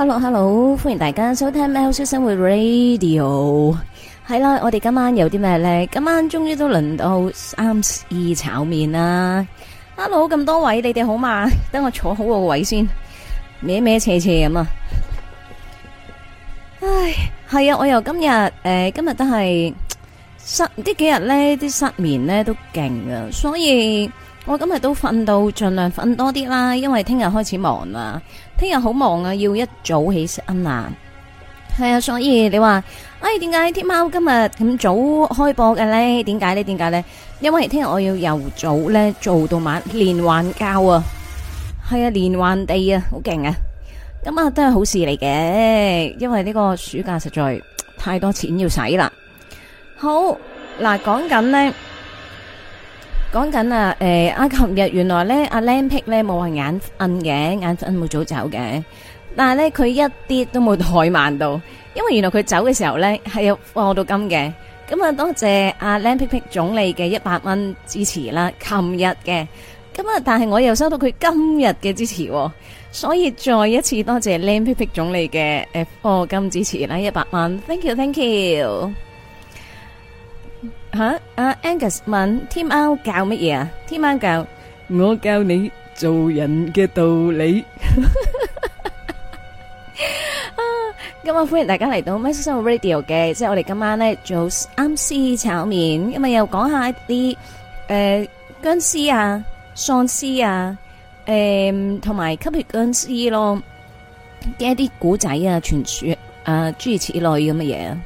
Hello，Hello，Hello，歡迎大家收聽、so、喵式生活 Radio。係啦，我哋今晚有啲咩呢？今晚終於都輪到三 C 炒麵啦。Hello，咁多位，你哋好嘛？等我坐好個位先，歪歪斜斜咁啊。唉，係啊，我又今日誒、呃，今日都係失，幾天呢幾日呢啲失眠呢都勁啊，所以。我今日都瞓到，盡量瞓多啲啦，因為聽日開始忙啦。聽日好忙啊，要一早起身啊。係啊，所以你話，哎，點解天喵今日咁早開播嘅呢？點解呢？點解呢？因為聽日我要由早呢做到晚，連環交啊。係啊，連環地啊，好勁啊。咁啊，都係好事嚟嘅，因為呢個暑假實在太多錢要使啦。好，嗱，講緊呢。講緊、欸、啊，誒，阿琴日原來咧，阿 Lam pic 咧冇話眼瞓嘅，眼瞓冇早走嘅，但係咧佢一啲都冇怠慢到，因為原來佢走嘅時候咧係有課金嘅，咁、嗯、啊多謝阿 Lam picpic 總理嘅一百蚊支持啦，琴日嘅，咁、嗯、啊但係我又收到佢今日嘅支持、哦，所以再一次多謝 Lam picpic 總理嘅課金支持啦，一百蚊，thank you，thank you thank。You. 吓，阿 Angus 問天喵教乜嘢啊？天喵教我教你做人嘅道理。啊，今日歡迎大家嚟到《喵式生活 Radio》嘅，即係我哋今晚咧做三 C 炒麵，咁咪又講下一啲誒僵屍啊、喪屍啊、誒同埋吸血僵屍咯嘅一啲古仔啊、傳說啊，諸如此類咁嘅嘢。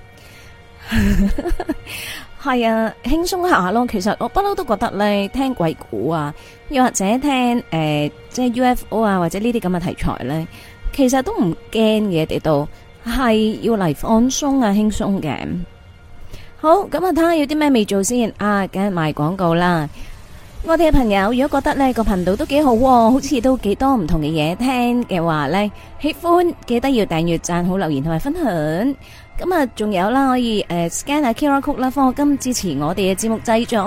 係啊，輕鬆下下咯。其實我不嬲都覺得咧，聽鬼故啊，又或者聽誒，即係 UFO 啊，或者呢啲咁嘅題材咧，其實都唔驚嘅。哋都係要嚟放鬆啊，輕鬆嘅。好，咁啊，睇下有啲咩未做先。啊，梗係賣廣告啦。我哋嘅朋友如果覺得呢個頻道都幾好，好似都幾多唔同嘅嘢聽嘅話咧，喜歡記得要訂閱、讚好、留言同埋分享。咁啊，仲有啦，可以誒 scan 下 QR code 啦，課金支持我哋嘅節目製作。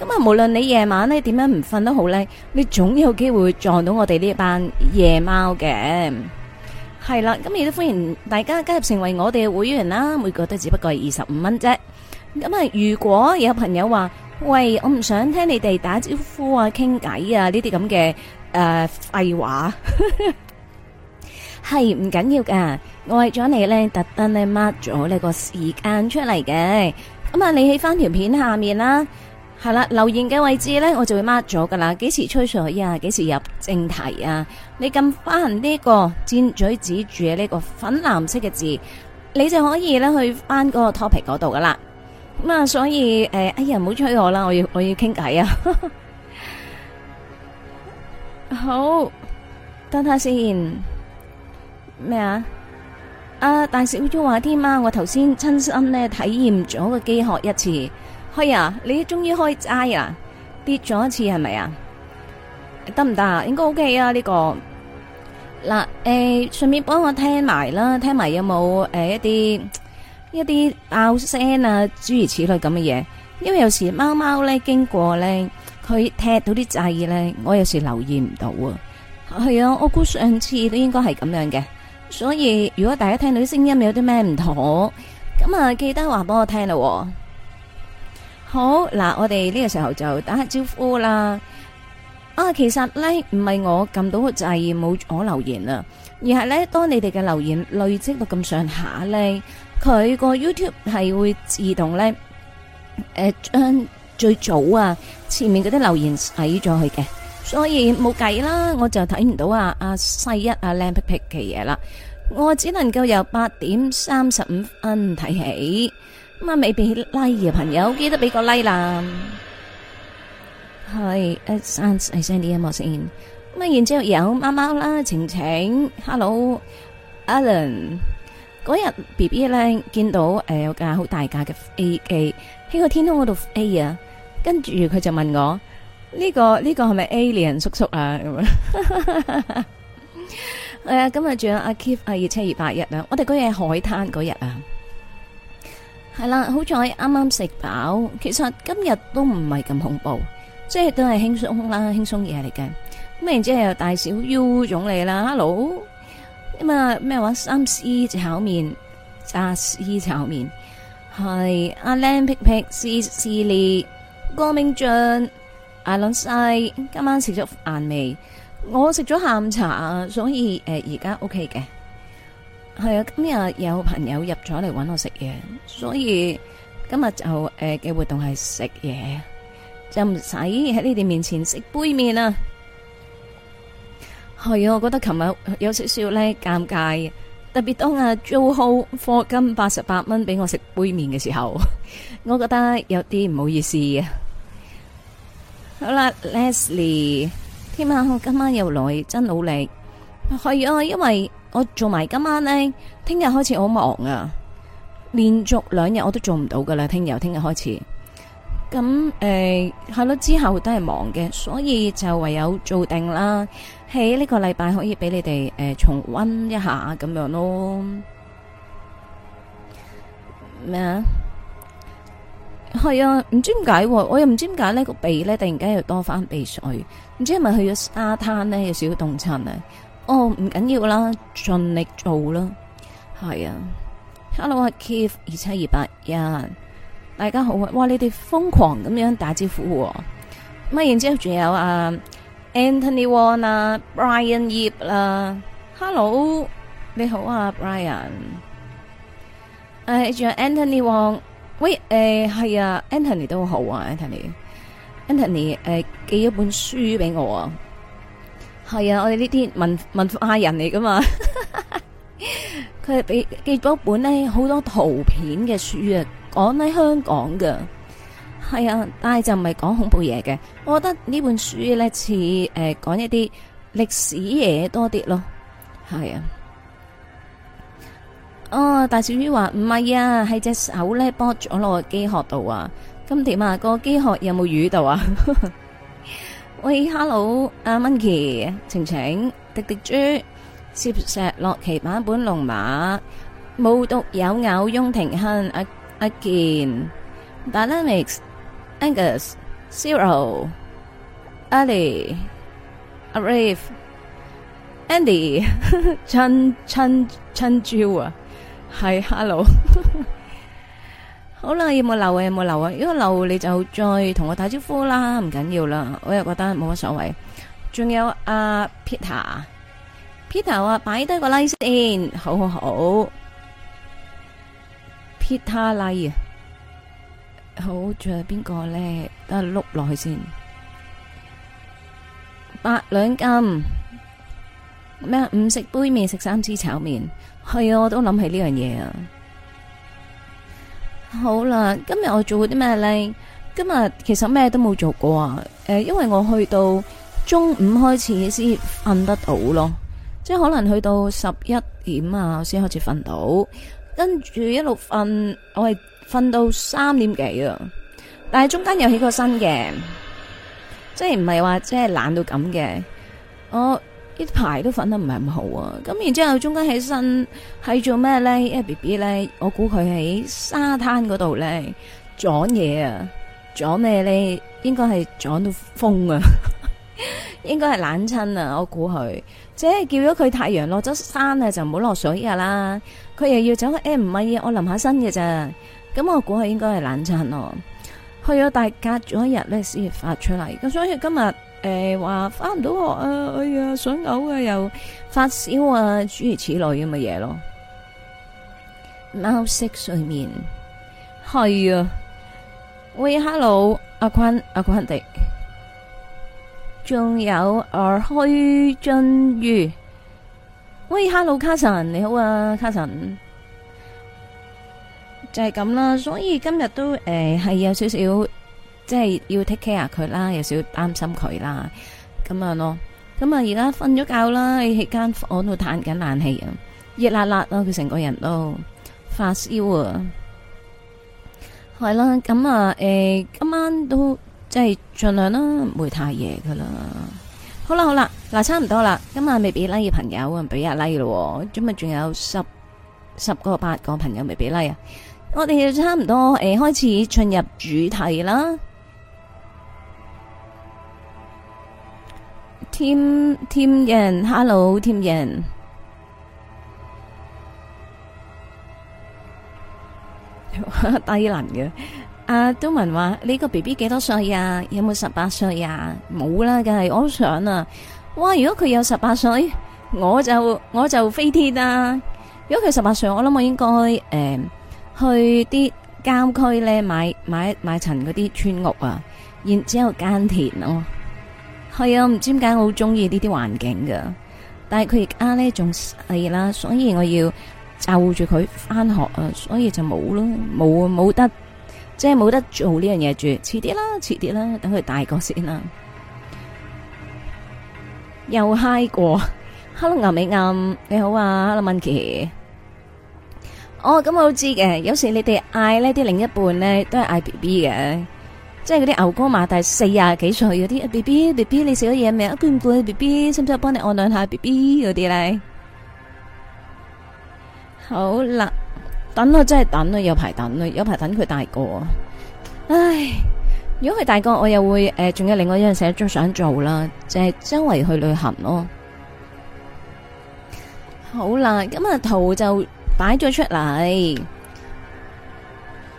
咁啊，無論你夜晚咧點樣唔瞓都好咧，你總有機會撞到我哋呢一班夜貓嘅。係啦，咁亦都歡迎大家加入成為我哋嘅會員啦，每個都只不過係二十五蚊啫。咁啊，如果有朋友話，喂，我唔想聽你哋打招呼啊、傾偈啊呢啲咁嘅誒廢話。 係唔緊要嘅，我為咗你咧，特登咧 mark 咗呢個時間出嚟嘅。咁啊，你喺翻條片下面啦，係啦，留言嘅位置咧，我就會 mark 咗噶啦。幾時吹水啊？幾時入正題啊？你撳翻呢個尖嘴指住嘅呢個粉藍色嘅字，你就可以咧去翻嗰個 topic 嗰度噶啦。咁啊，所以誒、呃，哎呀，唔好催我啦，我要我要傾偈啊呵呵。好，等下先。咩啊？啊！大小豬話添啊！我頭先親身咧體驗咗個飢渴一次，開啊！你終於開齋啊！跌咗一次係咪啊？得唔得啊？應該 OK 啊！呢個嗱誒，順便幫我聽埋啦，聽埋有冇誒一啲一啲爆聲啊，諸如此類咁嘅嘢。因為有時貓貓咧經過咧，佢踢到啲掣咧，我有時留意唔到啊。係啊，我估上次都應該係咁樣嘅。所以如果大家聽到啲聲音有啲咩唔妥，咁啊記得話俾我聽咯。好嗱，我哋呢個時候就打下招呼啦。啊，其實咧唔係我撳到個掣冇我留言啦，而係咧當你哋嘅留言累積到咁上下咧，佢個 YouTube 係會自動咧誒將最早啊前面嗰啲留言洗咗佢嘅。所以冇計啦，我就睇唔到啊！阿、啊、細一、阿靚皮皮嘅嘢啦，我只能夠由八點三十五分睇起，咁啊未俾 like 嘅朋友記得俾個 like 啦。係，s 刪誒，刪啲音先。咁啊，然之後有貓貓啦，晴晴，Hello，Alan，嗰日 B B 咧見到誒、呃、有架好大架嘅飛機喺個天空嗰度飛啊，跟住佢就問我，呢、這個呢、這個係咪 Alien 叔叔啊？咁 啊、嗯，今日仲有阿 Kee 啊，熱七熱八日啊。我哋嗰日海灘嗰日啊，係啦。好彩啱啱食飽，其實今日都唔係咁恐怖，即係都係輕鬆啦，輕鬆嘢嚟嘅。咁然之後又大小 U 總理啦，Hello 咁啊，咩話三 C 炒麵炸 C 炒麵係阿靚 picpic 絲絲列過命醬。阿倫西，今晚食咗飯未？我食咗下午茶，所以誒而家 O K 嘅。係啊，今日有朋友入咗嚟搵我食嘢，所以今日就誒嘅活動係食嘢，就唔使喺你哋面前食杯麵啊。係啊，我覺得琴日有少少咧尷尬，特別當阿 Jojo 課金八十八蚊俾我食杯麵嘅時候，我覺得有啲唔好意思啊。好啦，Leslie，聽晚今晚又來真努力，係啊，因為我做埋今晚呢，聽日開始好忙啊，連續兩日我都做唔到噶啦，聽日由聽日開始，咁誒，係咯之後都係忙嘅，所以就唯有做定啦，喺呢個禮拜可以俾你哋誒重溫一下咁樣咯，咩啊？係啊，唔知點解啊，我又唔知點解呢個鼻咧突然間又多翻鼻水，唔知係咪去咗沙灘咧有少少凍親啊？哦，唔緊要啦，盡力做啦。係啊，Hello 啊 Keith 二七二八一，大家好啊，哇你哋瘋狂咁樣打招呼啊，乜然之後仲有啊 Anthony Wong 啦，Brian 葉啦，Hello 你好啊 Brian，誒仲，啊，有 Anthony Wong。喂，誒、呃、係啊，Anthony 都好啊，Anthony，Anthony 誒 Anthony,、呃、寄咗本書俾我啊，係啊，我哋呢啲文文化人嚟噶嘛，佢係俾寄咗本咧好多圖片嘅書啊，講喺香港噶，係啊，但係就唔係講恐怖嘢嘅，我覺得呢本書咧似誒講一啲歷史嘢多啲咯，係啊。哦，大小魚話唔係啊，係隻手咧駁咗落個機殼度啊！咁點啊，個機殼有冇魚到啊？喂，hello，阿、uh, monkey，晴晴，滴滴豬，涉石洛奇版本龍馬，冇獨有偶，雍廷亨，阿阿健 Dynamics，Angus，Zero，Ali，Arif，Andy 春春春招啊！係，hello， 好啦，有冇漏啊？有冇漏啊？如果漏，你就再同我打招呼啦，唔緊要啦，我又覺得冇乜所謂。仲有阿 Peter，Peter 啊，擺低個 like 先，好好好，Peter like 啊，好，仲有邊個咧？等我碌落去先，八兩金咩？唔食杯麵，食三 C 炒麵。係啊，我都諗起呢樣嘢。啊好啦，今日我做過啲咩呢？今日其實咩都冇做過啊。誒、呃，因為我去到中午開始先瞓得到咯，即係可能去到十一點啊我先開始瞓到，跟住一路瞓，我係瞓到三點幾啊。但係中間又起過身嘅，即係唔係話即係懶到咁嘅，我。啲排都瞓得唔係咁好啊，咁然之後中間起身係做咩咧？一、啊、B B 咧，我估佢喺沙灘嗰度咧撞嘢啊！撞咩咧？應該係撞到風啊， 應該係冷親啊！我估佢即係叫咗佢太陽落咗山啊，就唔好落水噶啦。佢又要走，唔係啊，我淋下身嘅咋？咁我估佢應該係冷親咯。去咗大隔咗一日咧先發出嚟，咁所以今日。誒，話返唔到學啊，哎呀，想嘔啊，又發燒啊，諸如此類咁嘅嘢咯貓式睡眠係啊。喂，hello，阿坤，阿坤迪。仲有阿許俊宇。喂，hello，卡神，你好啊，卡神。就係、是、咁啦，所以今日都誒係、呃、有少少，即係要 take care 佢啦，有少少擔心佢啦，咁樣咯。咁啊，而家瞓咗覺啦，喺間房度嘆緊冷氣啊，熱辣辣咯，佢成個人都發燒啊。係啦，咁啊，誒，今晚都即係盡量啦，唔會太夜噶啦。好啦，好啦，嗱，差唔多啦，今晚未俾拉嘅朋友啊，俾阿拉咯。咁咪仲有十十個八個朋友未俾拉啊，我哋差唔多誒、欸，開始進入主題啦。天天人，Hello 天人，低能嘅。阿都文話：你這個 B B 幾多歲啊？有冇十八歲啊？冇啦，但係我想啊，哇！如果佢有十八歲，我就我就飛天啊。如果佢十八歲，我諗我應該誒、呃、去啲郊區咧買買買層嗰啲村屋啊，然之後耕田咯。係啊，唔知點解我好中意呢啲環境噶，但係佢而家咧仲細啦，所以我要就住佢翻學啊，所以就冇咯，冇冇得，即係冇得做呢樣嘢住，遲啲啦，遲啲啦，等佢大個先啦。又嗨過，Hello 牛尾暗，你好啊，Hello 文琪。哦，咁我知嘅，有時你哋嗌呢啲另一半呢，都係嗌 B B 嘅。即係嗰啲牛哥馬大四十幾歲嗰啲，B B B B，你食咗嘢未啊？攰唔攰？B B，使唔使幫你按兩下 B B 嗰啲咧？好啦，等咯，真係等咯，有排等咯，有排等佢大個。唉，如果佢大個，我又會誒，仲有另外一樣嘢最想做啦，就係周圍去旅行咯。好啦，咁啊，圖就擺咗出嚟。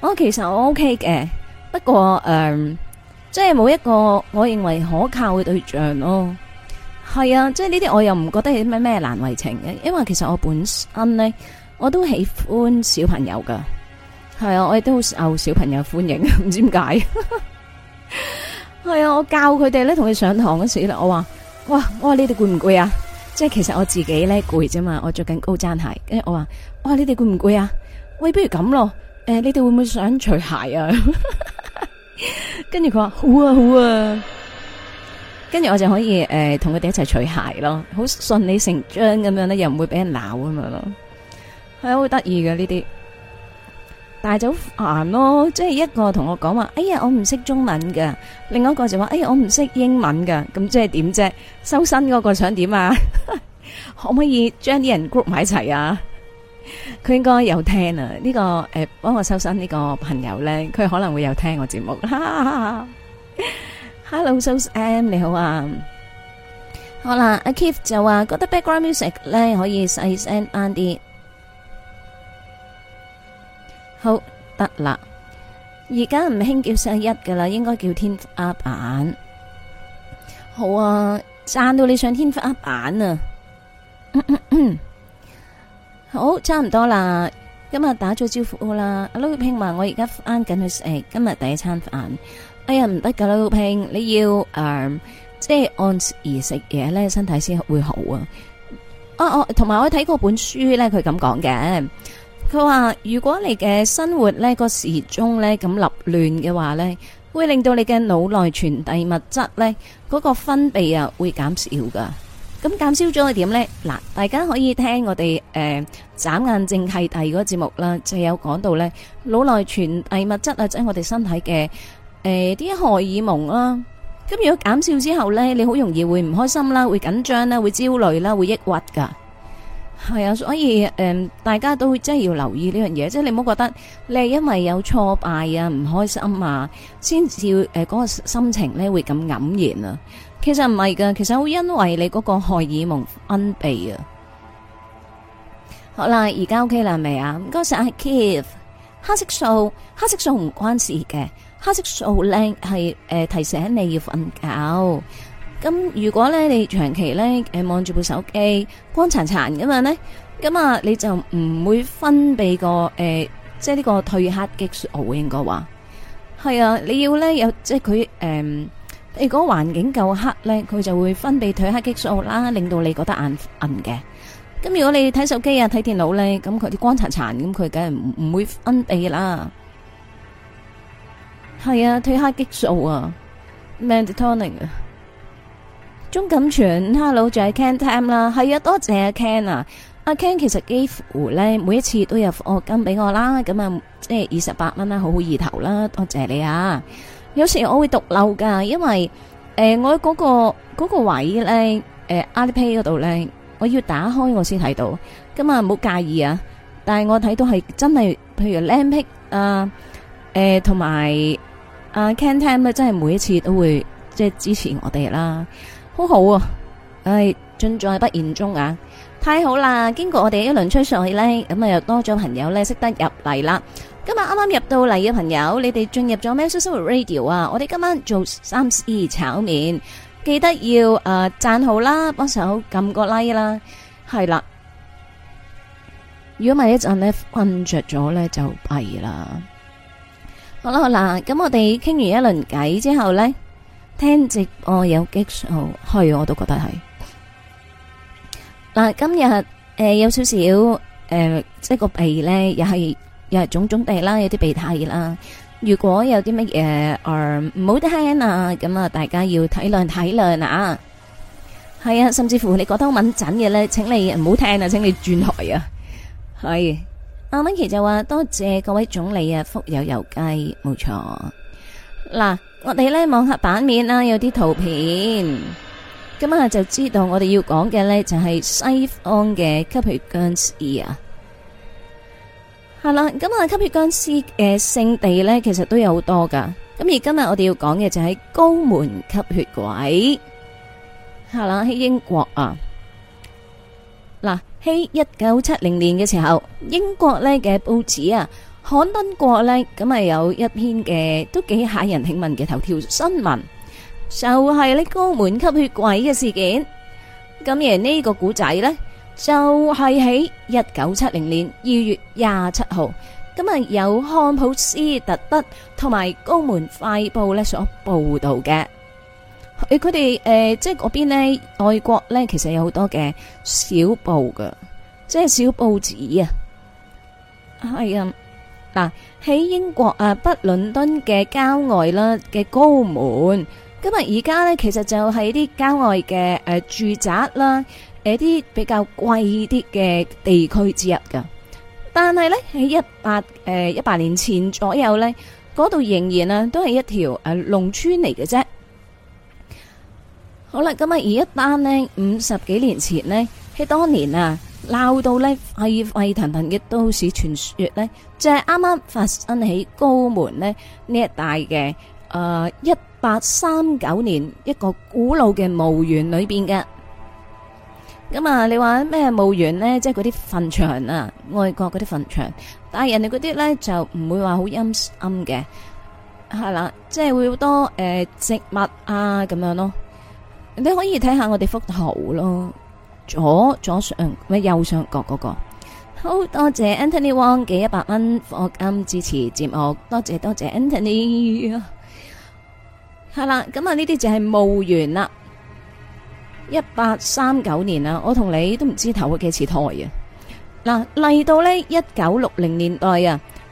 我、哦、其實我 OK 嘅，不過誒、呃，即係冇一個我認為可靠嘅對象咯、哦。係啊，即係呢啲我又唔覺得係咩咩難為情嘅，因為其實我本身咧，我都喜歡小朋友噶，係啊，我亦都好受小朋友歡迎，唔知點解。係 啊，我教佢哋咧，同佢上堂嗰時啦，我話，哇，我話你哋攰唔攰啊？即係其實我自己咧攰啫嘛，我着緊高踭鞋，跟住我話，哇，你哋攰唔攰啊？喂，不如咁咯。誒、呃，你哋會唔會想除鞋啊？跟住佢話好啊，好啊，跟住我就可以誒，同佢哋一齊除鞋咯，好順理成章咁樣咧，又唔會俾人鬧咁樣咯，係啊，好得意嘅呢啲，但係就好煩咯，即係一個同我講話：「哎呀，我唔識中文㗎。」另外一個就話：「哎呀，我唔識英文㗎。」咁即係點啫？收身嗰個想點啊？ 可唔可以將啲人 group 埋一齊啊？佢應該有聽啊！呢、這個誒，幫、呃、我收身呢個朋友咧，佢可能會有聽我節目。Hello, Sam 你好啊，好啦，阿 Kif 就話覺得 background music 咧可以細聲啲，好得啦。而家唔興叫十一㗎啦，應該叫天花板。好啊，讚到你上天花板啊！ 好，差唔多啦。今日打咗招呼啦，阿 Low Ping 話我而家返緊去食今日第一餐飯。哎呀，唔得噶，Low Ping，你要誒、呃，即係按時食嘢咧，身體先會好啊。哦、啊、哦，同埋我睇過本書咧，佢咁講嘅。佢話如果你嘅生活咧個時鐘咧咁立亂嘅話咧，會令到你嘅腦內傳遞物質咧嗰個分泌啊會減少噶。咁減少咗係點呢？嗱，大家可以聽我哋誒、呃、眨眼淨係第二個節目啦，就有講到呢腦內傳遞物質啊，即、就、係、是、我哋身體嘅誒啲荷爾蒙啦。咁如果減少之後呢，你好容易會唔開心啦，會緊張啦，會焦慮啦，會抑鬱㗎。係啊，所以誒、嗯，大家都真係要留意呢樣嘢，即係你唔好覺得你係因為有挫敗啊、唔開心啊，先至誒個心情咧會咁黯然啊。其實唔係噶，其實會因為你嗰個荷爾蒙分泌啊。好啦，而家 OK 啦未啊？唔該晒，Keith。黑色素，黑色素唔關事嘅，黑色素靚係誒提醒你要瞓覺。咁如果咧你長期咧誒望住部手機光殘殘嘅嘛咧，咁啊你就唔會分泌個誒即係呢個褪黑激素哦，應該話係啊，你要咧有即係佢誒，如果環境夠黑咧，佢就會分泌褪黑激素啦，令到你覺得眼暗嘅。咁如果你睇手機啊睇電腦咧，咁佢啲光殘殘咁，佢梗係唔唔會分泌啦。係啊，褪黑激素啊，melatonin 啊。鍾錦泉，Hello，就係 Can Tam 啦，係啊，多謝啊 Can 啊，阿 Can 其實幾乎咧每一次都有課金俾我啦，咁啊，即係二十八蚊啦，好好意頭啦，多謝你啊。有時我會讀漏噶，因為誒、呃、我嗰、嗰個嗰、嗰個位咧誒 Alipay 嗰度咧，我要打開我先睇到，咁啊，唔好介意啊。但係我睇到係真係，譬如 Lampick 啊，誒同埋啊 Can Tam 咧，真係每一次都會即係支持我哋啦。好好啊！唉、哎，盡在不言中啊！太好啦！經過我哋一輪吹上去呢，咁啊又多咗朋友呢，識得入嚟啦。今日啱啱入到嚟嘅朋友，你哋進入咗喵式 Radio 啊！我哋今晚做三 c 炒麵，記得要誒讚、呃、好啦，幫手撳個 like 啦。係啦，如果咪一陣呢，瞓着咗呢就弊啦。好啦，好啦，咁我哋傾完一輪偈之後呢。聽直我有激素去，我都覺得係。嗱，今日誒有少少誒，即係個鼻咧，又係又係腫腫地啦，有啲鼻涕啦。如果有啲乜嘢，誒唔好聽啊，咁啊，大家要體諒體諒啊。係啊，甚至乎你覺得好敏感嘅咧，請你唔好聽啊，請你轉台啊。係阿 Micky 就話多謝各位總理啊，福有攸歸，冇錯。嗱。我哋呢網客版面啦，有啲圖片，咁啊就知道我哋要講嘅呢就係西方嘅吸血僵屍啊。係、嗯、啦，咁啊吸血僵屍嘅聖地呢，其實都有好多噶。咁而今日我哋要講嘅就係高門吸血鬼。係、嗯、啦，喺英國啊。嗱、嗯，喺一九七零年嘅時候，英國呢嘅報紙啊。刊登過咧，咁啊有一篇嘅都幾吓人聽聞嘅頭條新聞，就係咧高門吸血鬼嘅事件。咁而呢個古仔咧，就係喺一九七零年二月廿七號，咁啊由漢普斯特德同埋高門快報咧所報道嘅。誒，佢哋誒，即係嗰邊咧，外國咧，其實有好多嘅小報噶，即係小報紙啊，係啊。嗱，喺英國誒北倫敦嘅郊外啦嘅高門，咁啊而家咧其實就係一啲郊外嘅誒住宅啦，誒啲比較貴啲嘅地區之一噶但係咧喺一百誒一百年前左右咧，嗰度仍然啊都係一條誒農村嚟嘅啫。好啦，咁啊而一單咧五十幾年前咧，喺當年啊。鬧到呢沸沸騰騰嘅都市傳說呢就係啱啱發生喺高門呢。呢一帶嘅，誒、呃，一八三九年一個古老嘅墓園裏邊嘅。咁、嗯、啊，你話咩墓園呢？即係嗰啲墳場啊，外國嗰啲墳場，但係人哋嗰啲呢，就唔會話好陰暗嘅，係啦，即係會好多誒、呃、植物啊咁樣咯。你可以睇下我哋幅圖咯。左，左上咩右上角嗰個，好多謝 Anthony Wong 嘅一百蚊課金支持節目，多謝多謝 Anthony，係啦，咁啊呢啲就係墓園啦。一八三九年啊，我同你都唔知投過幾次胎啊。嗱，嚟到呢一九六零年代啊。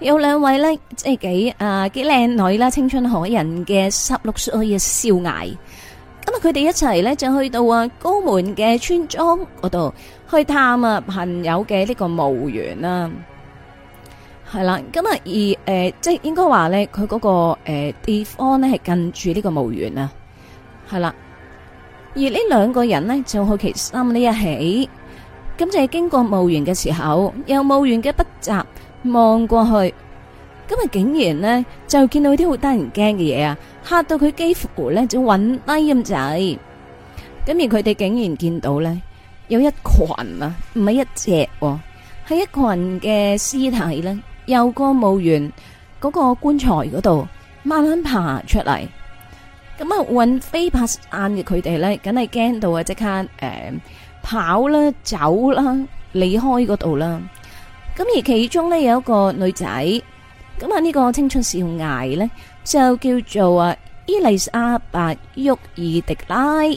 有兩位呢，即係幾啊幾靚女啦，青春可人嘅十六歲嘅少艾。咁啊，佢哋一齊呢，就去到啊高門嘅村莊嗰度去探啊朋友嘅呢個墓園啦。係啦，咁啊而誒、呃，即係應該話呢佢嗰、那個誒、呃、地方呢，係近住呢個墓園啊。係啦，而呢兩個人呢，就好奇心呢一起，咁就係經過墓園嘅時候，又墓園嘅不雜。望過去，今日竟然呢，就見到啲好得人驚嘅嘢啊！吓到佢幾乎咧就暈低咁滯。咁而佢哋竟然見到呢，有一群啊，唔係一隻，喎，係一群嘅屍體呢，由個墓園嗰個棺材嗰度慢慢爬出嚟。咁啊，搵飛拍眼嘅佢哋呢，梗係驚到啊！即刻誒跑啦，走啦，離開嗰度啦。咁而其中呢，有一個女仔，咁啊呢個青春少艾呢，就叫做啊伊麗莎白·沃爾迪拉，咁、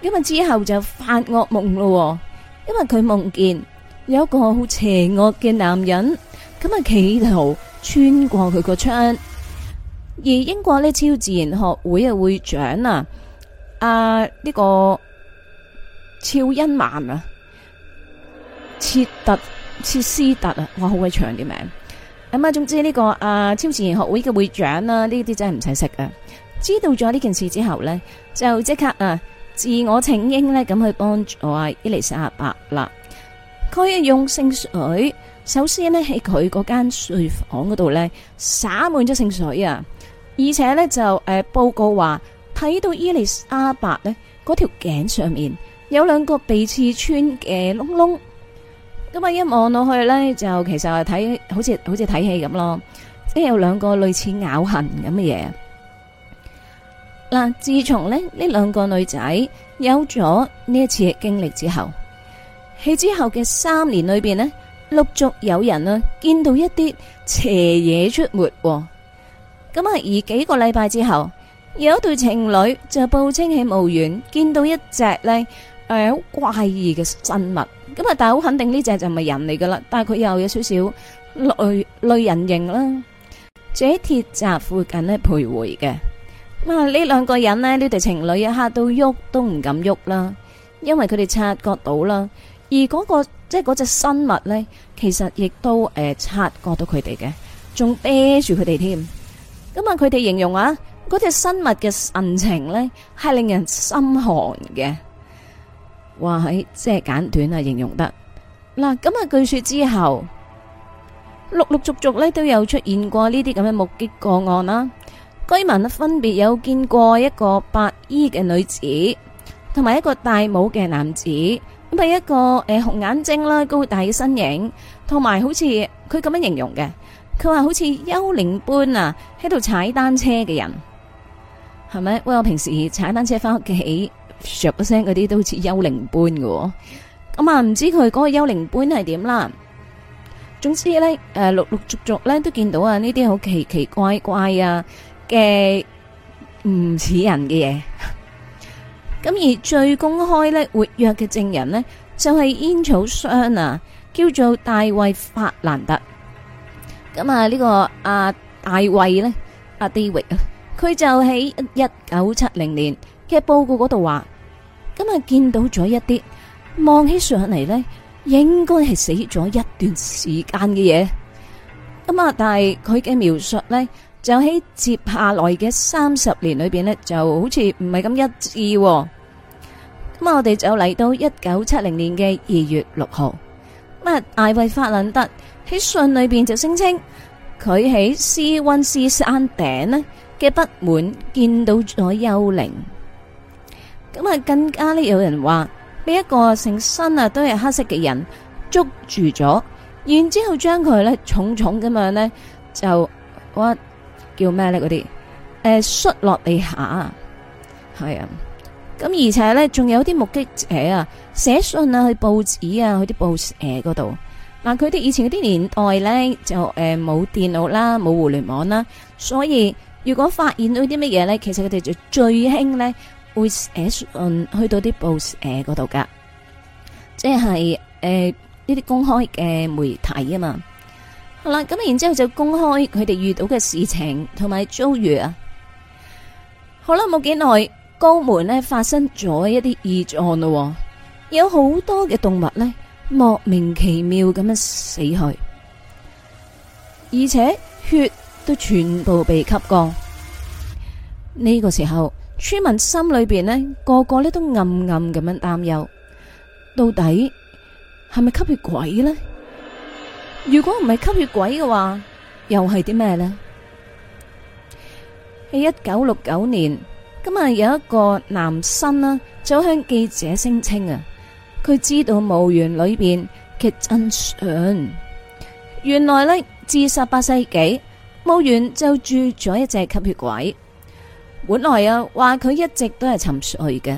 e、啊之後就發惡夢咯，因為佢夢見有一個好邪惡嘅男人，咁啊企圖穿過佢個窗，而英國呢超自然學會嘅會長啊，啊、這、呢個超恩曼啊切特。切斯特啊，哇，好鬼長啲名。咁啊，總之呢、這個啊，超自然學會嘅會長啦，呢啲真係唔使識。啊知道咗呢件事之後呢，就即刻啊，自我請纓呢，咁去幫助啊，伊利莎白啦。佢用聖水，首先呢，喺佢嗰間睡房嗰度呢，灑滿咗聖水啊，而且呢，就誒報告話睇到伊利莎白呢，嗰條頸上面有兩個被刺穿嘅窿窿。咁啊！一望落去呢，就其實睇好似好似睇戲咁咯。即係有兩個類似咬痕咁嘅嘢。嗱，自從呢呢兩個女仔有咗呢一次經歷之後，喺之後嘅三年裏邊呢，陸續有人啊見到一啲邪嘢出沒。咁啊，而幾個禮拜之後，有一對情侶就報稱喺墓園見到一隻呢。係好怪異嘅生物，咁啊，但係好肯定呢隻就唔係人嚟噶啦。但係佢又有少少類類人形啦，即係喺鐵閘附近咧徘徊嘅。咁啊，呢兩個人呢，呢對情侶一刻都喐都唔敢喐啦，因為佢哋察覺到啦。而嗰、那個即係嗰隻生物呢，其實亦都誒、呃、察覺到佢哋嘅，仲啤住佢哋添。咁啊，佢哋形容啊，嗰隻生物嘅神情呢，係令人心寒嘅。話係，即係簡短啊形容得嗱，咁啊據說之後陸陸續續咧都有出現過呢啲咁嘅目擊個案啦、啊。居民分別有見過一個白衣嘅女子，同埋一個戴帽嘅男子，咁啊一個誒、呃、紅眼睛啦高大嘅身影，同埋好似佢咁樣形容嘅，佢話好似幽靈般啊喺度踩單車嘅人，係咪？喂，我平時踩單車翻屋企。唰一聲，嗰啲都好似幽靈般嘅。咁啊唔知佢嗰個幽靈般係點啦。總之咧，誒，陸陸續續咧都見到啊，呢啲好奇奇怪怪啊嘅唔似人嘅嘢。咁而最公開咧活躍嘅證人咧就係煙草商啊，叫做大衛法蘭特。咁啊呢個阿大衛咧阿 David，佢就喺一九七零年，嘅報告嗰度話，今日見到咗一啲望起上嚟呢，應該係死咗一段時間嘅嘢。咁啊，但係佢嘅描述呢，就喺接下來嘅三十年裏邊呢，就好似唔係咁一致。咁啊，我哋就嚟到一九七零年嘅二月六號，咁啊，艾維法倫德喺信裏邊就聲稱佢喺斯溫斯山頂呢嘅北門，見到咗幽靈。咁啊，更加呢有人話俾一個成身啊都係黑色嘅人捉住咗，然之後將佢咧重重咁樣咧就屈叫咩咧？嗰啲誒摔落地下，係啊！咁而且咧仲有啲目擊者寫啊，寫信啊去報紙啊去啲報社嗰度。嗱，佢哋以前嗰啲年代咧就誒冇、呃、電腦啦、啊，冇互聯網啦、啊，所以如果發現到啲乜嘢咧，其實佢哋就最興咧。會誒，去到啲報紙嗰度噶，即係誒呢啲公開嘅媒體啊嘛。好啦，咁然之後就公開佢哋遇到嘅事情同埋遭遇啊。好啦，冇幾耐，高門呢發生咗一啲異狀咯，有好多嘅動物呢，莫名其妙咁樣死去，而且血都全部被吸乾。呢、呢個時候。村民心裏邊呢，個個呢都暗暗咁樣擔憂，到底係咪吸血鬼呢？如果唔係吸血鬼嘅話，又係啲咩呢？喺一九六九年，今日有一個男生呢，就向記者聲稱啊，佢知道墓園裏邊嘅真相。原來呢，自十八世紀墓園就住咗一隻吸血鬼。本來啊，話佢一直都係沉睡嘅，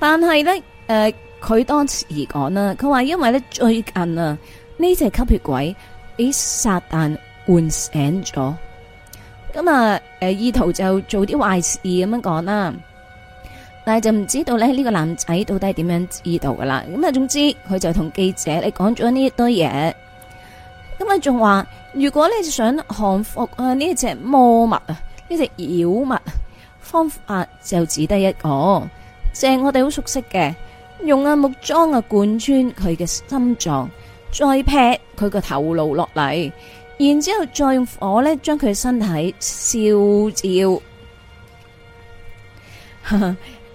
但係呢，誒、呃，佢當時而講啦，佢話因為呢最近啊，呢隻吸血鬼被撒旦喚醒咗，咁、嗯、啊，誒、呃，意圖就做啲壞事咁樣講啦，但係就唔知道咧呢，這個男仔到底係點樣知道噶啦，咁啊，總之佢就同記者你講咗呢一堆嘢，咁、嗯、啊，仲話如果你想降服啊呢隻魔物啊呢隻妖物。方法就只得一個，就係我哋好熟悉嘅，用啊木樁啊貫穿佢嘅心臟，再劈佢個頭顱落嚟，然之後再用火呢將佢身體燒焦。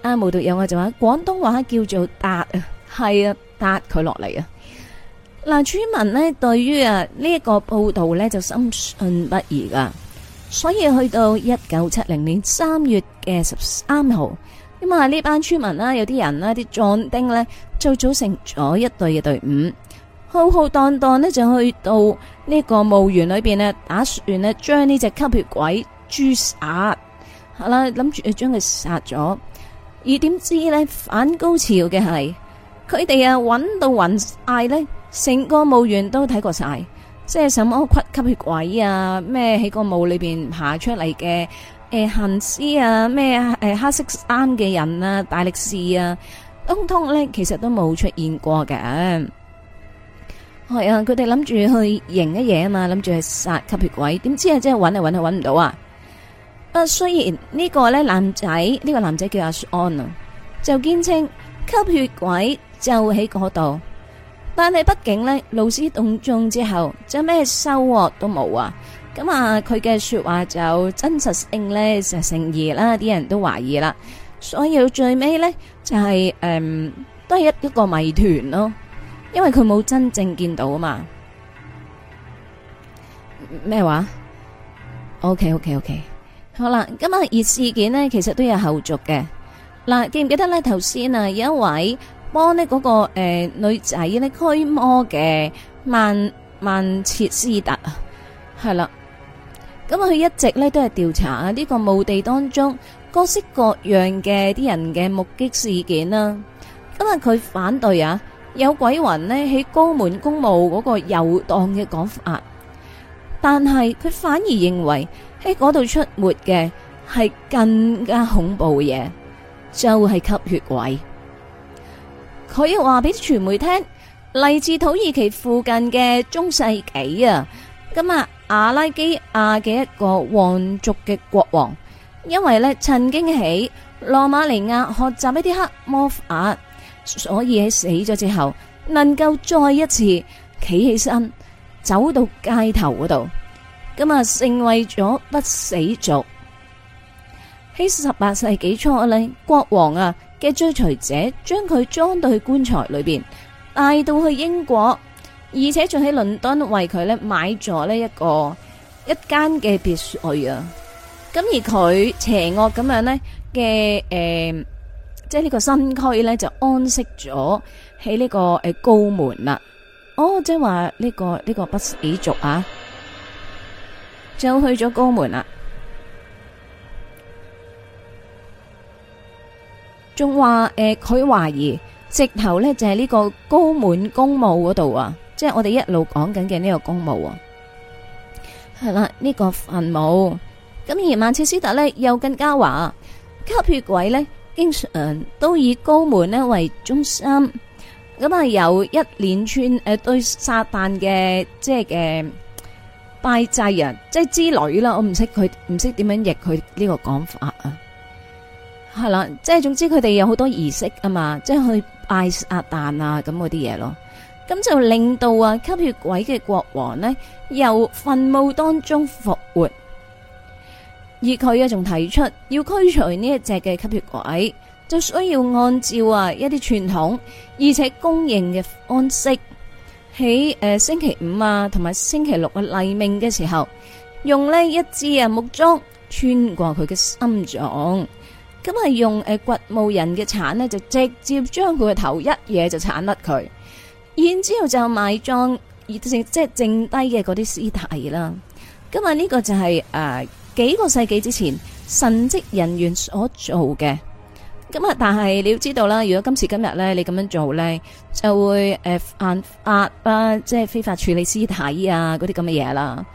啊， 無獨有我就，就話廣東話叫做搭啊，係啊，搭佢落嚟啊。嗱，村民呢對於啊呢一個報道咧就深信不疑噶。所以去到一九七零年三月嘅十三號，咁啊呢班村民啦，有啲人啦，啲壯丁呢，就組成咗一隊嘅隊伍，浩浩蕩蕩呢，就去到呢個墓園裏邊呢，打算咧將呢隻吸血鬼誅殺，係啦，諗住將佢殺咗。而點知呢，反高潮嘅係，佢哋啊搵到暈嗌呢，成個墓園都睇過晒。即係什麼吸血鬼啊？咩喺個墓裏邊爬出嚟嘅，誒行屍啊？咩誒黑色衫嘅人啊？大力士啊？通通咧其實都冇出現過嘅。係啊，佢哋諗住去贏一贏啊嘛，諗住去殺吸血鬼，點知啊即係搵嚟搵去搵唔到啊！啊，雖然呢個咧男仔呢，呢個男仔叫阿安啊，就堅稱吸血鬼就喺嗰度。但係畢竟呢，勞師動眾之後，就咩收穫都冇啊！咁啊，佢嘅說話就真實性呢就成疑啦，啲人都懷疑啦。所以最尾呢就係誒，都係一一個謎團咯，因為佢冇真正見到啊嘛。咩話？OK OK OK，好啦，今日熱事件呢其實都有後續嘅。嗱，記唔記得呢？頭先啊，有一位。幫呢嗰個誒、呃、女仔呢，驅魔嘅曼曼切斯特，係啦。咁啊，佢一直呢都係調查呢個墓地當中各式各樣嘅啲人嘅目擊事件啦。咁啊，佢反對啊有鬼魂呢喺高門公墓嗰個遊蕩嘅講法，但係佢反而認為喺嗰度出沒嘅係更加恐怖嘅嘢，就係、是、吸血鬼。佢又話俾啲傳媒聽，嚟自土耳其附近嘅中世紀啊，咁啊阿拉基亞嘅一個皇族嘅國王，因為呢曾經喺羅馬尼亞學習一啲黑魔法，所以喺死咗之後，能夠再一次企起身，走到街頭嗰度，咁啊成為咗不死族。喺十八世紀初呢，國王啊。嘅追隨者將佢裝到去棺材裏邊，帶到去英國，而且仲喺倫敦為佢咧買咗呢一個一間嘅別墅啊！咁而佢邪惡咁樣呢嘅誒，即係呢個身軀咧就安息咗喺呢個誒高門啦。哦，即係話呢個呢、呢個不死族啊，就去咗高門啦。仲話誒，佢懷、呃、疑直頭咧就係呢個高門公墓嗰度啊，即係我哋一路講緊嘅呢個公墓啊，係啦，呢、這個墳墓。咁而曼徹斯特咧又更加話吸血鬼咧，經常都以高門咧為中心。咁啊，有一連串誒對撒旦嘅即係嘅拜祭人，即係之旅啦。我唔識佢，唔識點樣譯佢呢個講法啊。係啦，即係總之佢哋有好多儀式啊嘛，即係去拜撒旦啊咁嗰啲嘢咯，咁就令到啊吸血鬼嘅國王呢，由墳墓當中復活。而佢啊仲提出要驅除呢一隻嘅吸血鬼，就需要按照啊一啲傳統而且公認嘅方式，喺誒、呃、星期五啊同埋星期六嘅黎明嘅時候，用呢一支啊木樁穿過佢嘅心臟。咁係用誒掘墓人嘅鏟呢，就直接將佢嘅頭一嘢就鏟甩佢，然之後就埋葬剩即係剩低嘅嗰啲屍體啦。咁啊呢個就係、是、誒、呃、幾個世紀之前神職人員所做嘅。咁啊，但係你要知道啦，如果今時今日咧，你咁樣做咧，就會誒犯法啊，即係非法處理屍體啊嗰啲咁嘅嘢啦。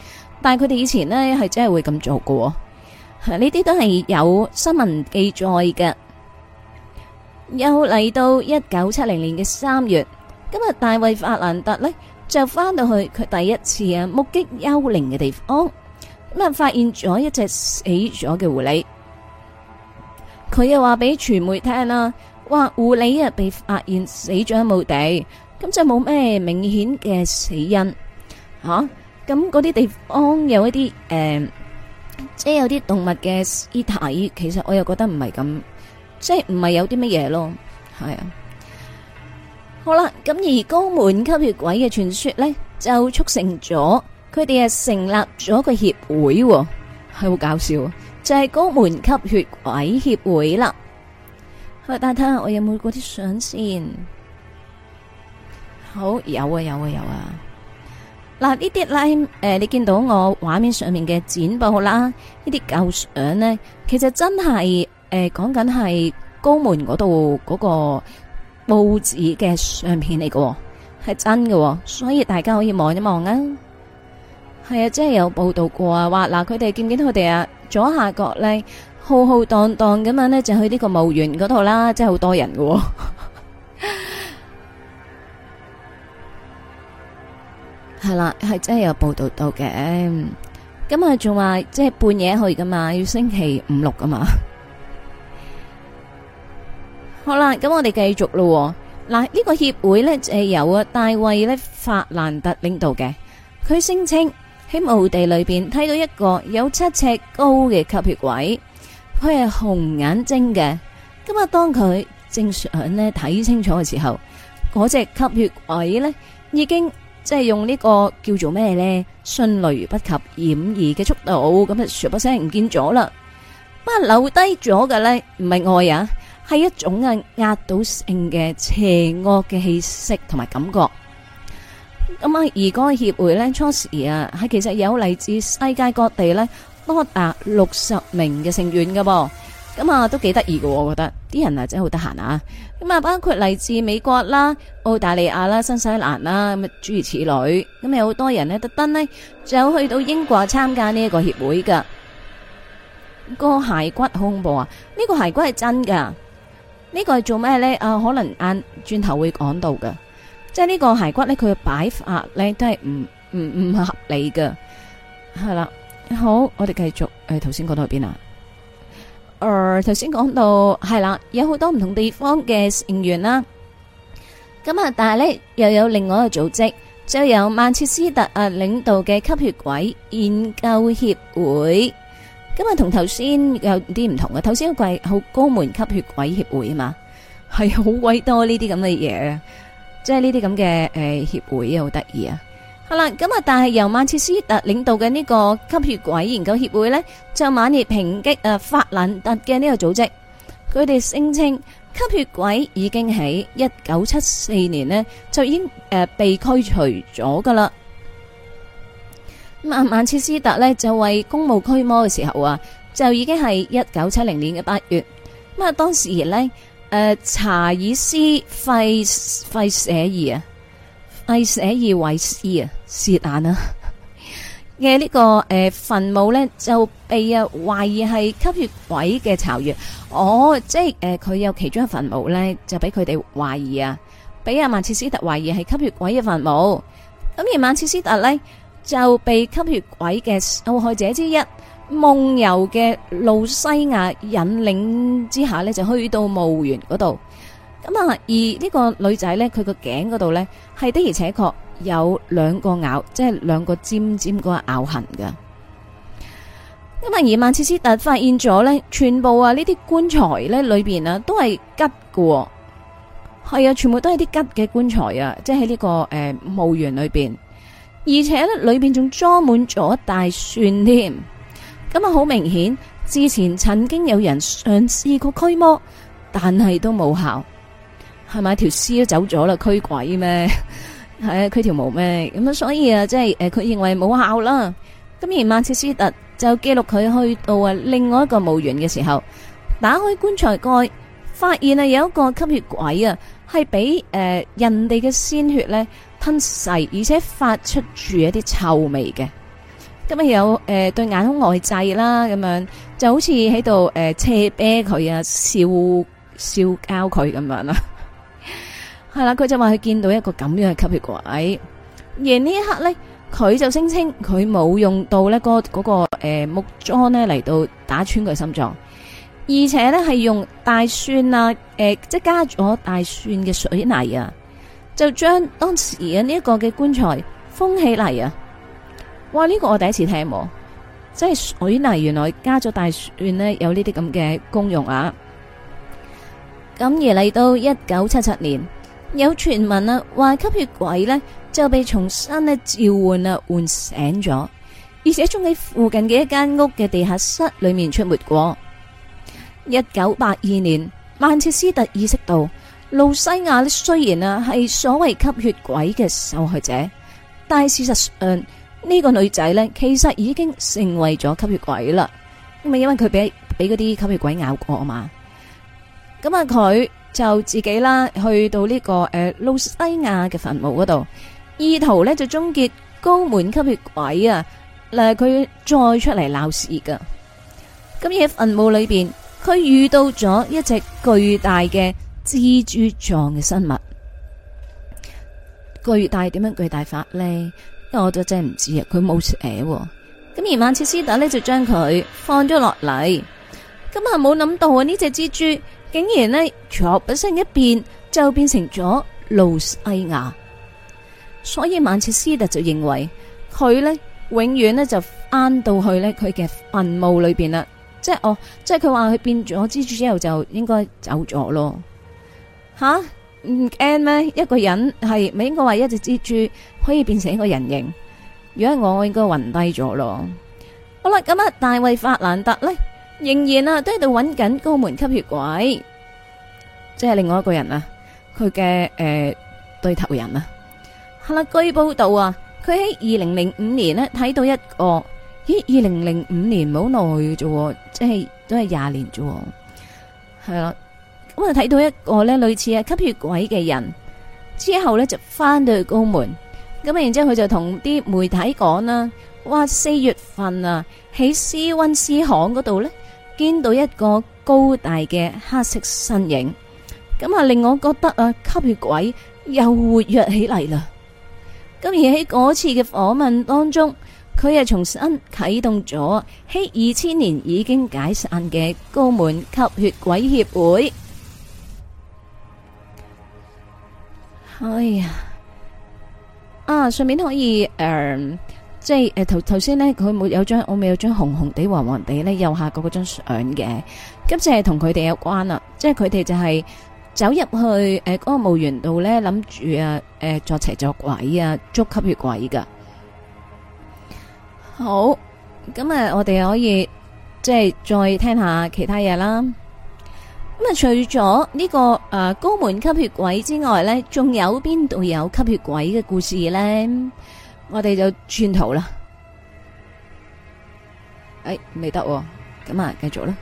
但係佢哋以前呢，係真係會咁做嘅。呢啲都係有新聞記載嘅。又嚟到一九七零年嘅三月，今日大衛法蘭特呢就翻到去佢第一次啊目擊幽靈嘅地方，咁啊發現咗一隻死咗嘅狐狸。佢又話俾傳媒聽啦，話狐狸啊被發現死咗喺墓地，咁就冇咩明顯嘅死因，吓咁嗰啲地方有一啲誒。即係有啲動物嘅屍體，其實我又覺得唔係咁，即係唔係有啲乜嘢咯，係啊。好啦，咁而高門吸血鬼嘅傳說呢，就促成咗佢哋係成立咗個協會、哦，係好搞笑，就係、是、高門吸血鬼協會啦。喂，大家睇下我有冇嗰啲相先。好，有啊，有啊，有啊。嗱，呢啲咧，誒、呃，你見到我畫面上面嘅剪報啦，呢啲舊相呢，其實真係，誒、呃，講緊係高門嗰度嗰個報紙嘅相片嚟嘅，喔，係真嘅，喔，所以大家可以望一望啊。係啊，即係有報道過啊，話嗱，佢、呃、哋見唔見到佢哋啊？左下角呢，浩浩蕩蕩咁樣呢，就去呢個墓園嗰度啦，即係好多人嘅，喔。 係啦，係真係有報道到嘅。咁啊，仲話即係半夜去噶嘛，要星期五六噶嘛。好啦，咁我哋繼續咯。嗱，呢個協會咧就係由啊大衛咧法蘭特領導嘅。佢聲稱喺墓地裏邊睇到一個有七尺高嘅吸血鬼，佢係紅眼睛嘅。咁啊，當佢正常咧睇清楚嘅時候，嗰隻吸血鬼咧已經。即係用呢個叫做咩咧？迅雷不及掩耳嘅速度，咁就，唰一聲唔見咗啦，不過留低咗嘅咧，唔係愛啊，係一種啊壓倒性嘅邪惡嘅氣息同埋感覺。咁啊，而個協會咧初時啊，係其實有嚟自世界各地咧多達六十名嘅成員㗎噃。咁啊，都幾得意喎。我覺得啲人啊真係好得閒啊！咁啊，包括嚟自美國啦、澳大利亞啦、新西蘭啦，咁諸如此類。咁有好多人呢，特登呢就去到英國參加呢一個協會噶。個鞋骨好恐怖啊！呢個鞋骨係真噶，呢個係做咩呢？啊，可能晏轉頭會講到噶，即係呢個鞋骨呢，佢嘅擺法呢都係唔唔唔合理噶。係啦，好，我哋繼續。誒，頭先講到去邊啊？誒，頭先講到係啦，有好多唔同地方嘅成員啦。咁啊，但係咧又有另外一個組織，就有曼徹斯特啊領導嘅吸血鬼研究協會。咁啊，同頭先有啲唔同嘅，頭先個貴好高門吸血鬼協會啊嘛，係好鬼多呢啲咁嘅嘢，即係呢啲咁嘅誒協會啊，好得意啊！係啦，咁啊、嗯，但係由曼切斯特領導嘅呢個吸血鬼研究協會呢，就猛烈抨擊誒法蘭特嘅呢個組織。佢哋聲稱吸血鬼已經喺一九七四年呢就已經誒被驅除咗噶啦。咁啊，曼切斯特呢，就為公墓驅魔嘅時候啊，就已經係一九七零年嘅八月。咁啊，當時呢誒、呃、查爾斯費費舍爾啊，費舍爾為師啊。涉眼洩啊嘅、 這個呃、呢個誒墳墓咧就被啊懷疑係吸血鬼嘅巢穴。哦，即係佢、呃、有其中一個墳墓呢，就俾佢哋懷疑被啊，俾阿曼徹斯特懷疑係吸血鬼嘅墳墓。咁而曼徹斯特呢，就被吸血鬼嘅受害者之一夢遊嘅露西亞引領之下呢，就去到墓園嗰度。咁啊而呢個女仔呢，佢個頸嗰度呢，係的而且確。有兩個咬，即係兩個尖尖嗰個咬痕嘅。因啊，而曼徹斯特發現咗呢，全部啊呢啲棺材呢裏邊啊都係吉嘅，係啊，全部都係啲吉嘅棺材啊，即係呢、這個誒、呃、墓園裏邊，而且咧裏邊仲裝滿咗大蒜添。咁、嗯、啊，好明顯之前曾經有人嘗試過驅魔，但係都冇效，係咪條屍都走咗啦？驅鬼咩？係佢條毛咩？咁、嗯、所以啊，即係誒，佢認為冇效啦。咁而曼切斯特就記錄佢去到啊另外一個墓園嘅時候，打開棺材蓋，發現啊有一個吸血鬼啊，係俾誒人哋嘅鮮血咧吞噬，而且發出住一啲臭味嘅。咁、嗯、啊有誒對、呃、眼外祭啦，咁樣就好似喺度誒斜啤佢啊，笑笑膠佢咁樣啦。係啦，佢就話佢見到一個咁樣嘅吸血鬼，而呢一刻呢，佢就聲稱佢冇用到呢、個嗰、個誒、呃、木樁呢嚟到打穿佢心臟，而且呢係用大蒜啊，誒、呃，即係加咗大蒜嘅水泥啊，就將當時嘅呢一個嘅棺材封起嚟啊。哇！呢、這個我第一次聽，即係水泥原來加咗大蒜呢，有呢啲咁嘅功用啊。咁而嚟到一九七七年。有傳聞啊，話吸血鬼咧就被重新咧召喚啊喚醒咗，而且仲喺附近嘅一間屋嘅地下室裏面出沒過。一九八二年，曼徹斯特意識到露西亞雖然啊係所謂吸血鬼嘅受害者，但係事實上呢、這個女仔咧其實已經成為咗吸血鬼啦，咪因為佢俾俾嗰啲吸血鬼咬過啊嘛。咁啊佢。就自己啦，去到呢、這個誒，路、呃、西亞嘅墳墓嗰度，意圖呢就終結高門吸血鬼啊！佢、啊、再出嚟鬧事噶。咁而喺墳墓裏邊，佢遇到咗一隻巨大嘅蜘蛛狀嘅生物。巨大點樣巨大法呢？我就真係唔知啊！佢冇寫喎。咁而曼徹斯特呢，就將佢放咗落嚟。咁啊冇諗到啊呢隻蜘蛛。竟然呢，作不聲一變就變成咗露西婭，所以曼徹斯特就認為佢呢永遠呢就翻到去呢佢嘅墳墓裏邊啦，即係哦，即係佢話佢變咗蜘蛛之後就應該走咗咯，吓唔驚咩？一個人係唔應該話一隻蜘蛛可以變成一個人形，如果係我我應該暈低咗咯。好啦，咁啊，大衛法蘭達呢。仍然啊，都喺度揾緊高門吸血鬼，即係另外一個人啊，佢嘅誒對頭人啊。吓啦，據報道啊，佢喺二零零五年咧睇到一個，咦，二零零五年冇耐嘅啫，即係都係廿年啫，係啦。咁啊睇到一個咧類似係吸血鬼嘅人，之後咧就翻到去高門，咁啊，然之後佢就同啲媒體講啦，哇，四月份啊，喺斯溫斯巷嗰度咧。見到一個高大嘅黑色身影，咁啊令我覺得啊吸血鬼又活躍起嚟啦。咁而喺嗰次嘅訪問當中，佢又重新啟動咗喺二千年已經解散嘅高門吸血鬼協會。哎呀，啊上面可以嗯。即係誒，頭頭先咧，佢冇有張我冇有張紅紅地黃黃地咧，右下角嗰張相嘅，今次係同佢哋有關啦。即係佢哋就係走入去誒，個墓園度咧諗住啊，誒作邪作鬼啊，捉吸血鬼噶。好，咁啊，我哋可以即係再聽下其他嘢啦。咁啊，除咗呢個誒高門吸血鬼之外咧，仲有邊度有吸血鬼嘅故事咧？我哋就轉頭啦，誒，未得，咁啊，繼續啦。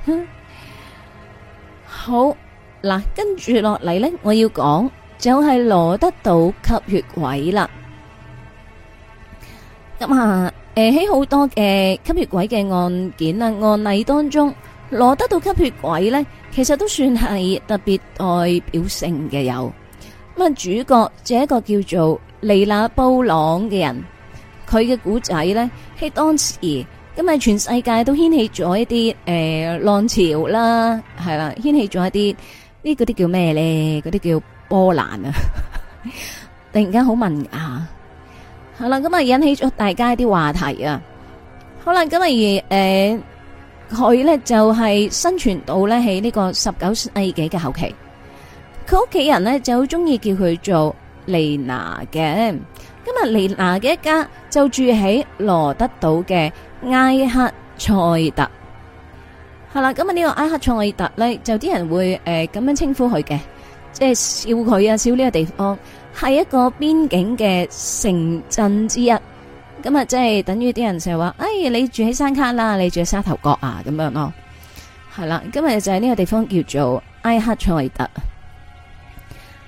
好，嗱，跟住落嚟呢，我要講就係羅德島吸血鬼啦。咁啊，誒喺好多嘅吸血鬼嘅案件啊案例當中，羅德島吸血鬼呢，其實都算係特別代表性嘅有。咁啊，主角，這個叫做利那布朗嘅人。佢嘅古仔咧，喺當時咁啊，全世界都掀起咗一啲誒浪潮啦，係啦，掀起咗一啲呢嗰啲叫咩咧？嗰啲叫波瀾啊！突然間好文雅，係啦，咁啊引起咗大家一啲話題啊！好啦，咁啊而誒，佢咧就係生存到咧喺呢個十九世紀嘅後期，佢屋企人咧就好中意叫佢做。利拿嘅，今日利拿嘅一家就住喺羅德島嘅埃克塞特，係、嗯、啦，今日呢個埃克塞特咧，就啲人會誒咁、呃、樣稱呼佢嘅，即、就、係、是、笑佢啊，笑呢個地方係一個邊境嘅城鎮之一，今、嗯、日即係等於啲人成日話，哎，你住喺山卡啦，你住喺沙頭角啊，咁樣咯，係、嗯、啦、嗯，今日就係呢個地方叫做埃克塞特。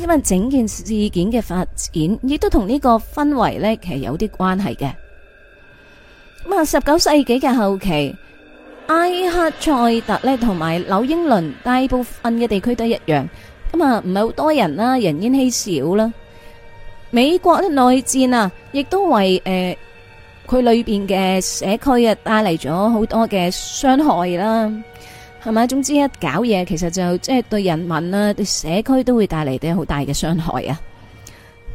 因為整件事件嘅發展，亦都同呢個氛圍呢，其實有啲關係嘅。咁啊，十九世紀嘅後期，埃克塞特呢同埋紐英倫，大部分嘅地區都一樣。咁啊，唔係好多人啦，人煙稀少啦。美國嘅內戰啊，亦都為誒佢、呃、裏邊嘅社區啊，帶嚟咗好多嘅傷害啦。係咪？總之一搞嘢，其實就即係對人民啦，啊，對社區都會帶嚟啲好大嘅傷害啊！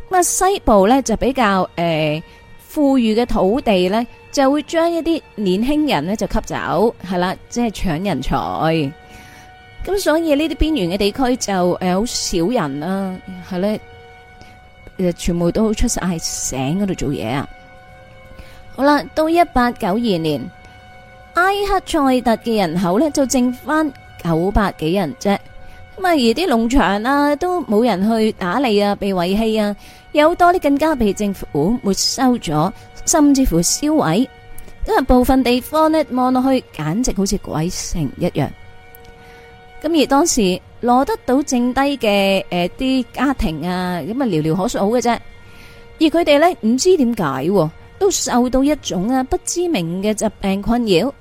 咁啊，西部呢就比較誒、呃、富裕嘅土地呢，就會將一啲年輕人呢就吸走，係啦，即係搶人才。咁所以呢啲邊緣嘅地區就誒好、呃、少人啦，啊，係咧全部都出晒喺城嗰度做嘢啊！好啦，到一八九二年。埃克塞特嘅人口呢，就剩翻九百幾人啫，咁啊而啲農場啊都冇人去打理啊，被遺棄啊，有多啲更加被政府沒收咗，甚至乎燒毀，因為部分地方呢，望落去簡直好似鬼城一樣。咁而當時攞得到剩低嘅誒啲家庭啊，咁啊寥寥可數嘅啫，而佢哋呢，唔知點解都受到一種啊不知名嘅疾病困擾。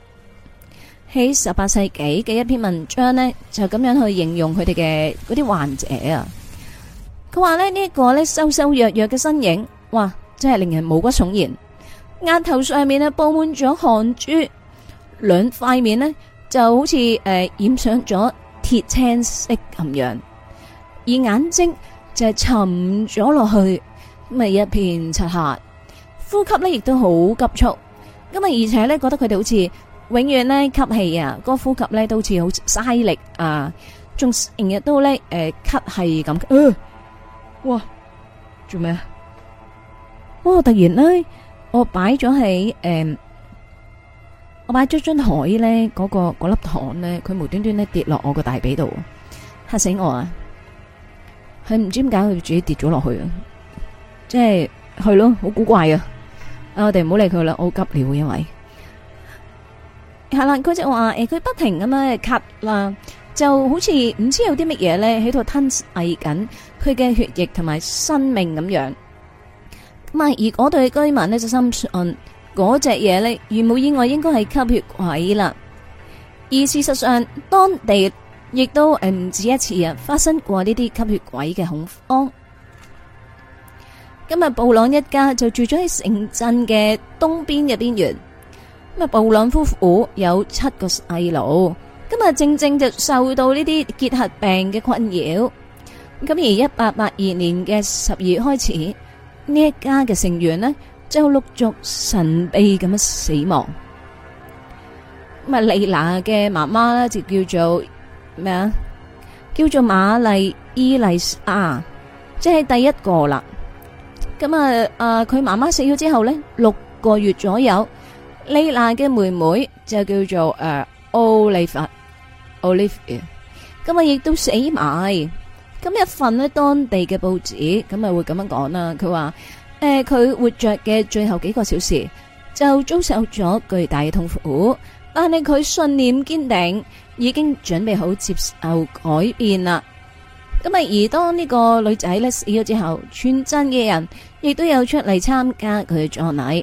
喺十八世紀嘅一篇文章呢，就咁樣去形容佢哋嘅嗰啲患者啊。佢話咧呢一、這個咧瘦瘦弱弱嘅身影，哇，真係令人毛骨悚然。額頭上面咧布滿咗汗珠，兩塊面呢，就好似誒、呃、染上咗鐵青色咁樣，而眼睛就係沉咗落去，咁啊一片漆黑。呼吸呢，亦都好急促，咁啊而且呢，覺得佢哋好似。永遠咧吸氣啊，嗰個呼吸咧都好似好嘥力啊，仲成日都咧誒吸氣咁，哇，做咩啊？哇突然咧，我擺咗喺誒，我擺咗樽海咧，嗰個嗰粒糖咧，佢無端端咧跌落我個大髀度，嚇死我啊！佢唔知點解佢自己跌咗落去啊，即係係咯，好古怪啊！啊我哋唔好理佢啦，我急尿因為。佢就話誒，佢不停咁樣吸啦，就好似唔知有啲乜嘢咧喺度吞噬緊佢嘅血液同埋生命咁樣。咁啊，而嗰對居民咧就深信嗰隻嘢呢，如冇意外應該係吸血鬼啦。而事實上，當地亦都唔止一次啊發生過呢啲吸血鬼嘅恐慌。今日布朗一家就住咗喺城鎮嘅東邊嘅邊緣。咁啊，布朗夫婦有七個細佬，咁啊正正就受到呢啲結核病嘅困擾。咁而一八八二年嘅十二月開始，呢一家嘅成員咧就陸續神秘咁樣死亡。咁啊，麗娜嘅媽媽呢，就叫做咩啊？叫做瑪麗伊麗莎，即係第一個啦。咁啊啊，佢媽媽死咗之後呢，六個月左右。李娜嘅妹妹就叫做誒 Olive，Olive，咁啊亦都死埋。咁一份呢當地嘅報紙咁啊，會咁樣講啦。佢話誒，佢、uh, 活着嘅最後幾個小時就遭受咗巨大嘅痛苦，但係佢信念堅定，已經準備好接受改變啦。咁啊，而當呢個女仔咧死咗之後，全真嘅人亦都有出嚟參加佢嘅葬禮。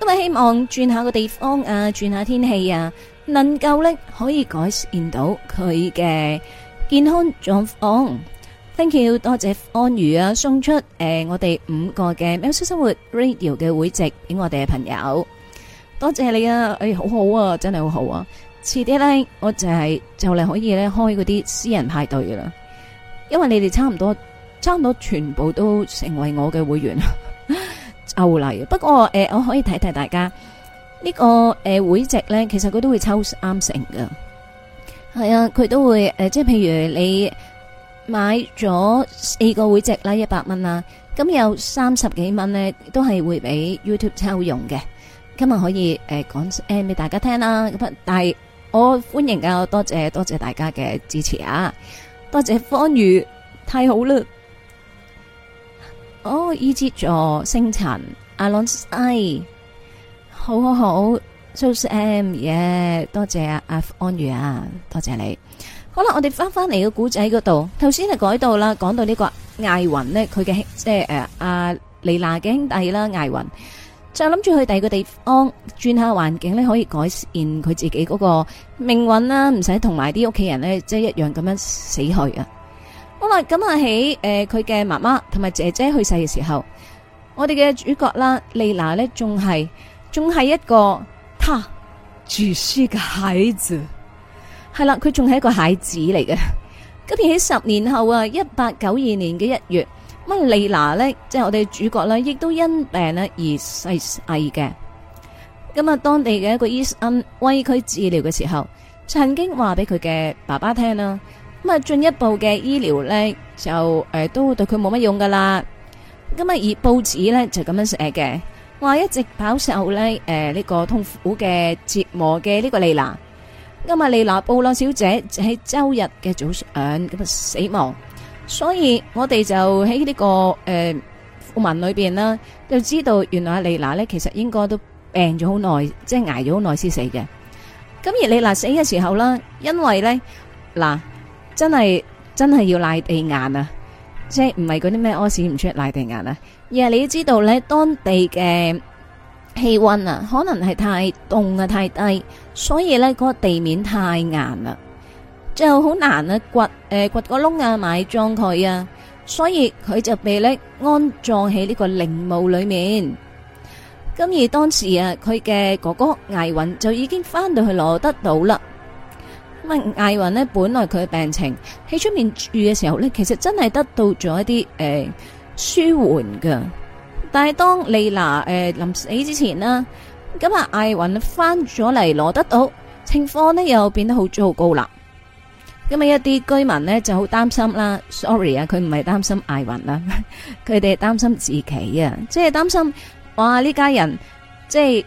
今日希望轉下個地方啊，轉下天氣啊，能夠呢可以改善到佢嘅健康狀況。Thank you，多謝安宇啊，送出誒、呃、我哋五個嘅喵式生活 radio 嘅會籍俾我哋嘅朋友。多謝你啊，誒、哎、好好啊，真係好好啊。遲啲呢，我就係就嚟可以咧開嗰啲私人派對噶啦，因為你哋差唔多差唔多全部都成為我嘅會員。 抽嚟，不過誒、呃，我可以睇睇大家呢、這個誒、呃、會籍咧，其實佢都會抽三成噶，係啊，佢都會誒、呃，即係譬如你買咗四個會籍啦，一百蚊啦，咁有三十幾蚊咧，都係會俾 YouTube 抽用嘅。今日可以誒、呃、講 M 俾、呃、大家聽啦，咁但係我歡迎啊，多謝多謝大家嘅支持啊，多謝方宇，太好啦！哦，E Z 座星塵，Alonzi，好好好，Susan 耶，ame, yeah, 多謝阿阿安宇啊，多謝你。好啦，我哋翻翻嚟個古仔嗰度，頭先就改到啦，講到呢個艾云呢，佢嘅兄，即係誒阿李娜嘅兄弟啦，艾云就諗住去第二個地方轉下環境咧，可以改善佢自己嗰個命運啦，唔使同埋啲屋企人咧，即係一樣咁樣死去啊。好啦，咁啊起誒，佢嘅媽媽同埋姐姐去世嘅時候，我哋嘅主角啦，莉娜呢仲係仲係一個他住書嘅孩子，係啦，佢仲係一個孩子嚟嘅。咁變喺十年後啊，一八九二年嘅一月，咁莉娜呢，即係我哋主角呢，亦都因病而逝世嘅。咁啊，當地嘅一個醫生為佢治療嘅時候，曾經話俾佢嘅爸爸聽啦。咁啊，進一步嘅醫療咧，就誒都對佢冇乜用噶啦。咁啊，而報紙咧就咁樣寫嘅，話一直飽受咧誒呢個痛苦嘅折磨嘅呢個莉娜。咁啊，莉娜布洛小姐喺周日嘅早上咁啊死亡，所以我哋就喺呢個誒訃聞裏邊啦，就知道原來莉娜咧其實應該都病咗好耐，即係挨咗好耐先死嘅。咁而莉娜死嘅時候啦，因為咧嗱。真係真係要賴地硬啊！即係唔係嗰啲咩屙屎唔出賴地硬啊！而係你要知道咧，當地嘅氣溫啊，可能係太凍啊，太低，所以咧嗰個地面太硬啦，就好難啊掘誒掘個窿啊埋葬佢啊，所以佢就被咧安葬喺呢個陵墓裏面。咁而當時啊，佢嘅哥哥魏允就已經翻到去羅德島啦。因為艾雲呢，本來佢嘅病情喺出面住嘅時候呢，其實真係得到咗一啲誒、呃、舒緩噶，但係當莉娜誒臨、呃、死之前啦，咁啊艾雲翻咗嚟攞得到情況呢，又變得好糟糕高啦，因為一啲居民呢，就好擔心啦，sorry 啊，佢唔係擔心艾雲啦，佢哋係擔心自己啊，即係擔心哇呢家人即係。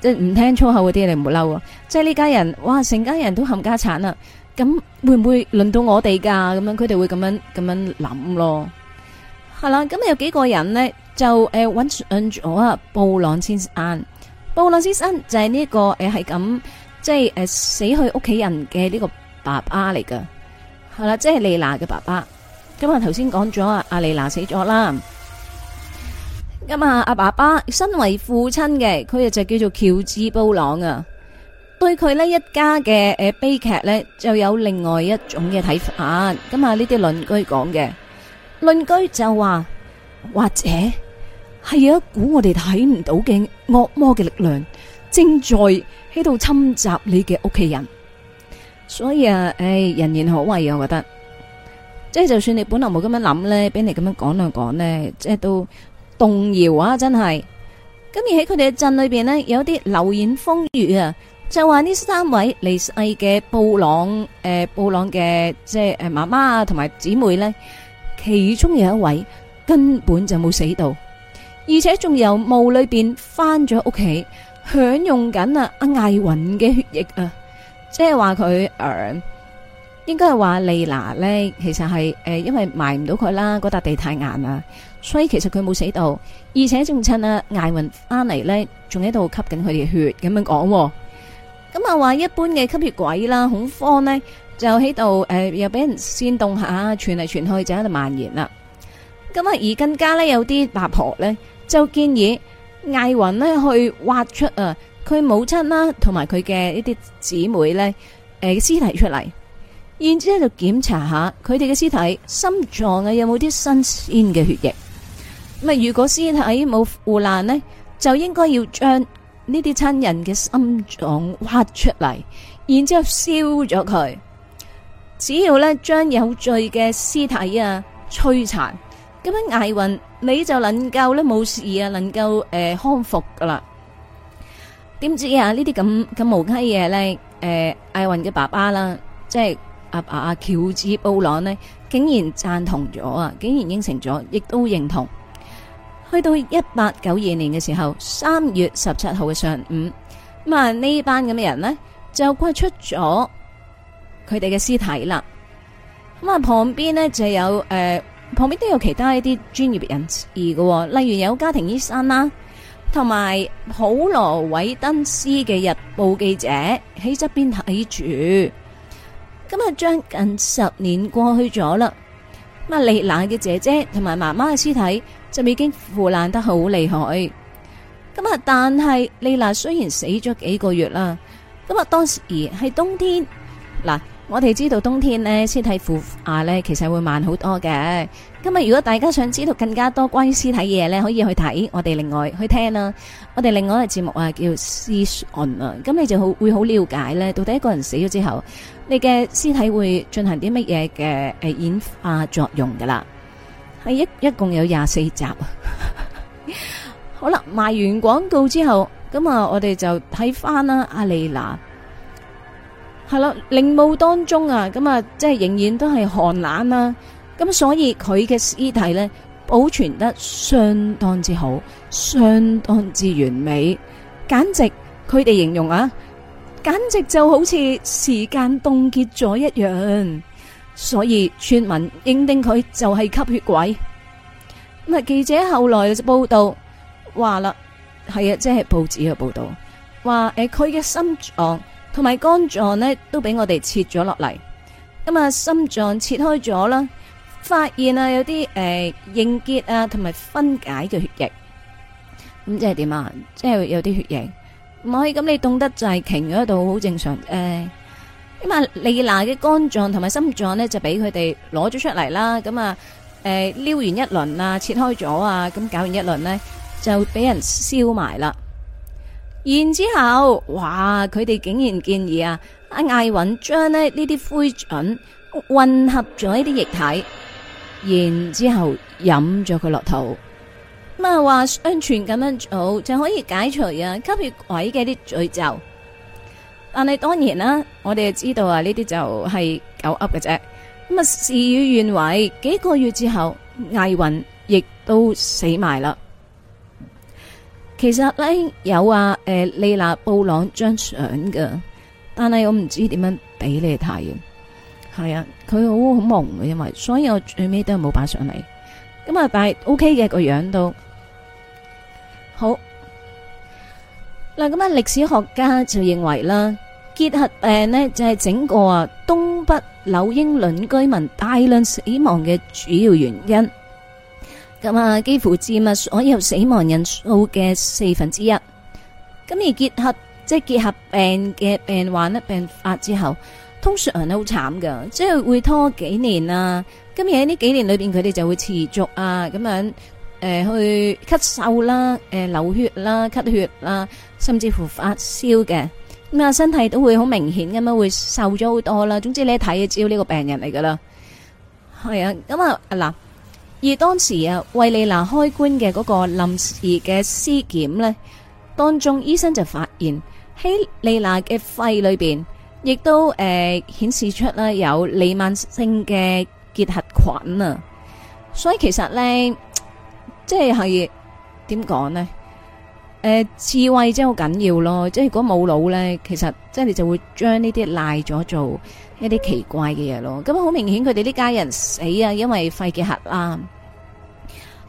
即係唔聽粗口嗰啲，你唔好嬲啊！即係呢家人，哇，成家人都冚家產啊。咁會唔會輪到我哋噶？咁樣佢哋會咁樣咁樣諗咯。係啦，咁有幾個人咧就誒搵上咗啊布朗先生。布朗先生就係呢個誒係咁，即係誒死去屋企人嘅呢個爸爸嚟噶。係啦，即係麗娜嘅爸爸。咁啊頭先講咗啊，阿麗娜死咗啦。咁啊！阿爸爸身為父親嘅，佢就就叫做喬治·布朗啊，對佢呢一家嘅誒悲劇呢，就有另外一種嘅睇法。咁啊，呢啲鄰居講嘅鄰居就話，或者係有一股我哋睇唔到嘅惡魔嘅力量正在喺度侵襲你嘅屋企人。所以啊，誒，哎，人言可畏啊，我覺得，即、就、係、是、就算你本來冇咁樣諗呢，俾你咁樣講兩講呢，即係都。動搖啊！真係，咁而喺佢哋嘅鎮裏邊咧，有啲流言風語啊，就話呢三位離世嘅布朗誒，布朗嘅即係誒媽媽同埋姊妹咧，其中有一位根本就冇死到，而且仲由墓裏邊返咗屋企，享用緊啊阿艾雲嘅血液啊，即係話佢誒，應該係話莉娜咧，其實係誒，因為埋唔到佢啦，嗰笪地太硬啦。所以其實佢冇死到，而且仲趁阿、啊、艾云翻嚟呢，仲喺度吸緊佢哋嘅血咁樣講、哦。咁啊話一般嘅吸血鬼啦，恐慌呢，就喺度誒，又俾人煽動下，傳嚟傳去就喺度蔓延啦。咁啊而更加呢，有啲八婆呢，就建議艾云呢去挖出啊佢母親啦同埋佢嘅一啲姊妹呢誒屍、呃、體出嚟，然之後就檢查下佢哋嘅屍體心臟啊有冇啲新鮮嘅血液。咪如果屍體冇腐爛呢，就應該要將呢啲親人嘅心臟挖出嚟，然之後燒咗佢。只要呢將有罪嘅屍體啊摧殘，咁樣艾雲你就能夠呢冇事啊，能夠誒、呃、康復噶啦。點知啊呢啲咁咁無稽嘢呢誒，艾雲嘅爸爸啦，即係阿爸阿喬治布朗呢竟然贊同咗啊，竟然，竟然應承咗，亦都認同。去到一八九二年嘅時候，三月十七號嘅上午，咁啊呢班咁嘅人呢就掘出咗佢哋嘅屍體啦。咁啊旁邊呢就有誒，旁邊都有、呃、有其他一啲專業人士嘅，例如有家庭醫生啦，同埋普羅韋登斯嘅日報記者喺側邊睇住。咁啊將近十年過去咗啦，咁啊李娜嘅姐姐同埋媽媽嘅屍體，就已經腐爛得好厲害，咁啊，但係麗娜雖然死咗幾個月啦，咁啊當時係冬天，嗱，我哋知道冬天呢，屍體腐化呢其實會慢好多嘅。咁啊，如果大家想知道更加多關於屍體嘢呢，可以去睇我哋另外去聽啦，我哋另外一個節目啊叫屍訊啊，咁你就好會好了解呢，到底一個人死咗之後，你嘅屍體會進行啲乜嘢嘅誒演化作用噶啦。係一一共有廿四集。 好啦，賣完廣告之後，咁啊，我哋就睇翻啦，阿莉娜，係啦，陵墓當中啊，咁啊，即係仍然都係寒冷啦，啊，咁所以佢嘅屍體呢，保存得相當之好，相當之完美，簡直佢哋形容啊，簡直就好似時間凍結咗一樣。所以村民認定佢就係吸血鬼。咁啊，記者後來嘅報道話啦，係啊，即係報紙嘅報道，話誒佢嘅心臟同埋肝臟呢都俾我哋切咗落嚟。咁啊，就是、心臟切，切開咗啦，發現啊有啲誒凝結啊同埋分解嘅血液。咁即係點啊？即係有啲血液。唔可以咁，你凍得滯停咗度好正常誒。呃咁啊，利娜嘅肝臟同埋心臟呢就俾佢哋攞咗出嚟啦。咁啊，誒、呃，撩完一輪啊，切開咗啊，咁搞完一輪呢，就俾人燒埋啦。然之後，哇，佢哋竟然建議啊，阿艾雲將呢呢啲灰燼混合咗呢啲液體，然之後飲咗佢落肚。咁啊，話安全咁樣做就可以解除啊，吸血鬼嘅啲詛咒。但係當然啦，啊，我哋知道啊，呢啲就係狗噏嘅啫。咁啊，事與願違，幾個月之後，艾雲亦都死埋啦。其實咧有啊，誒、呃，麗娜布朗張相嘅，但係我唔知點樣俾你睇嘅。係啊，佢好好蒙嘅，因為所以我最尾都係冇擺上嚟。咁啊，但係 O K 嘅個樣子都好。嗱，咁啊，歷史學家就認為啦。結核病咧就係整個啊東北紐英倫居民大量死亡嘅主要原因，咁啊幾乎佔埋所有死亡人數嘅四分之一。咁而結核即係結核病嘅病患咧，病發之後通常人都好慘噶，即係會拖幾年啦。咁而喺呢幾年裏邊，佢哋就會持續啊咁樣誒去咳嗽啦、誒流血啦、咳血啦，甚至乎發燒嘅。咁啊，身體都會好明顯咁樣，會瘦咗好多啦。總之你一睇，就知呢個病人嚟噶啦。係啊，咁啊，嗱，而當時啊，為利娜開棺嘅嗰個臨時嘅屍檢呢，當中醫生就發現喺利娜嘅肺裏邊，亦都誒、呃、顯示出啦有利慢性嘅結核菌啊。所以其實呢，即係點講呢？誒、呃，智慧真係好緊要咯，即係如果冇腦呢，其實即係你就會將呢啲賴咗做一啲奇怪嘅嘢咯。咁好明顯佢哋啲家人死啊，因為肺結核啦、啊。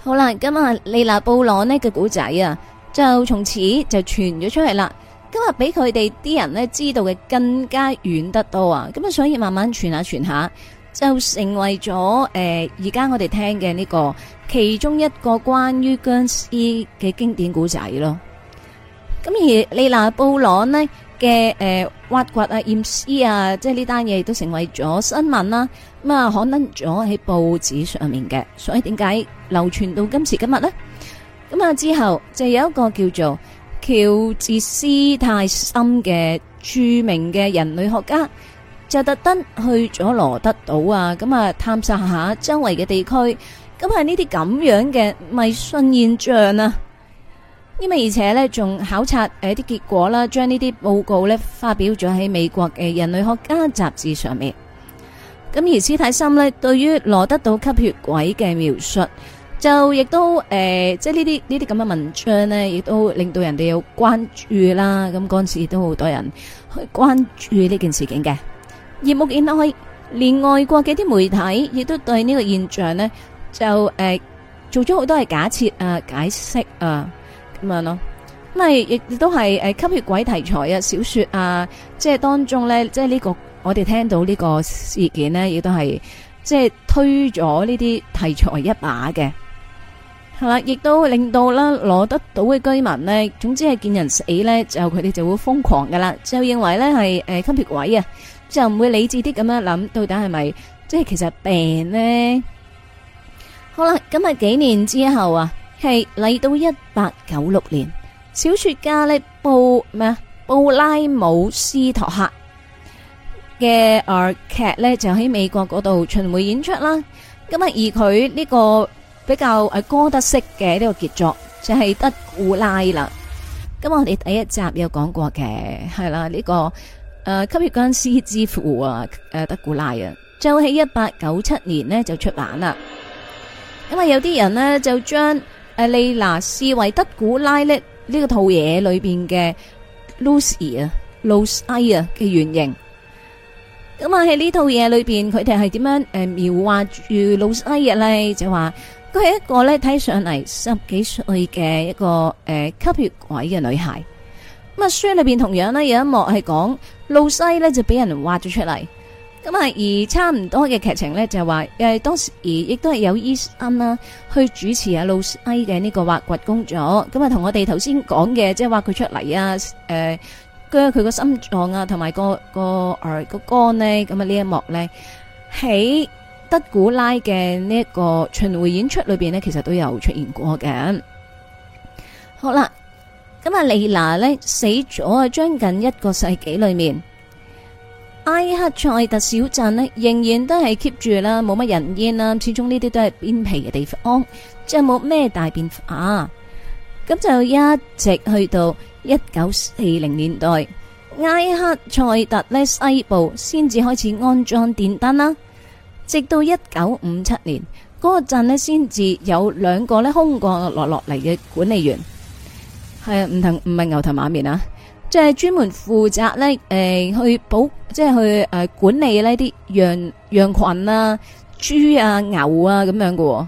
好啦，咁啊，利娜布朗呢個古仔啊，就從此就傳咗出嚟啦。今日俾佢哋啲人呢知道嘅更加遠得多啊。咁啊，所以慢慢傳下傳下。就成為咗誒，而、呃、家我哋聽嘅呢、呢個其中一個關於僵屍嘅經典古仔咯。咁而利娜布朗呢嘅誒、呃，挖掘啊驗屍啊，即係呢單嘢亦都成為咗新聞啦、啊。咁、嗯、啊，可能咗喺報紙上面嘅，所以點解流傳到今時今日呢？咁、嗯、啊之後就有一個叫做喬治斯泰森嘅著名嘅人類學家。就特登去咗羅德島啊，咁啊探索下周圍嘅地區，咁係呢啲咁樣嘅迷信現象啊，因為而且呢，仲考察誒啲結果啦，將呢啲報告呢發表咗喺美國嘅人類學家雜誌上面。咁而史太森呢，對於羅德島吸血鬼嘅描述，就亦都誒、呃、即係呢啲呢啲咁嘅文章呢，亦都令到人哋有關注啦。咁嗰陣時亦都好多人去關注呢件事件嘅。亦冇見外，連外國嘅啲媒體亦都對呢個現象咧，就誒做咗好多係假設啊、解釋啊咁樣咯。咁啊，亦都係誒吸血鬼題材啊小說啊，即係當中咧，即係呢個我哋聽到呢個事件咧，亦都係即係推咗呢啲題材一把嘅，係啦，亦都令到啦攞得到嘅居民咧，總之係見人死咧，就佢哋就會瘋狂噶啦，就認為咧係誒吸血鬼啊。就唔會理智啲咁樣諗，到底係咪即係其實病咧？好啦，咁啊幾年之後啊，係嚟到一八九六年，小說家咧布咩啊布拉姆斯托克嘅誒劇咧就喺美國嗰度巡回演出啦。咁啊而佢呢個比較誒哥德式嘅呢個傑作就係德古拉啦。咁我哋第一集有講過嘅係啦呢個。誒、啊，吸血僵屍之父啊，誒、啊、德古拉啊，就喺一八九七年呢就出版啦。因為有啲人呢就將誒麗娜視為德古拉呢呢、這個套嘢裏邊嘅露西啊、露西啊嘅原型。咁啊喺呢套嘢裏邊，佢哋係點樣誒描畫住露西嘅咧？就話佢係一個咧睇上嚟十幾歲嘅一個誒、啊、吸血鬼嘅女孩。咁啊，書裏邊同樣呢有一幕係講露西呢就俾人挖咗出嚟，咁啊而差唔多嘅劇情呢就係話，誒當時而亦都係有醫生啦去主持下露西嘅呢個挖掘工作，咁啊同我哋頭先講嘅即係挖佢出嚟、呃、啊，誒，佢佢個心臟啊，同埋個個誒個肝咧，咁啊呢一幕呢，喺德古拉嘅呢一個巡回演出裏邊呢，其實都有出現過嘅，好啦。咁啊，莉娜呢，死咗啊，將近一個世紀裡面，埃克塞特小鎮呢，仍然都係 keep 住啦，冇乜人煙啦，始終呢啲都係邊皮嘅地方，即係冇咩大變化。咁就一直去到一九四零年代，埃克塞特呢西部先至開始安裝電燈啦，直到一九五七年嗰、嗰個鎮呢，先至有兩個呢空降落落嚟嘅管理員。係啊，唔同唔係牛頭馬面啊，即係專門負責咧，誒、呃、去保，即係去誒、呃、管理呢啲羊羊群啊、豬啊、牛啊咁樣嘅、哦。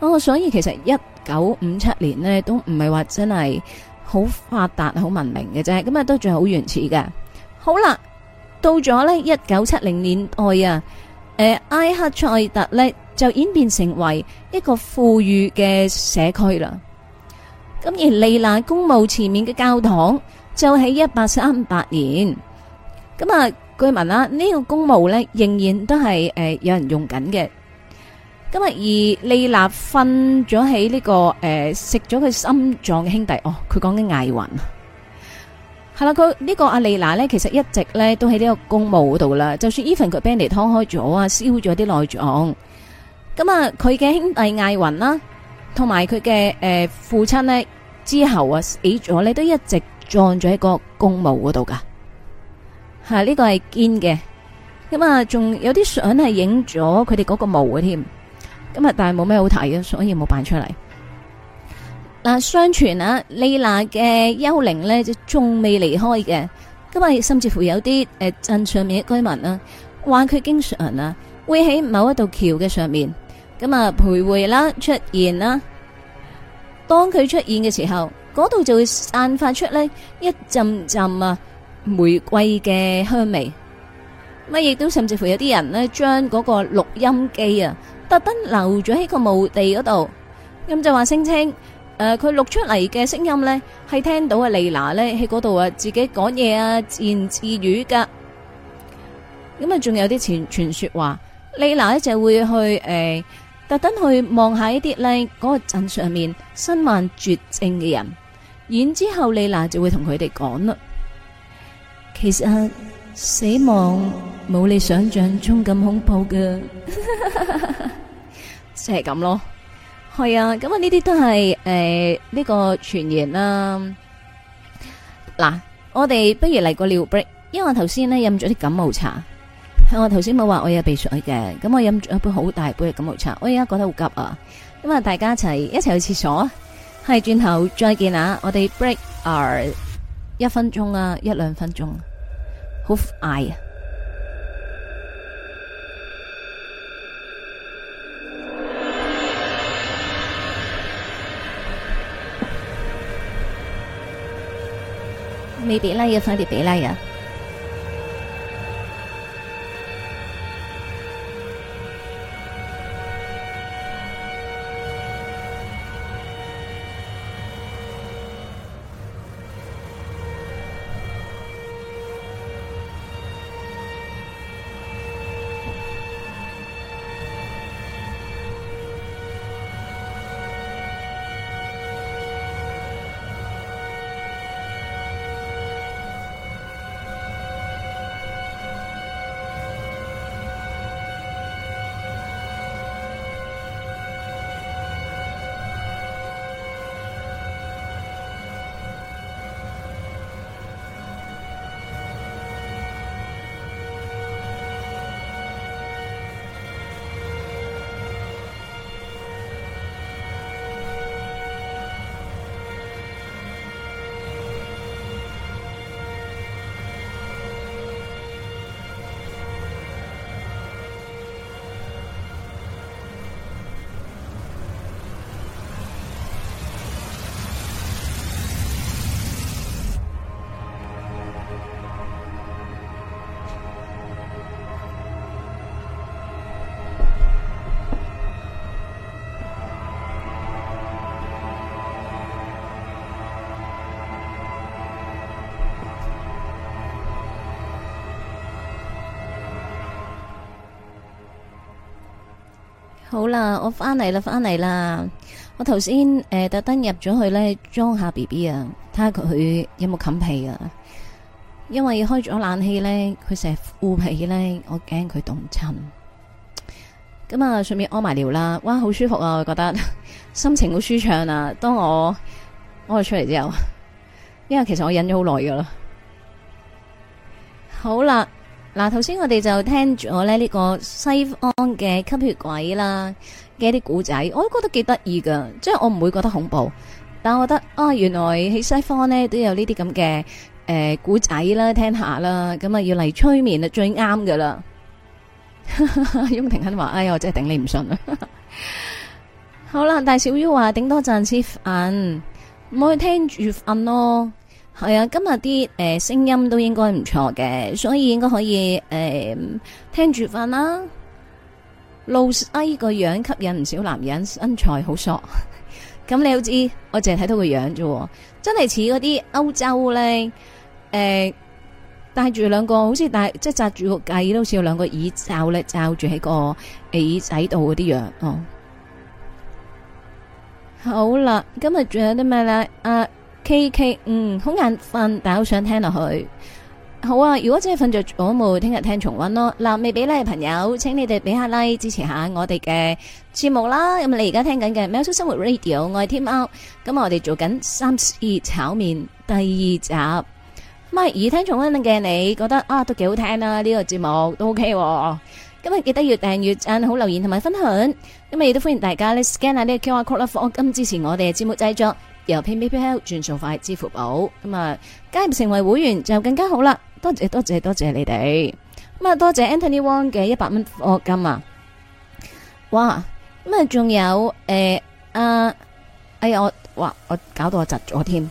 哦，所以其實一九五七年呢都唔係話真係好發達、好文明嘅啫，咁啊都仲係好原始嘅。好啦，到咗呢一九七零年代啊，誒、呃，埃克塞特呢就演變成為一個富裕嘅社區啦。咁而利納公墓前面嘅教堂就喺一八三八年。咁啊，據聞啊，呢個公墓咧仍然都係誒有人用緊嘅。咁啊而利納瞓咗喺呢個誒食咗佢心臟嘅兄弟，哦，佢講緊艾云。係啦，佢呢個阿利娜咧，其實一直咧都喺呢個公墓嗰度啦。就算 even 佢畀人哋劏開咗啊，燒咗啲內臟。咁啊，佢嘅兄弟艾云啦。同埋佢嘅誒父親咧之後啊，死咗你都一直葬咗喺個公墓嗰度噶。吓，呢個係堅嘅。咁啊，仲、這個啊、有啲相係影咗佢哋嗰個墓嘅添。咁啊，但係冇咩好睇啊，所以冇辦出嚟。嗱、啊，相傳啊，麗娜嘅幽靈呢就仲未離開嘅。咁啊，甚至乎有啲誒鎮上面嘅居民啊，話佢經常啊會喺某一道橋嘅上面。咁啊，徘徊啦，出現啦。當佢出現嘅時候，嗰度就會散發出呢一陣陣啊玫瑰嘅香味。乜亦都甚至乎有啲人呢，將嗰個錄音機啊，特登留咗喺個墓地嗰度。咁就話聲稱，誒，佢錄出嚟嘅聲音呢，係聽到阿莉娜呢喺嗰度啊自己講嘢啊，自言自語噶。咁啊，仲有啲傳傳說話，莉娜呢就會去誒。特登去望喺啲咧嗰個鎮上面身患絕症嘅人，然之後李娜就會同佢哋講啦。其實死亡冇你想象中咁恐怖嘅，即係咁咯。係啊，咁啊呢啲都係誒呢個傳言啦。嗱，我哋不如嚟個尿 break，因為我頭先咧飲咗啲感冒茶。是我頭先冇話我有鼻水嘅，咁我飲咗一杯好大杯嘅感冒茶，我而家覺得好急啊！咁啊，大家一齊一齊去廁所啊！係轉頭再見啊！我哋 break our 一分鐘啊，一兩分鐘啊，一兩分鐘，好 嗌樂、like, like、啊！未畀 like 啦，而家快啲畀 like 啦呀！好啦，我翻嚟啦，翻嚟啦！我頭先誒特登入咗去呢裝下 B B 啊，睇下佢有冇冚被啊，因為開咗冷氣呢，佢成日呼被呢，我驚佢凍親。咁、嗯、啊，順便屙埋尿啦，哇，好舒服啊，我覺得呵呵心情好舒暢啊！當我屙咗出嚟之後，因為其實我忍咗好耐噶咯。好啦。嗱，頭先我哋就聽住我咧呢個西方嘅吸血鬼啦嘅一啲古仔，我都覺得幾得意噶，即係我唔會覺得恐怖，但係我覺得啊，原來喺西方咧都有呢啲咁嘅誒古仔啦，聽下啦，咁啊要嚟催眠啊最啱噶啦。 翁庭欣話：哎呀，我真係頂你唔順啊！ 好啦，大小於話頂多陣先瞓，唔好去聽住瞓咯。係啊，今日啲誒聲音都應該唔錯嘅，所以應該可以誒、呃、聽住瞓啦。露西個樣吸引唔少男人，身材好索。咁 你好知，我淨係睇到個樣啫，真係似嗰啲歐洲咧。誒、呃，戴住兩個好似戴即係紮住個髻，都好似有兩個耳罩咧，罩住喺個耳仔度嗰啲樣哦。好啦，今日仲有啲咩咧？啊！K K，嗯，好眼瞓，但係好想聽落去。好啊，如果真係瞓着咗，冇聽日聽重温咯。嗱，未俾 l i e 嘅朋友，請你哋俾下 like 支持下我哋嘅節目啦。咁、嗯、你而家聽緊嘅《喵 i 生活 Radio》嗯，我係 u t 咁我哋做緊三二炒麵第二集。唔、嗯、係而聽重温嘅你，覺得啊都幾好聽啦、啊，呢、這個節目都 OK。今日記得要訂閱、讚、好留言同埋分享。咁日亦都歡迎大家咧 scan 下呢個 QR code 啦、啊，咁支持我哋嘅節目製作。由 PayPal 轉數快支付寶，咁啊，加入成為會員就更加好啦！多謝多謝多謝你哋，咁啊多謝 Anthony Wong 嘅一百蚊課金啊！哇，咁啊仲有誒啊、呃，哎呀我哇我搞到我窒咗添，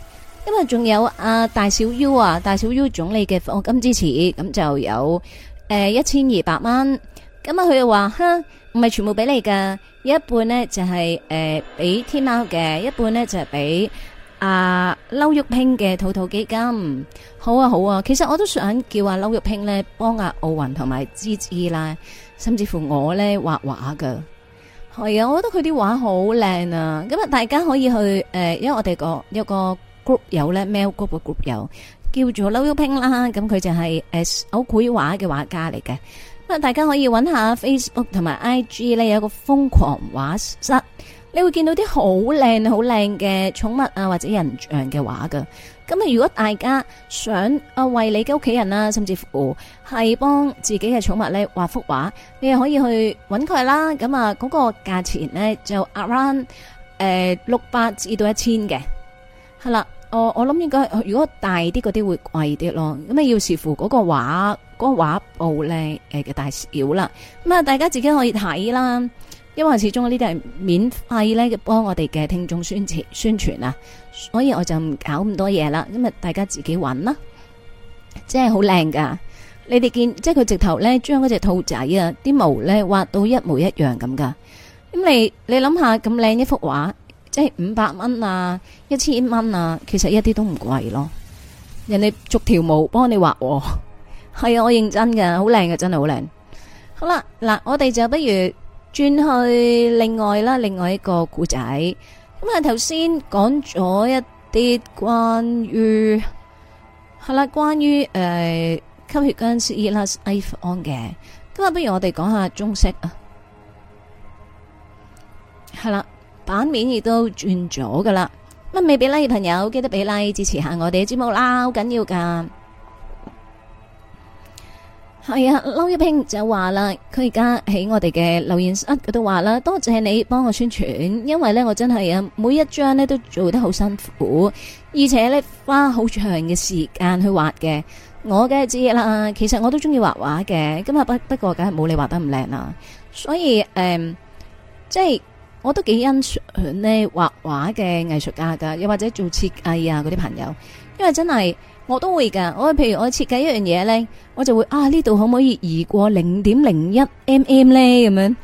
咁啊仲有啊，大小 U 啊，大小 U 總理嘅課金支持，咁、嗯、就有誒一千二百蚊，咁啊佢又話哼。唔係全部俾你噶，一半咧就係誒俾天貓嘅，一半咧就係俾阿劉玉萍嘅淘淘基金。好啊好啊，其實我都想叫阿劉玉萍咧幫阿奧運同埋芝芝啦，甚至乎我咧畫畫噶。係啊，我覺得佢啲畫好靚啊！咁啊，大家可以去誒，因為我哋個一個 group 有咧 mail group 個 group 有叫做阿劉玉萍啦。咁佢就係誒手繪畫嘅畫家嚟嘅。大家可以揾下 Facebook 同埋 IG 呢，有一個瘋狂畫室，你會見到啲好靚好靚嘅寵物啊或者人像嘅畫嘅。咁啊，如果大家想啊，為你嘅屋企人啊，甚至乎係幫自己嘅寵物呢畫幅畫，你啊可以去揾佢啦。咁啊，嗰個價錢呢就 around 誒六百至到一千嘅，係啦。哦，我諗應該如果大啲嗰啲會貴啲咯，咁啊要視乎嗰個畫嗰個畫布咧誒嘅大小啦。咁啊，大家自己可以睇啦，因為始終呢啲係免費咧，幫我哋嘅聽眾宣傳宣傳啊，所以我就唔搞咁多嘢啦。咁啊，大家自己搵啦，真係好靚噶！你哋見即係佢直頭咧，將嗰隻兔仔啊，啲毛咧畫到一模一樣咁噶。咁你你諗下咁靚一幅畫？誒，五百蚊啊，一千蚊啊，其實一啲都唔貴咯。人哋逐條毛幫你畫，係啊，我認真嘅，好靚嘅，真係好靚。好啦，嗱，我哋就不如轉去另外啦，另外一個故仔。咁啊，頭先講咗一啲關於，係啦，關於誒吸血殭屍 Elsa Ivan 嘅。今日不如我哋講下中式啊，係啦。版面亦都轉咗噶啦，乜未俾 like 嘅朋友？記得俾拉、like、支持下我哋嘅節目啦，好緊要噶。係、嗯、啊，撈一拼就話啦，佢而家喺我哋嘅留言室佢都話啦，多謝你幫我宣傳，因為呢，我真係啊每一張呢都做得好辛苦，而且呢，花好長嘅時間去畫嘅。我梗係知啦，其實我都中意畫畫嘅，今日不不過梗係冇你畫得咁靚啦，所以誒、嗯、即係。我都幾欣賞呢畫畫嘅藝術家噶，又或者做設計啊嗰啲朋友，因為真係我都會噶，我譬如我設計一樣嘢呢，我就會啊，呢度可唔可以移過零點零一 mm 呢？咁樣，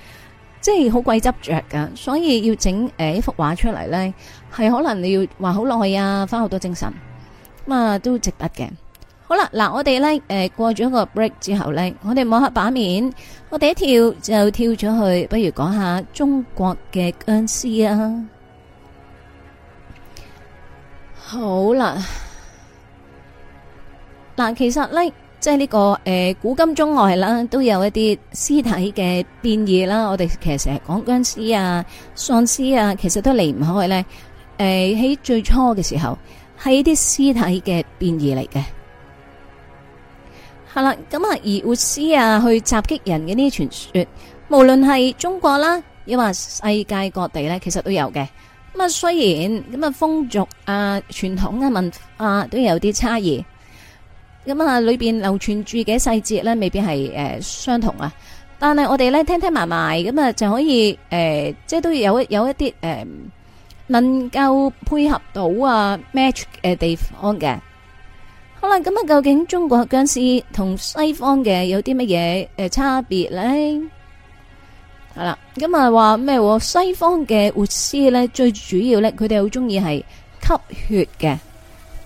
即係好鬼執着噶，所以要整誒一幅畫出嚟呢，係可能你要畫好耐啊，花好多精神，咁啊都值得嘅。好啦，嗱我哋咧，誒過咗個 break 之後咧，我哋摸下版面，我哋一跳就跳咗去，不如講下中國嘅殭屍啊！好啦，嗱其實咧，即係呢個誒古今中外啦，都有一啲屍體嘅變異啦。我哋其實成日講殭屍啊、喪屍啊，其實都離唔開咧。誒喺最初嘅時候，係一啲屍體嘅變異嚟嘅。係啦，咁、嗯、啊，而活屍啊去襲擊人嘅呢啲傳說，無論係中國啦，又或世界各地咧，其實都有嘅。咁、嗯、啊，雖然咁啊、嗯，風俗啊、傳統啊、文化啊都有啲差異，咁、嗯、啊，裏邊流傳住嘅細節咧，未必係誒、呃、相同啊。但係我哋咧聽聽埋埋，咁、嗯、啊就可以誒、呃，即係都有一有一啲誒、呃，能夠配合到啊 match 嘅地方嘅。好啦，咁啊，究竟中國僵屍同西方嘅有啲乜嘢誒差別咧？係啦，咁啊話咩？西方嘅活屍咧，最主要咧，佢哋好中意係吸血嘅。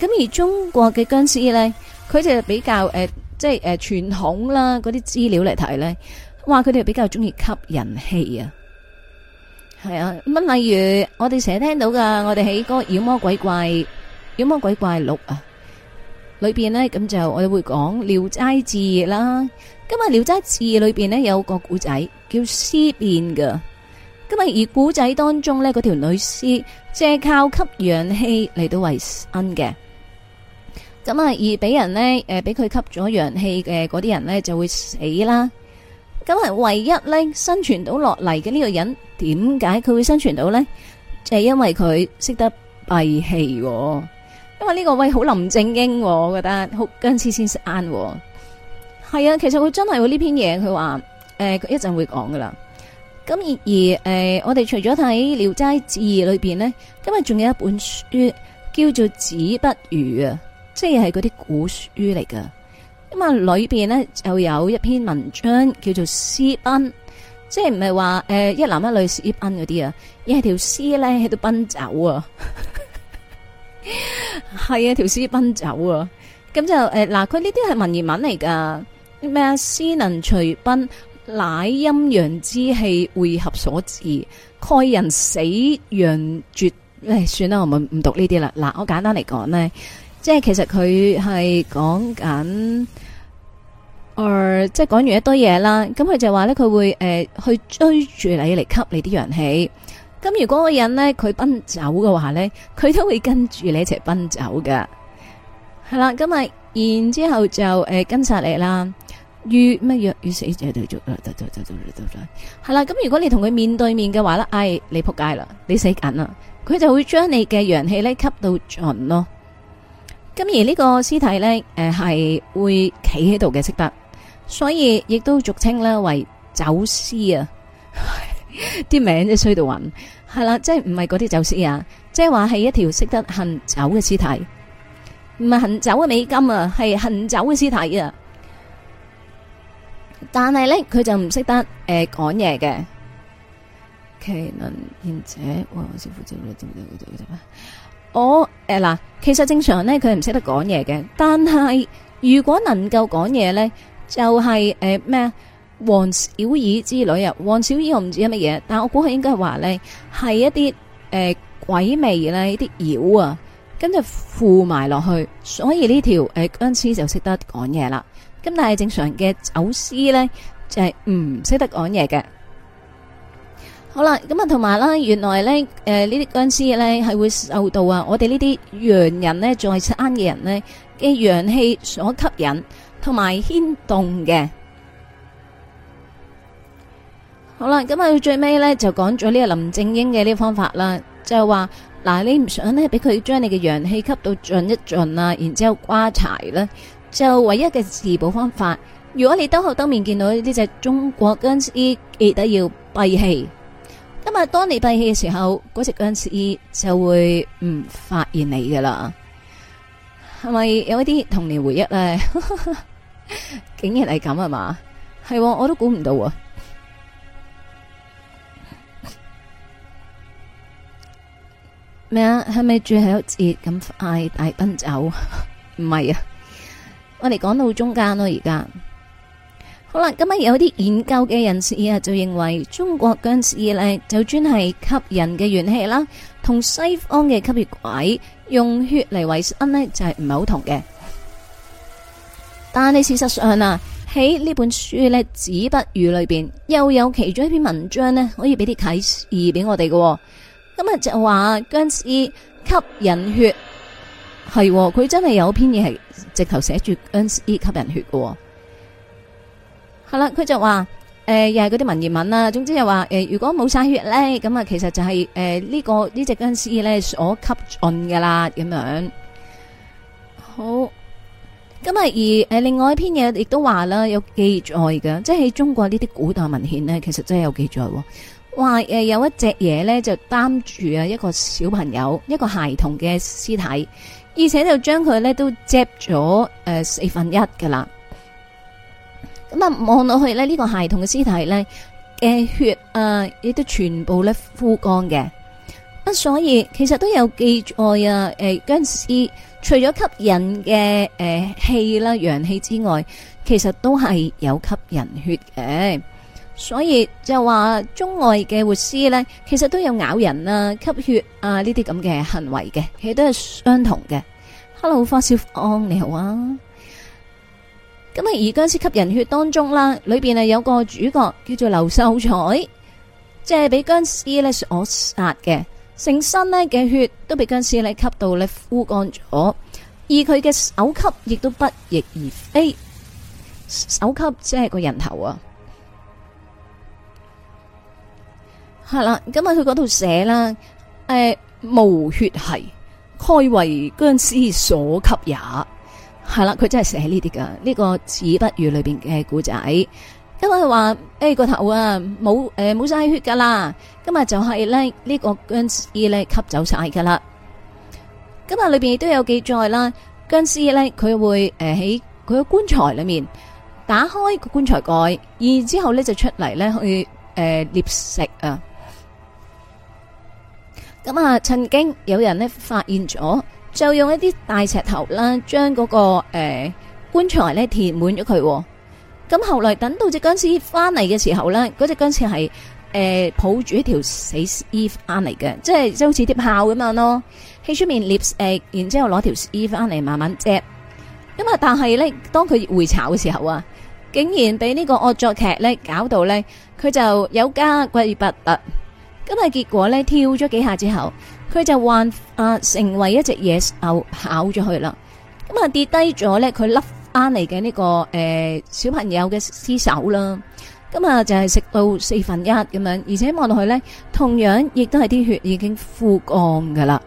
咁而中國嘅僵屍咧，佢哋 比較誒，即係誒傳統啦，嗰啲資料嚟睇咧，話佢哋比較中意吸人氣啊。係啊，咁例如我哋成日聽到噶，我哋喺個妖魔鬼怪，妖魔鬼怪六啊。裏邊咧咁就我哋會講《聊齋志異》啦。今日《聊齋志異》裏邊咧有個古仔叫屍變㗎。咁啊，而古仔當中咧，嗰條女屍淨係靠吸氧氣嚟到維生嘅。咁啊，而俾人咧誒俾佢吸咗氧氣嘅嗰啲人咧就會死啦。咁係唯一咧生存到落嚟嘅呢個人，點解佢會生存到咧？就係因為佢識得閉氣喎。因為呢個喂好林正英，我覺得好嗰陣先識啱。係啊，其實佢真係會呢篇嘢，佢話誒，佢一陣會講噶啦。咁而誒、呃，我哋除咗睇《聊齋志異》裏邊呢，今日仲有一本書叫做《子不語》啊，即係係嗰啲古書嚟噶。咁啊，裏邊呢，就有一篇文章叫做《屍奔》，即係唔係話誒一男一女私奔嗰啲啊，而係條屍咧喺度奔走啊。 係 啊，條屍奔走啊，咁就誒，嗱、呃，佢呢啲係文言文嚟噶，咩啊？屍能隨奔，乃陰陽之氣會合所致，蓋人死陽絕。唉，算啦，我唔唔讀呢啲啦。嗱、呃，我簡單嚟講呢，即係其實佢係講緊，誒、呃，即係講完一堆嘢啦。咁佢就話呢，佢會誒、呃、去追住你嚟吸你啲陽氣。咁如果個人咧，佢奔走嘅話咧，佢都會跟住你一齊奔走嘅，係啦。咁啊，然之後就誒、呃、跟實你啦。約咩約？約死就做做做。係啦，咁如果你同佢面對面嘅話咧，哎，你仆街啦，你死緊啦，佢就會將你嘅陽氣咧吸到盡咯。咁而個屍呢個屍體咧，誒、呃、係會企喺度嘅識得，所以亦都俗稱咧為走屍啊。 啲名都衰到暈，係啦，即係唔係嗰啲走私啊？即係話係一條識得行走嘅屍體，唔係行走嘅美金啊，係行走嘅屍體啊。但係咧，佢就唔識得誒講嘢嘅。其能而且我誒嗱，其實正常咧，佢係唔識得講嘢嘅。但係如果能夠講嘢咧，就係誒咩啊？黃小二之類啊，黃小二我唔知係乜嘢，但我估佢應該係話呢，係一啲誒鬼魅呢啲妖啊，跟住附埋落去，所以呢條誒殭屍就識得講嘢啦。咁但係正常嘅走屍呢，就係唔識得講嘢嘅。好啦，咁啊同埋啦，原來呢誒呢啲殭屍呢，係會受到啊我哋呢啲陽人咧在生嘅人呢嘅陽氣所吸引同埋牽動嘅。好啦，咁啊，最尾呢就講咗呢個林正英嘅呢個方法啦，就係話嗱，你唔想呢，俾佢將你嘅陽氣吸到盡一盡啊，然之後瓜柴咧，就唯一嘅自保方法。如果你兜口兜面見到呢隻中國僵屍，記得要閉氣。今日當你閉氣嘅時候，嗰隻僵屍就會唔發現你噶啦。係咪有一啲童年回憶呢？ 竟然係咁啊嘛？係我都估唔到啊！咩啊？係咪最後一節咁快大奔走？唔 係啊！我哋講到中間咯，而家好啦。咁啊，有啲研究嘅人士啊，就認為中國僵屍呢，就專係吸人嘅元氣啦，同西方嘅吸血鬼用血嚟維生呢，就係唔係好同嘅。但係事實上啊，喺呢本書呢，子不語裏邊，又有其中一篇文章呢，可以俾啲啟示俾我哋嘅。咁啊、嗯、就話殭屍吸人血係，佢、哦、真係有篇嘢係直頭寫住殭屍吸人血喎、哦。係、嗯、啦，佢就話誒、呃，又係嗰啲文言文啦、啊。總之就話誒，如果冇晒血咧，咁、嗯、啊其實就係、是、誒、呃這個這個、呢個呢隻殭屍咧所吸盡噶啦，咁樣。好，咁、嗯、啊而誒另外一篇嘢亦都話啦，有記載嘅，即係中國呢啲古代文獻咧，其實真係有記載、哦。話誒、呃，有一隻嘢咧就擔住啊一個小朋友一個孩童嘅屍體，而且就將佢咧都摘咗誒、呃、四分一噶啦。咁、嗯、啊，望落去咧呢、這個孩童嘅屍體咧嘅、呃、血啊，亦、呃、都全部咧枯乾嘅。啊、呃，所以其實都有記載啊，誒殭屍除咗吸人嘅誒氣啦、陽氣之外，其實都係有吸人血嘅。所以就話中外嘅活屍呢，其實都有咬人啊、吸血啊呢啲咁嘅行為嘅，其實都係相同嘅。Hello，花燒昂你好啊！咁啊，而僵屍吸人血當中啦，裏邊啊有個主角叫做劉秀彩，即係俾僵屍呢所殺嘅，成身呢嘅血都被僵屍呢吸到呢，枯乾咗，而佢嘅首級亦都不翼而飛，首級即係個人頭啊！係啦，咁啊佢嗰度寫啦，誒、哎，無血係，蓋為殭屍所吸也。係啦，佢真係寫呢啲噶，呢、這個《子不語》裏邊嘅古仔。今日佢話，誒個、哎、頭啊，冇誒冇晒血噶啦。今、嗯、日就係、是、咧，呢個殭屍咧吸走晒噶啦。今、嗯、日裏邊亦都有記載啦，殭屍咧佢會誒喺佢嘅棺材裡面打開個棺材蓋，然之後咧就出嚟咧去誒獵食啊。咁啊、嗯！曾經有人咧發現咗，就用一啲大石頭啦，將嗰、那個誒、呃、棺材咧填滿咗佢。咁、嗯、後來等到隻僵屍翻嚟嘅時候咧，嗰隻僵屍係誒抱住一條死衣翻嚟嘅，即係即係好似啲豹咁樣咯，喺出面獵誒，然之後攞條衣翻嚟慢慢摘。咁、嗯、啊！但係咧，當佢回巢嘅時候啊，竟然俾呢個惡作劇咧搞到咧，佢就有家歸不得。咁啊！結果呢，跳咗幾下之後，佢就患啊成為一隻野牛咬咗佢啦。咁啊、嗯、跌低咗呢，佢甩翻嚟嘅呢個誒小朋友嘅屍首啦。咁、嗯、啊、嗯、就係、是、食到四分一咁樣，而且望落去呢，同樣亦都係啲血已經枯乾噶啦。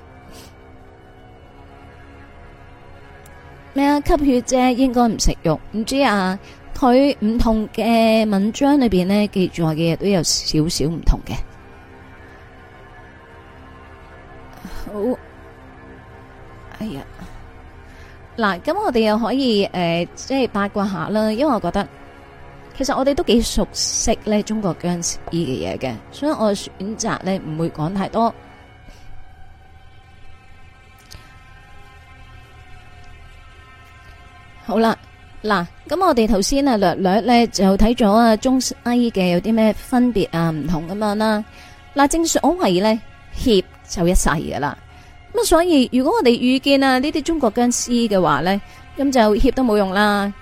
咩啊吸血啫，應該唔食肉。唔知啊，佢唔同嘅文章裏邊咧記載嘅嘢都有少少唔同嘅。好，哎呀，嗱，咁我哋又可以誒，即係八卦下啦，因為我覺得，其實我哋都幾熟悉咧中國殭屍呢啲嘅嘢嘅，所以我選擇咧唔會講太多。好啦，嗱，咁我哋頭先啊略略咧就睇咗啊中西嘅有啲咩分別啊唔同咁樣啦，嗱，正所謂咧協。就一世嘅啦，咁、嗯、所以如果我哋遇見啊呢啲中國僵屍嘅話呢，咁就協都冇用啦。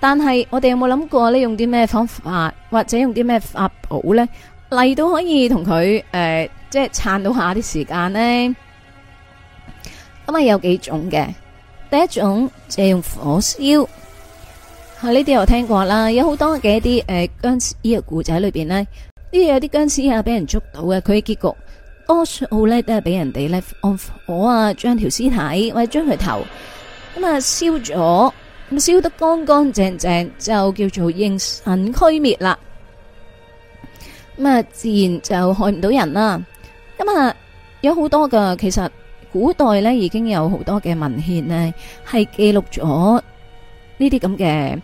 但係我哋有冇諗過呢？用啲咩方法或者用啲咩法寶呢，嚟到可以同佢誒，即係撐到下啲時間呢？咁啊，有幾種嘅，第一種就係用火燒，呢、啊、啲我聽過啦，有好多嘅一啲誒僵屍呢個故仔裏邊呢啲有啲僵屍啊俾人捉到嘅，佢嘅結局。多數咧都係俾人哋咧 off 火啊，將條屍體或者將佢頭咁啊燒咗，咁、嗯、燒得乾乾淨淨就叫做應神俱滅啦。咁、嗯、啊，自然就害唔到人啦。咁、嗯、啊、嗯，有好多嘅，其實古代咧已經有好多嘅文獻呢，係記錄咗呢啲咁嘅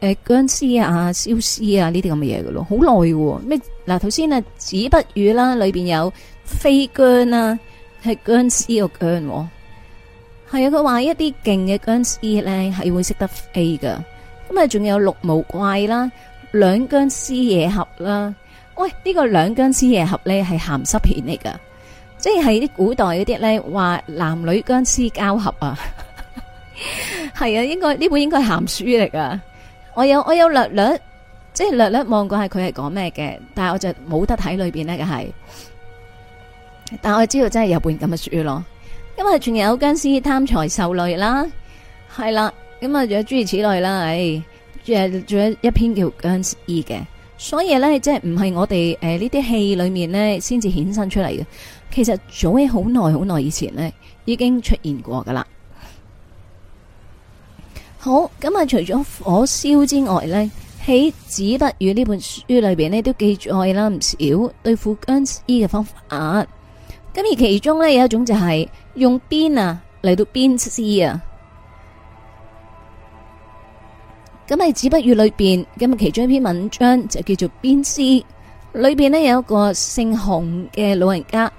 誒殭屍啊、燒屍啊呢啲咁嘅嘢㗎。咯，好耐。咩嗱？頭先啊《子不語》啊啊、啦，裏邊有。飛殭啊，係殭屍個殭，係啊。佢話一啲勁嘅殭屍咧，係會識得飛噶。咁啊，仲有六毛怪啦，兩殭屍野合啦。喂，呢個、兩僵屍呢個兩殭屍野合咧係鹹濕片嚟噶，即係啲古代嗰啲咧話男女殭屍交合啊，係 啊，應該呢本應該鹹書嚟噶。我有我有略略，即係略略望過係佢係講咩嘅，但係我就冇得睇裏邊咧，係。但我知道真係有本咁嘅書咯，因為仲有殭屍貪財受累啦，係啦，咁啊仲有諸如此類啦，誒，仲仲有一篇叫殭屍嘅，所以咧即係唔係我哋誒呢啲戲裏面咧先至衍生出嚟嘅，其實早喺好耐好耐以前咧已經出現過噶啦。好，咁啊除咗火燒之外咧，喺《子不語》呢本書裏邊呢都記載啦，唔少對付殭屍嘅方法。咁而其中呢，有一種就係、是、用鞭啊嚟到鞭屍啊。咁喺《子不語》裏邊，咁其中一篇文章就叫做《鞭屍》。裏邊呢，有一個姓洪嘅老人家，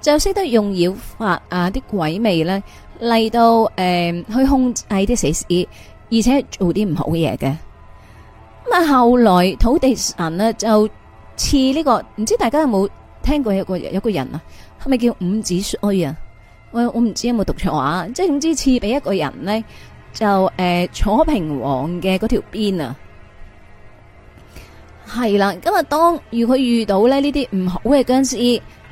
就識得用妖法啊，啲鬼魅呢嚟到誒去控制啲死屍，而且做啲唔好嘅嘢嘅。咁啊，後來土地神呢，就似呢、這個，唔知大家有冇聽過有個有個人啊？係咪叫五指衰啊？喂我我唔知有冇讀錯啊！即係總之賜俾一個人呢，就誒楚、呃、平王嘅嗰條鞭啊，係啦。今日當如果遇到咧呢啲唔好嘅僵屍，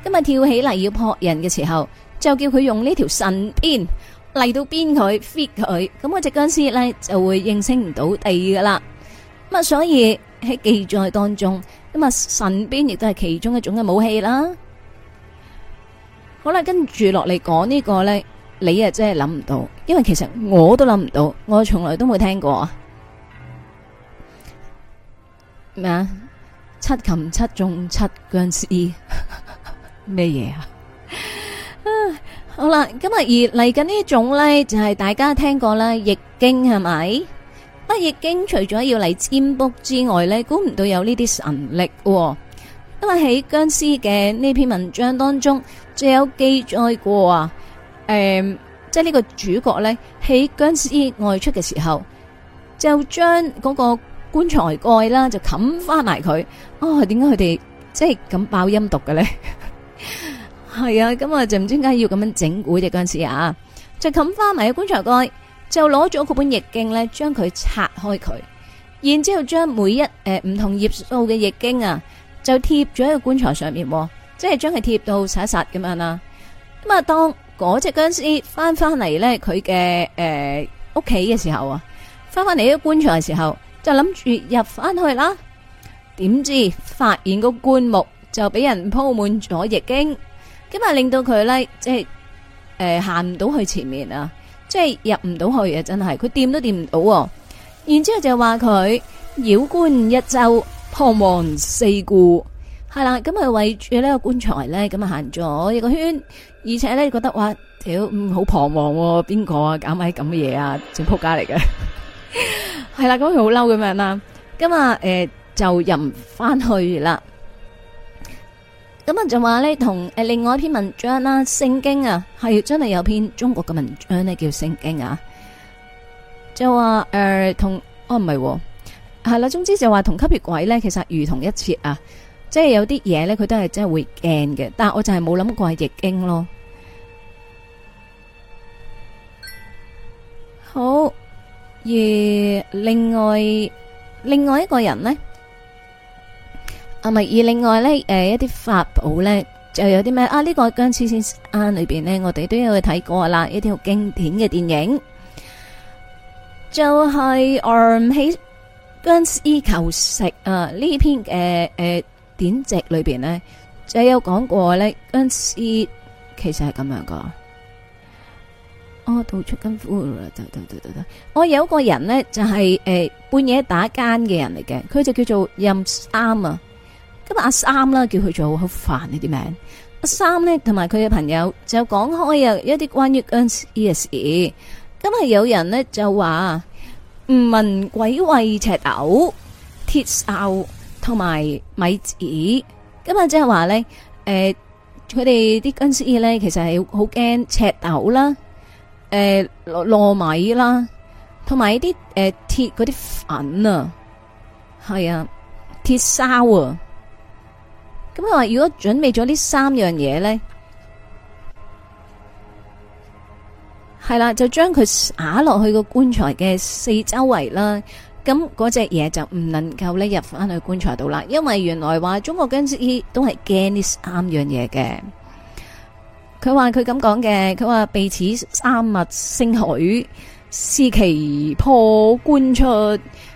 今日跳起嚟要撲人嘅時候，就叫佢用這條他他呢條神鞭嚟到鞭佢、fit 佢，咁嗰隻僵屍呢就會應聲唔到地噶啦。咁啊，所以喺記載當中，咁啊神鞭亦都係其中一種嘅武器啦。好啦，跟住落嚟講呢個咧，你啊真係諗唔到，因為其實我都諗唔到，我從來都冇聽過啊！咩啊？七擒七中七殭屍咩嘢啊？好啦，咁而嚟緊呢種咧，就係大家聽過啦，《易經》係咪？不，《易經》除咗要嚟占卜之外咧，估唔到有呢啲神力喎。因為喺僵屍嘅呢篇文章當中，就有記載過啊，誒、呃，即係呢個主角呢，喺僵屍外出嘅時候，就將嗰個棺材蓋啦就冚翻埋佢。哦，點解佢哋即係咁爆陰毒嘅呢？係 啊，咁、嗯、啊，就唔知點解要咁樣整蠱隻僵屍啊？就冚翻埋個棺材蓋，就攞咗嗰本易經呢，將佢拆開佢，然之後將每一誒唔、呃、同頁數嘅易經啊。就貼咗喺個棺材上面，即係將佢貼到實一實咁樣啦。咁啊，當嗰隻僵屍翻翻嚟咧，佢嘅誒屋企嘅時候啊，翻翻嚟呢個棺材嘅時候，就諗住入翻去啦。點知發現個棺木就俾人鋪滿咗易經，咁啊令到佢咧即係誒行唔到去前面啊，即係入唔到去啊，真係佢掂都掂唔到。然之後就話佢繞棺一週。彷徨四顧，係啦，咁啊圍住呢個棺材咧，咁啊行咗一個圈，而且咧覺得話，條唔好彷徨邊個啊搞埋啲咁嘅嘢，啊，整、嗯啊啊啊、仆街嚟嘅，係 啦，咁佢好嬲咁樣啦，咁啊誒就入唔翻去啦，咁啊就話咧同誒另外一篇文章啦，聖經啊係真係有篇中國嘅文章咧叫聖經啊，就話誒、呃、同哦唔係。啊係啦，總之就話同吸血鬼咧，其實如同一切啊，即係有啲嘢咧，佢都係真係會驚嘅。但係我就係冇諗過易驚咯。好，而另外另外一個人咧，啊唔係，而另外咧，誒一啲法寶咧，就有啲咩啊？呢個僵屍先生裏邊咧，我哋都有去睇過啦，一條經典嘅電影，就係 Arm。殭屍求食啊呢篇嘅誒、啊啊、典籍裏邊呢就有講過咧，殭屍其實係咁樣噶、oh。我逃出金庫，我有一個人呢就係、是、誒、呃、半夜打更嘅人嚟嘅，佢就叫做任三啊。今日阿三啦，叫佢做好煩呢啲名。阿三呢同埋佢嘅朋友就講開啊，一啲關於殭屍嘅事。今日有人呢就話。唔聞鬼畏赤豆、鐵砂同埋米子。咁啊即係話咧，誒、呃，佢哋啲殭屍咧，其實係好驚赤豆啦，誒、呃，糯米啦，同埋一啲誒鐵嗰啲粉啊，係啊，鐵砂啊，咁佢話如果準備咗呢三樣嘢咧，係啦，就將佢打落去個棺材嘅四周圍啦，咁嗰隻嘢就唔能夠入翻去棺材度啦，因為原來話中國殭屍都係驚呢三樣嘢嘅。佢話佢咁講嘅，佢話被此三物興許思其破棺出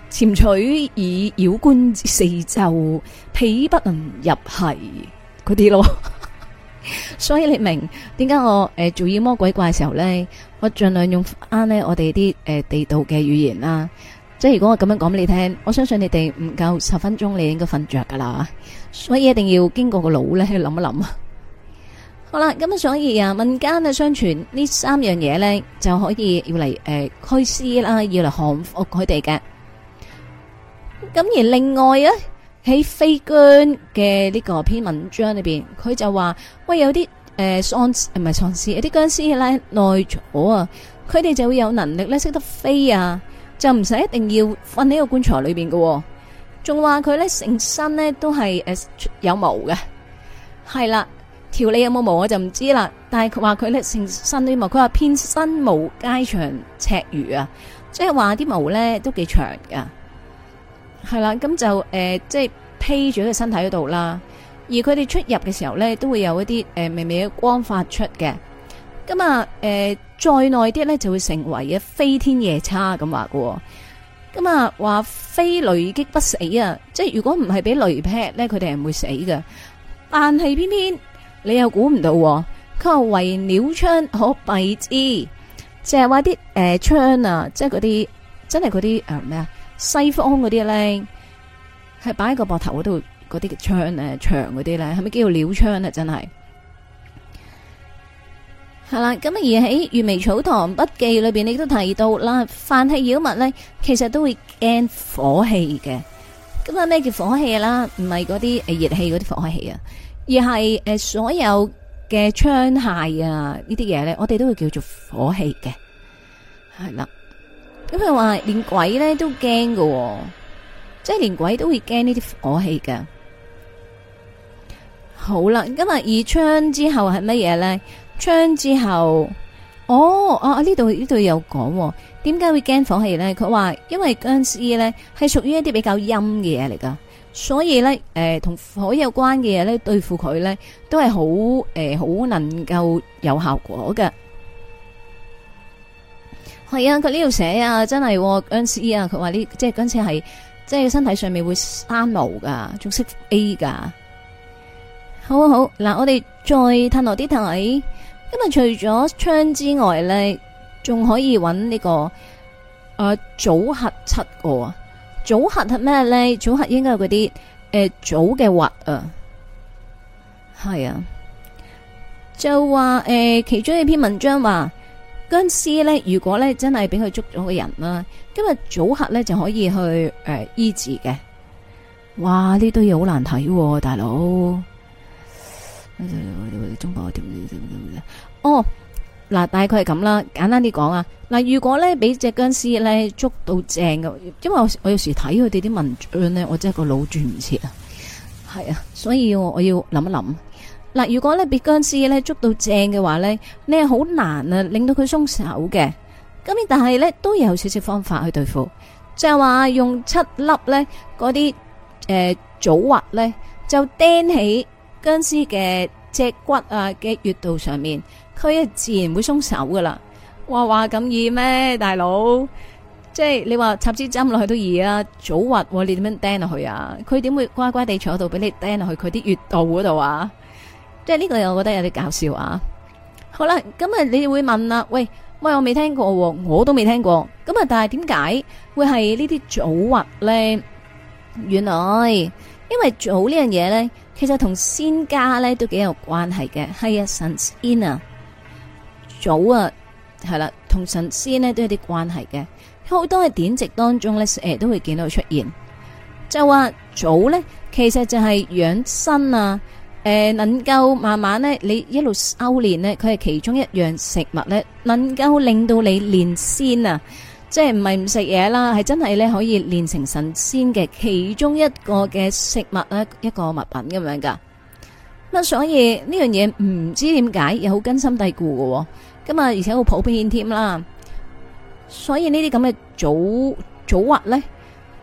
潛取以繞棺四周，彼不能入係嗰啲咯。所以你明點解我誒做妖魔鬼怪嘅時候呢？我盡量用翻咧我哋啲誒地道嘅語言啦，即係如果我咁樣講俾你聽，我相信你哋唔夠十分鐘你應該瞓着噶啦，所以一定要經過個腦咧諗一諗啊。好啦，咁啊，所以啊民間嘅相傳呢三樣嘢呢，就可以要嚟誒驅屍啦，要嚟降服佢哋嘅。咁而另外啊喺飛娟嘅呢個篇文章裏邊，佢就話喂有啲。誒，喪屍唔係喪屍，有啲僵屍咧耐咗啊，佢哋就會有能力咧識得飛啊，就唔使一定要瞓喺個棺材裏邊嘅、哦，仲話佢咧成身咧都係誒、呃、有毛嘅，係啦，條脷有冇毛我就唔知啦，但係佢話佢咧成身啲毛，佢話偏身毛皆長尺餘啊，即係話啲毛咧都幾長噶，係啦，咁就誒、呃、即係披住佢身體嗰度啦。而佢哋出入嘅時候咧，都會有一啲誒微微嘅光發出嘅。咁、嗯、啊，誒再耐啲咧，就會成為一飛天夜叉咁話嘅。咁、嗯、啊，話飛雷擊不死啊，即係如果唔係俾雷劈咧，佢哋係唔會死嘅。但係偏偏你又估唔到、啊，佢話為鳥槍可避之，即係話啲誒槍啊，即係嗰啲真係嗰啲誒咩啊，西方嗰啲咧，係擺喺個膊頭嗰度。嗰啲嘅槍誒長嗰啲咧，係咪叫做鳥槍啊？真係，係啦。咁啊而喺《月眉草堂筆記》裏邊，你都提到啦，凡係妖物咧，其實都會驚火氣嘅。咁啊咩叫火氣啦？唔係嗰啲誒熱氣嗰啲火氣啊，而係誒所有嘅槍械啊呢啲嘢咧，我哋都會叫做火氣嘅，係啦。咁佢話連鬼咧都驚㗎，即係連鬼都會驚呢啲火氣㗎。好啦，今日二槍之後係乜嘢咧？槍之後，哦，哦、啊，這裡這裡啊、呢度呢度有講，點解會驚火氣咧？佢話因為僵屍咧係屬於一啲比較陰嘅嘢嚟噶，所以咧，誒、呃，同火有關嘅嘢咧，對付佢咧都係好，誒、呃，好能夠有效果嘅。係啊，佢呢度寫啊，真係僵屍啊，佢話呢，即係僵屍係，即係身體上面會生毛噶，仲識 A 噶。好啊好，嗱我哋再褪落啲睇，今日除咗槍之外咧，仲可以揾呢、這個誒組合七個啊？組合係咩咧？組合應該有嗰啲誒組嘅核啊，係啊，就話誒、呃、其中一篇文章話，僵屍咧如果咧真係俾佢捉咗個人啦，今日組合咧就可以去誒、呃、醫治嘅。哇！呢堆嘢好難睇啊，大佬。 中國點點點點哦，嗱，大概係咁啦，簡單啲講啊嗱，如果咧俾隻殭屍咧捉到正嘅，因為我我有時睇佢哋啲文章咧，我真係個腦轉唔切啊，係啊，所以我要諗一諗嗱，如果咧俾殭屍咧捉到正嘅話咧，你係好難啊令到佢鬆手嘅，咁但係咧都有少少方法去對付，就係話用七粒咧嗰啲誒組滑咧就釘起。僵屍嘅脊骨啊嘅穴道上面，佢啊自然會鬆手噶啦。話話咁易咩，大佬？即係你話插支針落去都易啊，棗核你點樣釘落去啊？佢點會乖乖地坐喺度俾你釘落去佢啲穴道嗰度啊？即係呢個又我覺得有啲搞笑啊。好啦，咁啊，你哋會問啦，喂，喂，我未聽過，我都未聽過。咁啊，但係點解會係呢啲棗核咧？原來。因為早呢樣嘢呢，其實同仙家呢都幾有關係嘅，係啊神仙啊，早啊係啦，同、啊、神仙呢都有啲關係嘅，好多嘅典籍當中呢，誒都會見到佢出現，就話早呢，其實就係養生啊，誒、呃、能夠慢慢呢，你一路修煉呢，佢係其中一樣食物呢，能夠令到你練仙啊。即係唔係唔食嘢啦，係真係咧可以練成神仙嘅其中一個嘅食物，一個物品咁樣噶。咁所以呢樣嘢唔知點解又好根深蒂固嘅，咁啊，而且好普遍添啦。所以呢啲咁嘅早早畫呢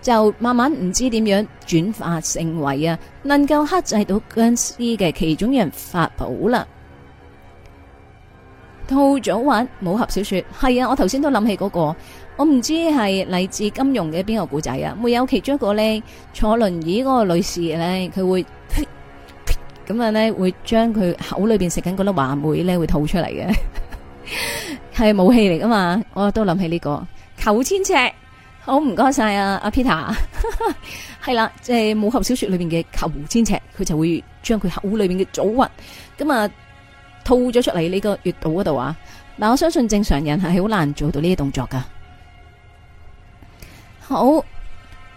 就慢慢唔知點樣轉化成為啊，能夠克制到殭屍嘅其中一樣法寶啦。套早畫武俠小說，係啊，我頭先都諗起嗰個。我唔知係嚟自金庸嘅邊個古仔啊。會有其中一個咧，坐輪椅嗰個女士咧，佢會咁啊咧，會將佢口裏邊食緊嗰粒話梅咧，會吐出嚟嘅係武器嚟㗎嘛。我都諗起呢、這個求千尺，好唔該晒啊，阿 Peter 係 啦。即、就是、武俠小說裏邊嘅求千尺，佢就會將佢口裏邊嘅棗核咁啊吐咗出嚟呢個穴道嗰度啊。嗱，我相信正常人係好難做到呢啲動作噶。好，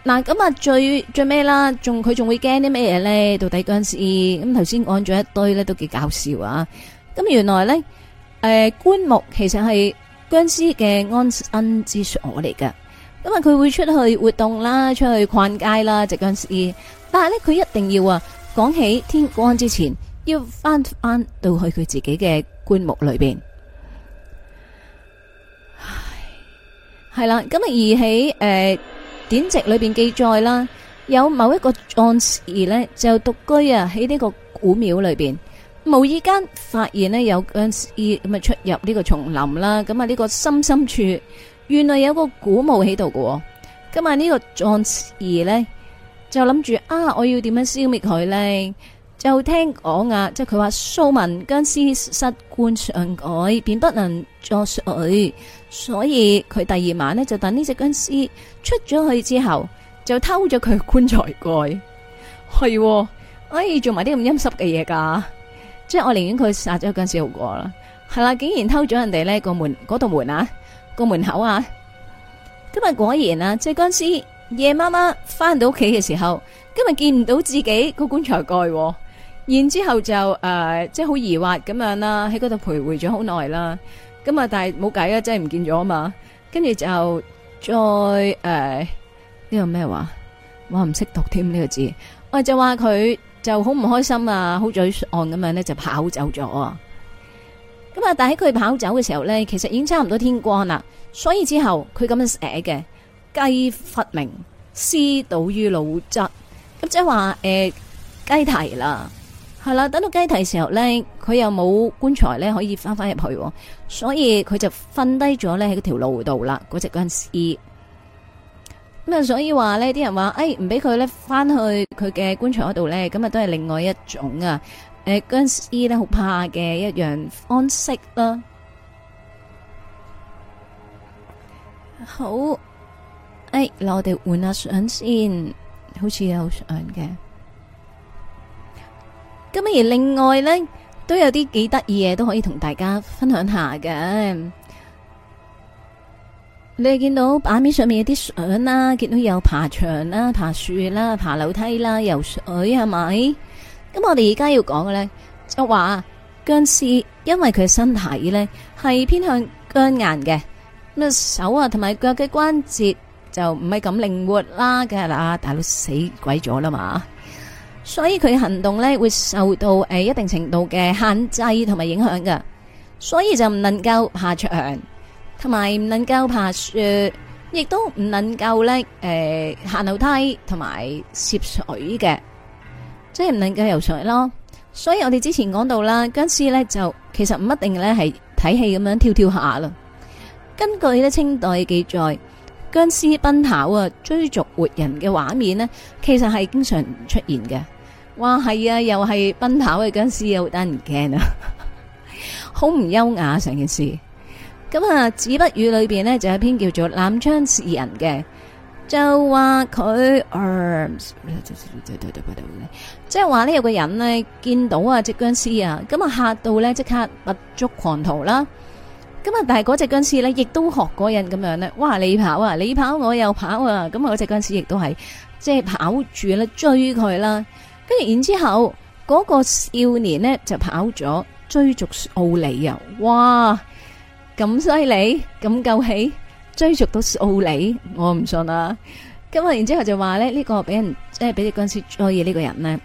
嗱咁啊，最最尾啦。仲佢仲會驚啲咩嘢咧？到底僵屍咁頭先講咗一堆咧，都幾搞笑啊！咁原來咧，誒，棺木其實係僵屍嘅安身之所嚟噶。咁啊，佢會出去活動啦，出去逛街啦，隻僵屍。但係咧，佢一定要啊，講起天光之前要翻翻到去佢自己嘅棺木裏邊。係啦，咁啊而喺誒，典籍裏邊記載啦，有某一個壯士咧就獨居啊喺呢個古廟裏邊，無意間發現咧有殭屍咁啊出入呢個叢林啦，咁啊呢個深深處原來有個古墓喺度嘅，咁啊呢個壯士咧就諗住啊我要點樣消滅佢咧？就聽講啊，即係佢話蘇文殭屍失棺上蓋，便不能作祟。所以佢第二晚咧就等呢隻僵屍出咗去之後，就偷咗佢棺材蓋，係可以做埋啲咁陰濕嘅嘢噶，即係我寧願佢殺咗僵屍好過啦。係啦，竟然偷咗人哋呢個門嗰度門啊個門口啊。今日果然啊，即係僵屍夜媽媽翻到屋企嘅時候，今日見唔到自己個棺材蓋，然之後就誒、呃、即係好疑惑咁樣啦，喺嗰度徘徊咗好耐啦。咁啊！但係冇計啊，真係唔見咗啊嘛！跟住就再誒，呢個咩話？我唔識讀添呢個字。我、欸、就話佢就好唔開心啊，好沮喪咁樣咧就跑走咗。咁啊！但喺佢跑走嘅時候咧，其實已經差唔多天光啦。所以之後佢咁樣寫嘅，雞發明思倒於老側咁，即係話誒，雞啼啦。欸係啦，等到雞啼時候咧，佢又冇棺材咧可以翻翻入去，所以佢就瞓低咗咧，喺嗰條路度啦。嗰隻殭屍咁啊，所以話呢啲人話，哎，唔俾佢咧翻去佢嘅棺材嗰度咧，咁啊都係另外一種啊。誒，殭屍咧好怕嘅一樣方式啦。好，哎，嗱，我哋換下相先，好似有相嘅。咁而另外咧，都有啲幾得意嘅，都可以同大家分享下嘅。你見到版面上面有啲相啦，見到有爬牆啦、爬樹啦、爬樓梯啦、游水係咪？咁我哋而家要講嘅咧就話殭屍，因為佢身體咧係偏向僵硬嘅，咁手啊同埋腳嘅關節就唔係咁靈活啦。梗係啦，大佬死鬼咗啦嘛～所以佢行動咧會受到誒一定程度嘅限制同埋影響噶所以就唔能夠爬牆，同埋唔能夠爬雪，亦都唔能夠咧誒行樓梯同埋涉水嘅，即係唔能夠游水咯。所以我哋之前講到啦，僵屍呢，就其實唔一定咧係睇戲咁樣跳跳下啦。根據咧清代記載。殭屍奔跑啊，追逐活人嘅畫面呢，其實係經常出現嘅。哇，係啊，又係奔跑嘅殭屍又得人驚啊，好唔優雅成件事。咁啊，《子不語》裏邊呢，就有一篇叫做《南昌士人》嘅，就話佢即係話呢，有個人呢，見到啊隻殭屍啊，咁啊吓到呢，即刻拔足狂逃啦。咁啊！但係嗰隻殭屍咧，亦都學嗰人咁樣咧。哇！你跑啊，你跑我又跑啊！咁啊，嗰隻殭屍亦都係即係跑住啦，追佢啦。跟住然之後，嗰、嗰個少年咧就跑咗，追逐奧利啊！哇，咁犀利，咁夠氣，追逐到奧利，我唔信啊！今日然之後就話咧，呢、呢個俾人即係俾隻殭屍追嘅呢個人咧，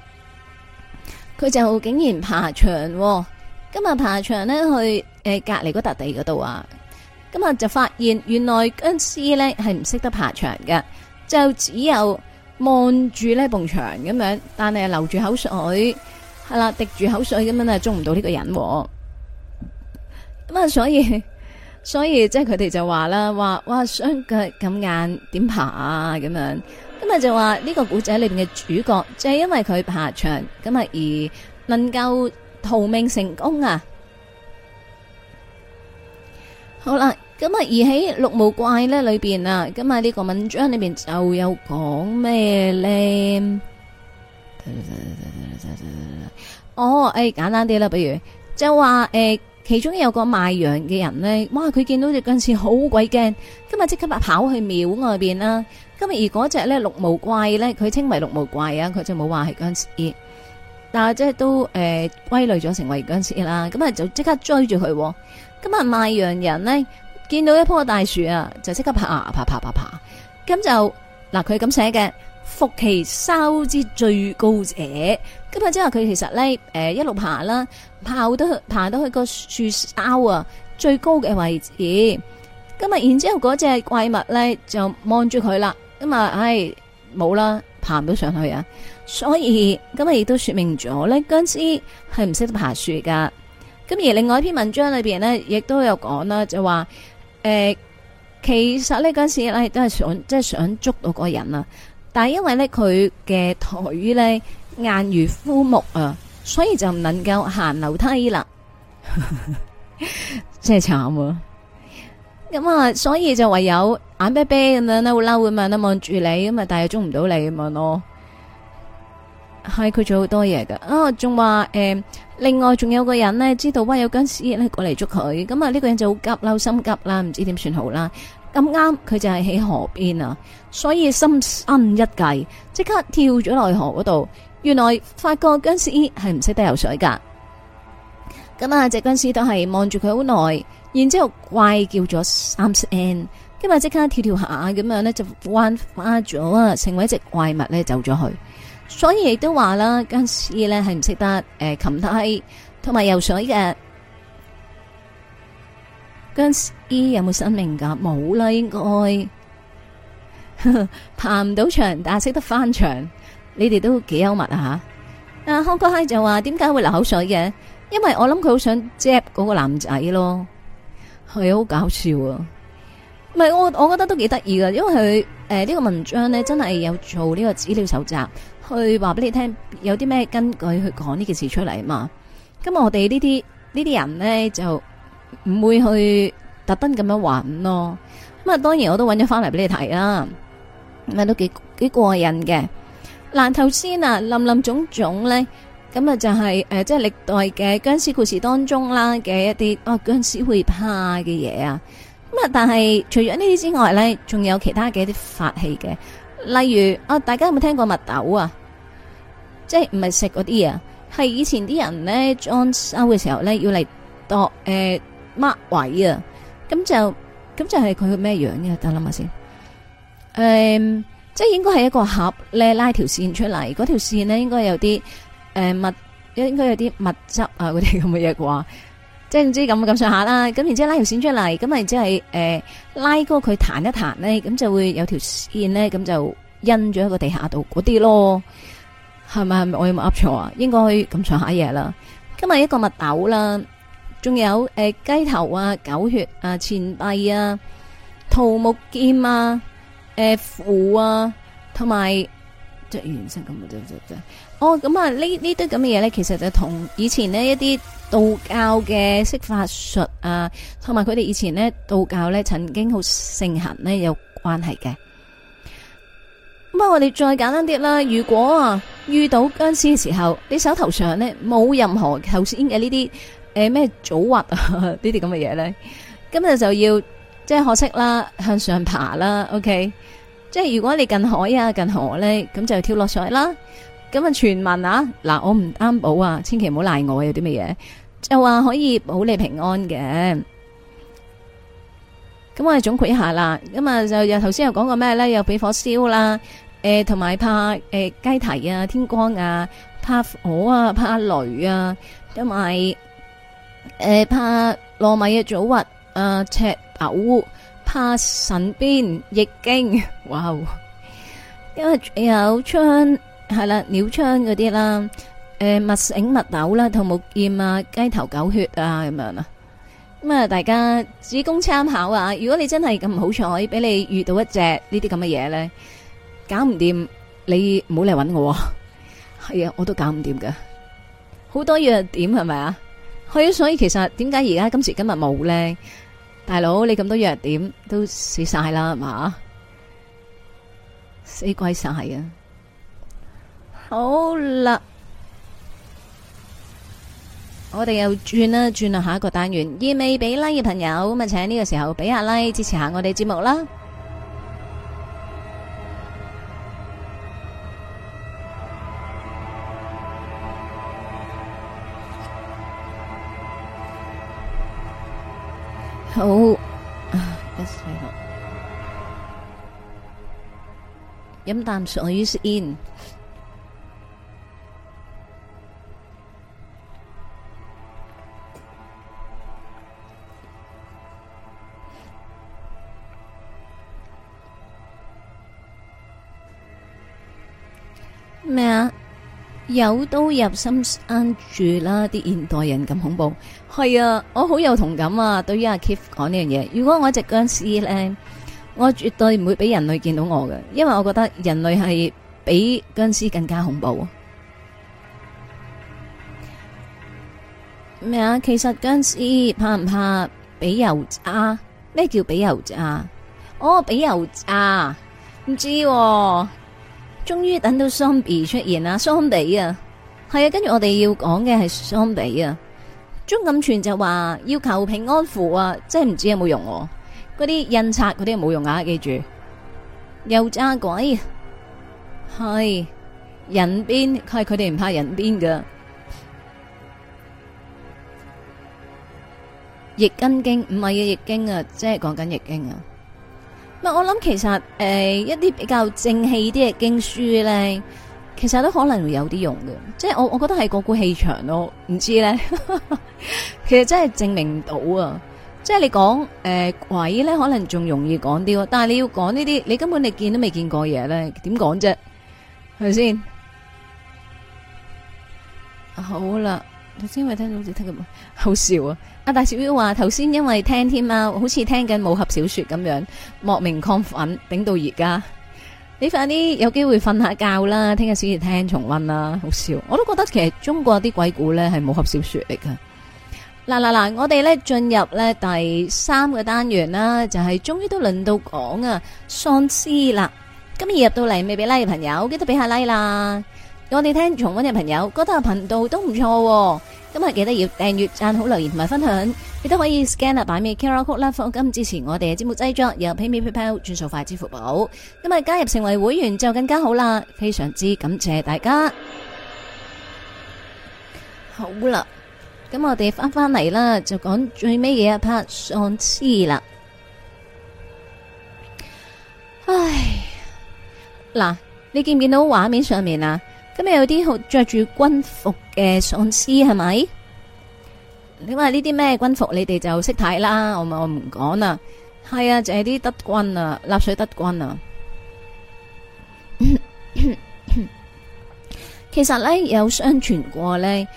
佢就竟然爬牆、哦。今日爬牆咧去隔籬嗰笪地嗰度啊，咁、嗯、啊就發現原來僵屍咧係唔識得爬牆嘅，就只有望住呢埲牆咁樣，但係流住口水，係啦滴住口水咁樣咧，捉唔到呢個人、啊。咁、嗯、啊，所以所以即係佢哋就話、是、啦，話哇雙腳咁硬，點爬啊咁樣？咁、嗯、啊就話呢個古仔裡面嘅主角，就係、是、因為佢爬牆咁啊，而能夠逃命成功啊！好啦，咁啊，而喺綠毛怪咧裏邊啊，咁啊呢個文章裏邊就有講咩咧？哦，誒，簡單啲啦，比如就話誒，其中有個賣羊嘅人咧，哇，佢見到隻殭屍好鬼驚，今日即刻啊跑去廟外邊啦。咁啊而隻咧綠毛怪咧，佢稱為綠毛怪啊，佢就冇話係殭屍，但係即係都誒歸類咗成為殭屍啦。咁啊，就即刻追住佢。今日賣羊人咧見到一棵大樹啊，就即刻爬爬爬爬爬，咁就嗱佢咁寫嘅，福其梢之最高者。今日即係佢其實咧誒一路爬啦，爬到爬到去，爬到去個樹梢啊最高嘅位置。今日然之後嗰隻怪物咧就望住佢啦，咁啊唉冇啦，爬唔到、哎、上去啊。所以今日亦都說明咗咧，僵屍係唔識得爬樹噶。咁而另外一篇文章裏邊呢，亦都有講啦，就話、是、誒、呃，其實呢，嗰時咧都係想即係想捉到個人啊，但係因為呢，佢嘅腿呢，硬如枯木啊，所以就唔能夠行樓梯啦， 真係慘啊。咁、嗯、啊，所以就唯有眼啤啤咁樣嬲嬲咁樣啦，望住你咁啊，但係捉唔到你咁樣我。咯係佢做好多嘢噶，啊仲話誒，另外仲有個人呢，知道喂有僵屍呢過嚟捉佢，咁啊呢個人就好急，嬲心急啦，唔知點算好啦，咁啱佢就係喺河邊啊，所以心生一計，即刻跳咗落河嗰度，原來發覺僵屍係唔識得游水噶，咁啊隻僵屍都係望住佢好耐，然之後怪叫咗三聲，咁啊即刻跳跳下咁樣呢，就幻化咗啊，成為一隻怪物呢，走咗去。所以亦都話啦，僵屍咧係唔識得誒，擒低同埋游水嘅僵屍有冇生命噶？冇啦，應該 爬唔到牆，但係識得翻牆。你哋都幾幽默啊吓！阿、啊、康哥 hi 就話點解會流口水嘅？因為我諗佢好想接嗰個男仔咯，係好搞笑啊！唔係我，我覺得都幾得意噶，因為佢誒呢個文章呢，真係有做呢個資料搜集。去話俾你聽，有啲咩根據去講呢件事出嚟啊嘛？咁我哋呢啲呢啲人咧就唔會去特登咁樣玩咯。咁啊，當然我都揾咗翻嚟俾你睇啦，咁啊都幾幾過癮嘅。嗱，頭先啊，林林種種咧，咁啊就係誒，即係歷代嘅殭屍故事當中啦嘅一啲哦，殭屍會怕嘅嘢啊。咁啊，但係除咗呢啲之外咧，仲有其他嘅一啲法器嘅。例如啊，大家有冇聽過墨斗啊？即係唔係食嗰啲啊？係以前啲人咧裝修嘅時候咧，要嚟度誒乜位啊，咁就咁就係佢咩樣嘅？等諗下先。誒、呃，即係應該係一個盒咧，拉條線出嚟，嗰條線咧應該有啲誒墨，應該有啲墨汁啊，嗰啲咁嘅嘢啩。即係唔知咁咁上下啦，咁然之後拉條線出嚟，咁咪即係誒拉高佢彈一彈咧，咁就會有條線咧，咁就印咗喺個地下度嗰啲咯，係咪係咪我有冇 up 錯啊？應該咁上下嘢啦。今日一個墨斗啦，仲有誒、呃、雞頭啊、狗血啊、錢幣啊、桃木劍啊、誒、呃、符啊，同埋即係原生咁嘅嘢，哦咁啊，呢呢堆咁嘅嘢咧，這這其實就同以前呢一啲。道教嘅釋法術啊，同埋佢哋以前咧道教咧曾經好盛行咧有關係嘅。咁啊，我哋再簡單啲啦。如果啊遇到殭屍嘅時候，你手頭上咧冇任何頭先嘅呢啲誒咩早核啊呢啲咁嘅嘢咧，咁就就要即係可惜啦，向上爬啦。OK，即係如果你近海啊近河咧，咁就跳落水啦。咁啊傳聞啊嗱，我唔擔保啊，千祈唔好賴我啊，有啲咩嘢？就話可以保你平安嘅，咁我哋總結一下啦。咁啊，就又頭先又講過咩咧？又俾火燒啦，誒、呃，同埋怕誒雞啼啊，天光啊，怕火啊，怕雷啊，同埋誒怕糯米嘅棗核啊，赤狗怕神鞭易經，哇！因為有槍係啦，鳥槍嗰啲啦。誒，物醒物抖啦，同木劍啊，雞頭狗血啊，咁樣啊，咁啊，大家只供參考啊。如果你真係咁好彩，俾你遇到一隻呢啲咁嘅嘢咧，搞唔掂，你唔好嚟揾我。係啊，我都搞唔掂噶，好多弱點係咪啊？所以所以，其實點解而家今時今日冇咧？大佬，你咁多弱點都死晒啦，係嘛？死鬼晒啊！好啦。我哋又轉啦，轉啦下一個單元，意味俾 like 嘅朋友咁啊，請呢個時候俾下拉、like, 支持下我哋節目啦。好，啊、一四六，飲啖水先。咩啊？有都入深山住啦！啲現代人咁恐怖，係啊，我好有同感啊！對於阿 Kif 講呢樣嘢，如果我一隻僵屍咧，我絕對唔會俾人類見到我嘅，因為我覺得人類係比僵屍更加恐怖。咩啊？其實僵屍怕唔怕俾油炸？咩叫俾油炸？哦，俾油炸？唔知喎，啊。終於等到 Zombie 出現啦，Zombie 啊，係啊，跟住我哋要講嘅係 Zombie 啊。鍾錦泉就話要求平安符啊，真係唔知有冇用啊，嗰啲印刷嗰啲冇用啊，記住油炸鬼，係人邊係佢哋唔怕人邊噶，易筋經，經唔係啊易經啊，即係講緊易經啊。唔，我諗其實誒、呃，一啲比較正氣啲嘅經書咧，其實都可能會有啲用嘅。即係我，我覺得係嗰股氣場咯。唔知咧， 其實真係證明唔到啊！即係你講誒、呃、鬼咧，可能仲容易講啲。但係你要講呢啲，你根本你見都未見過嘢咧，點講啫？係咪先？好啦，頭先咪聽到好似聽咁，好笑啊！阿大小妖話頭先因為聽添啊，好似聽緊武俠小說咁樣，莫名亢奮，頂到熱噶。你快啲有機會瞓下覺啦，聽日先至聽重溫啦，好笑。我都覺得其實中國啲鬼故呢係武俠小說嚟噶。嗱嗱嗱，我哋呢進入咧第三個單元啦，就係終於都輪到講啊喪屍啦。今日入到嚟未俾拉嘅朋友，記得俾下拉啦。我哋聽重温嘅朋友覺得我頻道都唔錯，今日記得要訂閱、讚好、留言同埋分享，亦都可以 scan 啊，擺 QR code 啦，放金支持我哋嘅節目製作，由 PayMe PayPal 轉數快支付寶，今日加入成為會員就更加好啦，非常之感謝大家。好啦，咁我哋翻翻嚟啦，就講最尾嘅一 part 上次啦。唉，嗱，你見唔見到畫面上面啊？咁有啲好着住軍服嘅喪屍係咪？你話呢啲咩軍服？你哋就識睇啦，我我唔講啦。係啊，就係啲德軍啊，納粹德軍啊。 其實呢，有相傳過呢，誒、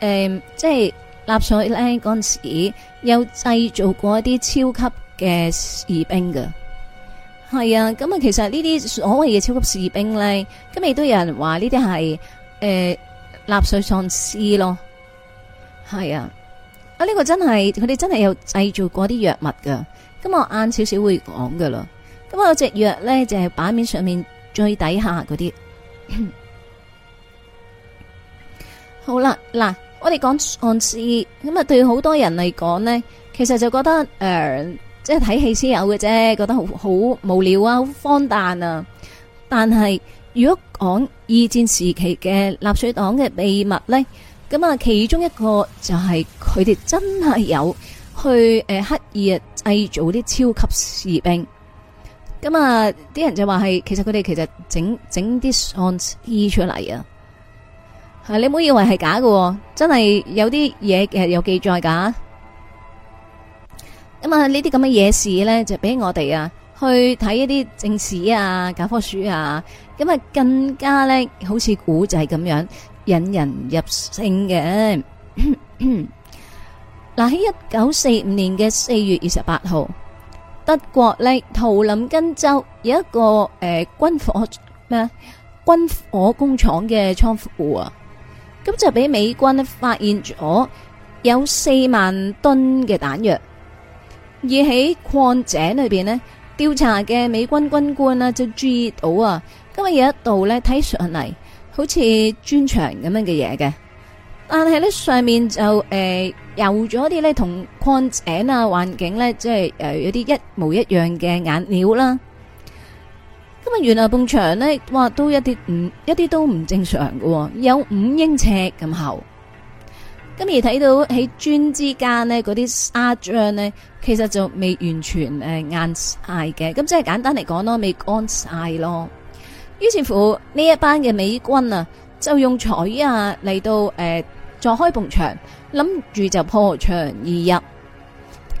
呃，即係納粹呢，嗰陣時有製造過一啲超級嘅士兵噶。係啊，咁啊，其實呢啲所謂嘅超級士兵咧，咁亦都有人話呢啲係誒納粹喪屍咯。係啊，啊、呢、呢個真係，佢哋真係有製造過啲藥物噶，咁我晏少少會講噶啦，咁啊有隻藥咧就係、係、版面上面最底下嗰啲， 好啦，嗱，我哋講喪屍，咁啊對好多人嚟講咧，其實就覺得誒。呃即係睇戲先有嘅啫，覺得好無聊啊，好荒誕啊！但係如果講二戰時期嘅納粹黨嘅秘密呢，咁啊，其中一個就係佢哋真係有去誒刻意製造啲超級士兵。咁啊，啲人就話係，其實佢哋其實整整啲喪屍出嚟啊！吓，你唔好以為係假嘅，真係有啲嘢有記載噶。咁啊！呢啲咁嘅嘢事呢，就俾我哋啊去睇一啲正史啊、教科書啊，咁啊更加呢，好似古仔咁樣引人入勝嘅。嗱，喺一九四五年嘅四月二十八號，德國呢圖林根州有一個誒軍火咩啊？軍火工廠嘅倉庫啊，咁就俾美軍發現咗有四萬噸嘅彈藥。而喺礦井裏邊咧，調查嘅美軍軍官啊，就注意到啊，今日有一度咧睇上嚟，好似磚牆咁樣嘅嘢嘅，但係咧上面就誒、呃、有咗啲咧同礦井啊環境咧，即係誒有啲一,一模一樣嘅顏料啦。今日原來埲牆咧，哇都一啲唔一啲都唔正常㗎，哦，有五英尺咁厚。咁而睇到喺磚之間呢嗰啲沙漿呢，其實就未完全誒硬晒嘅，咁即係簡單嚟講咯，未乾晒咯。於是乎，呢一班嘅美軍啊，就用錘啊嚟到誒、呃、鑿開埲牆，諗住就破牆而入。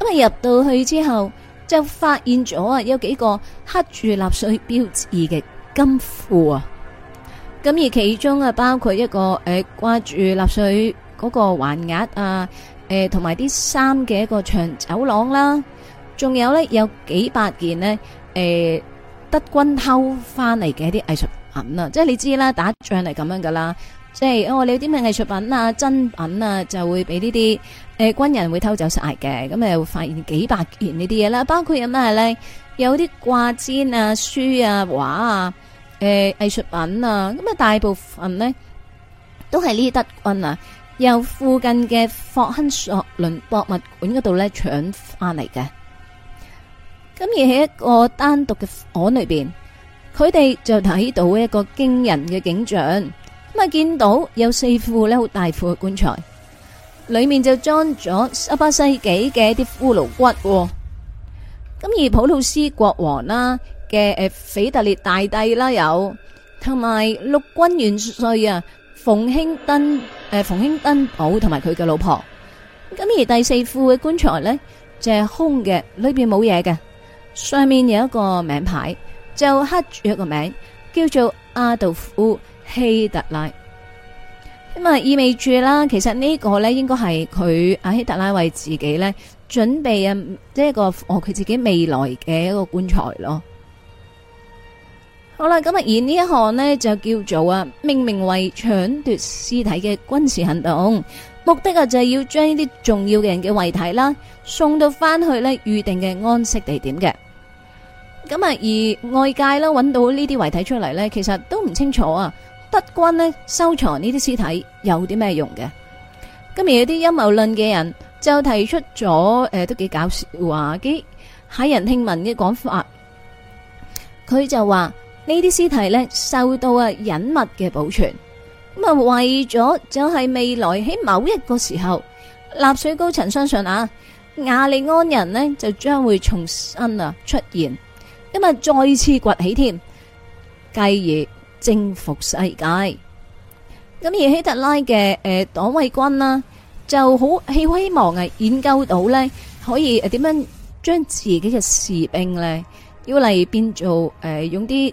咁啊入到去之後，就發現咗啊有幾個刻住納粹標誌嘅金庫啊，咁而其中啊包括一個誒掛住納粹。呃嗰個橫額啊，誒同埋啲衫嘅一個長走廊啦、啊，仲有咧有幾百件呢，誒、呃、德軍偷翻嚟嘅一啲藝術品啊，即係你知啦，打仗係咁樣噶啦，即係我哋有啲咩藝術品啊、珍品啊，就會俾呢啲誒軍人會偷走曬嘅，咁又會發現幾百件呢啲嘢啦，包括有咩咧，有啲掛氈啊、書啊、畫啊、誒、呃、藝術品啊，咁啊大部分咧都係呢啲德軍啊。由附近嘅霍亨索倫博物館嗰度呢搶翻嚟嘅。咁而喺一個單獨嘅房裏邊，佢哋就睇到一個驚人嘅景象，咁啊見到有四副呢好大副嘅棺材，裏面就裝咗十八世紀嘅啲骷髏骨，咁而普魯斯國王啦嘅誒腓特烈大帝啦有，同埋陸軍元帥啊。馮興登，誒、呃，馮興登堡同埋佢嘅老婆。咁而第四副嘅棺材咧，就係、是、空嘅，裏邊冇嘢嘅，上面有一個名牌，就刻住一個名，叫做阿道夫希特拉。咁啊，意味住啦，其實呢個咧，應該係佢阿希特拉為自己咧準備啊，即、這、係個哦，佢自己未來嘅一個棺材咯。好啦，咁啊，而呢一項呢，就叫做啊，命名為搶奪屍體嘅軍事行動，目的啊就係要將呢啲重要嘅人嘅遺體啦送到翻去呢預定嘅安息地點嘅。咁啊，而外界啦揾到呢啲遺體出嚟呢，其實都唔清楚啊，德軍呢，收藏呢啲屍體有啲咩用嘅。咁而有啲陰謀論嘅人就提出咗誒、呃，都幾搞笑啊！啲駭人聽聞嘅講法，佢就話。呢啲屍體咧受到啊隱密嘅保存，咁啊為咗就係未來喺某一個時候，納粹高層相信啊亞利安人咧就將會重新啊出現，因為再次崛起添，繼而征服世界。咁而希特拉嘅誒黨衛軍啦，就好希希望啊研究到咧可以誒點樣將自己嘅士兵咧要嚟變做誒用啲。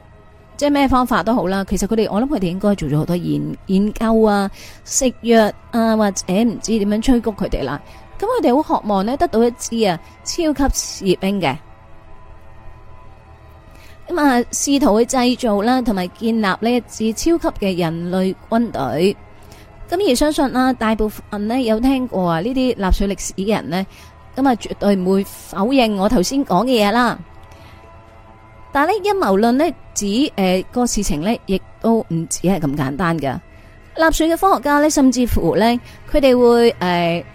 即係咩方法都好啦，其實佢哋我諗佢哋應該做咗好多研研究啊、食藥啊，或者唔知點樣吹谷佢哋啦。咁佢哋好渴望咧得到一支啊超級士兵嘅。咁啊，試圖去製造啦，同埋建立呢一支超級嘅人類軍隊。咁而相信啦，大部分呢有聽過啊呢啲納粹歷史嘅人呢，咁啊絕對唔會否認我頭先講嘅嘢啦。但係咧，陰謀論咧指誒個、呃、事情呢，亦都唔止係咁簡單嘅。納粹嘅科學家呢，甚至乎呢，佢哋會誒、呃、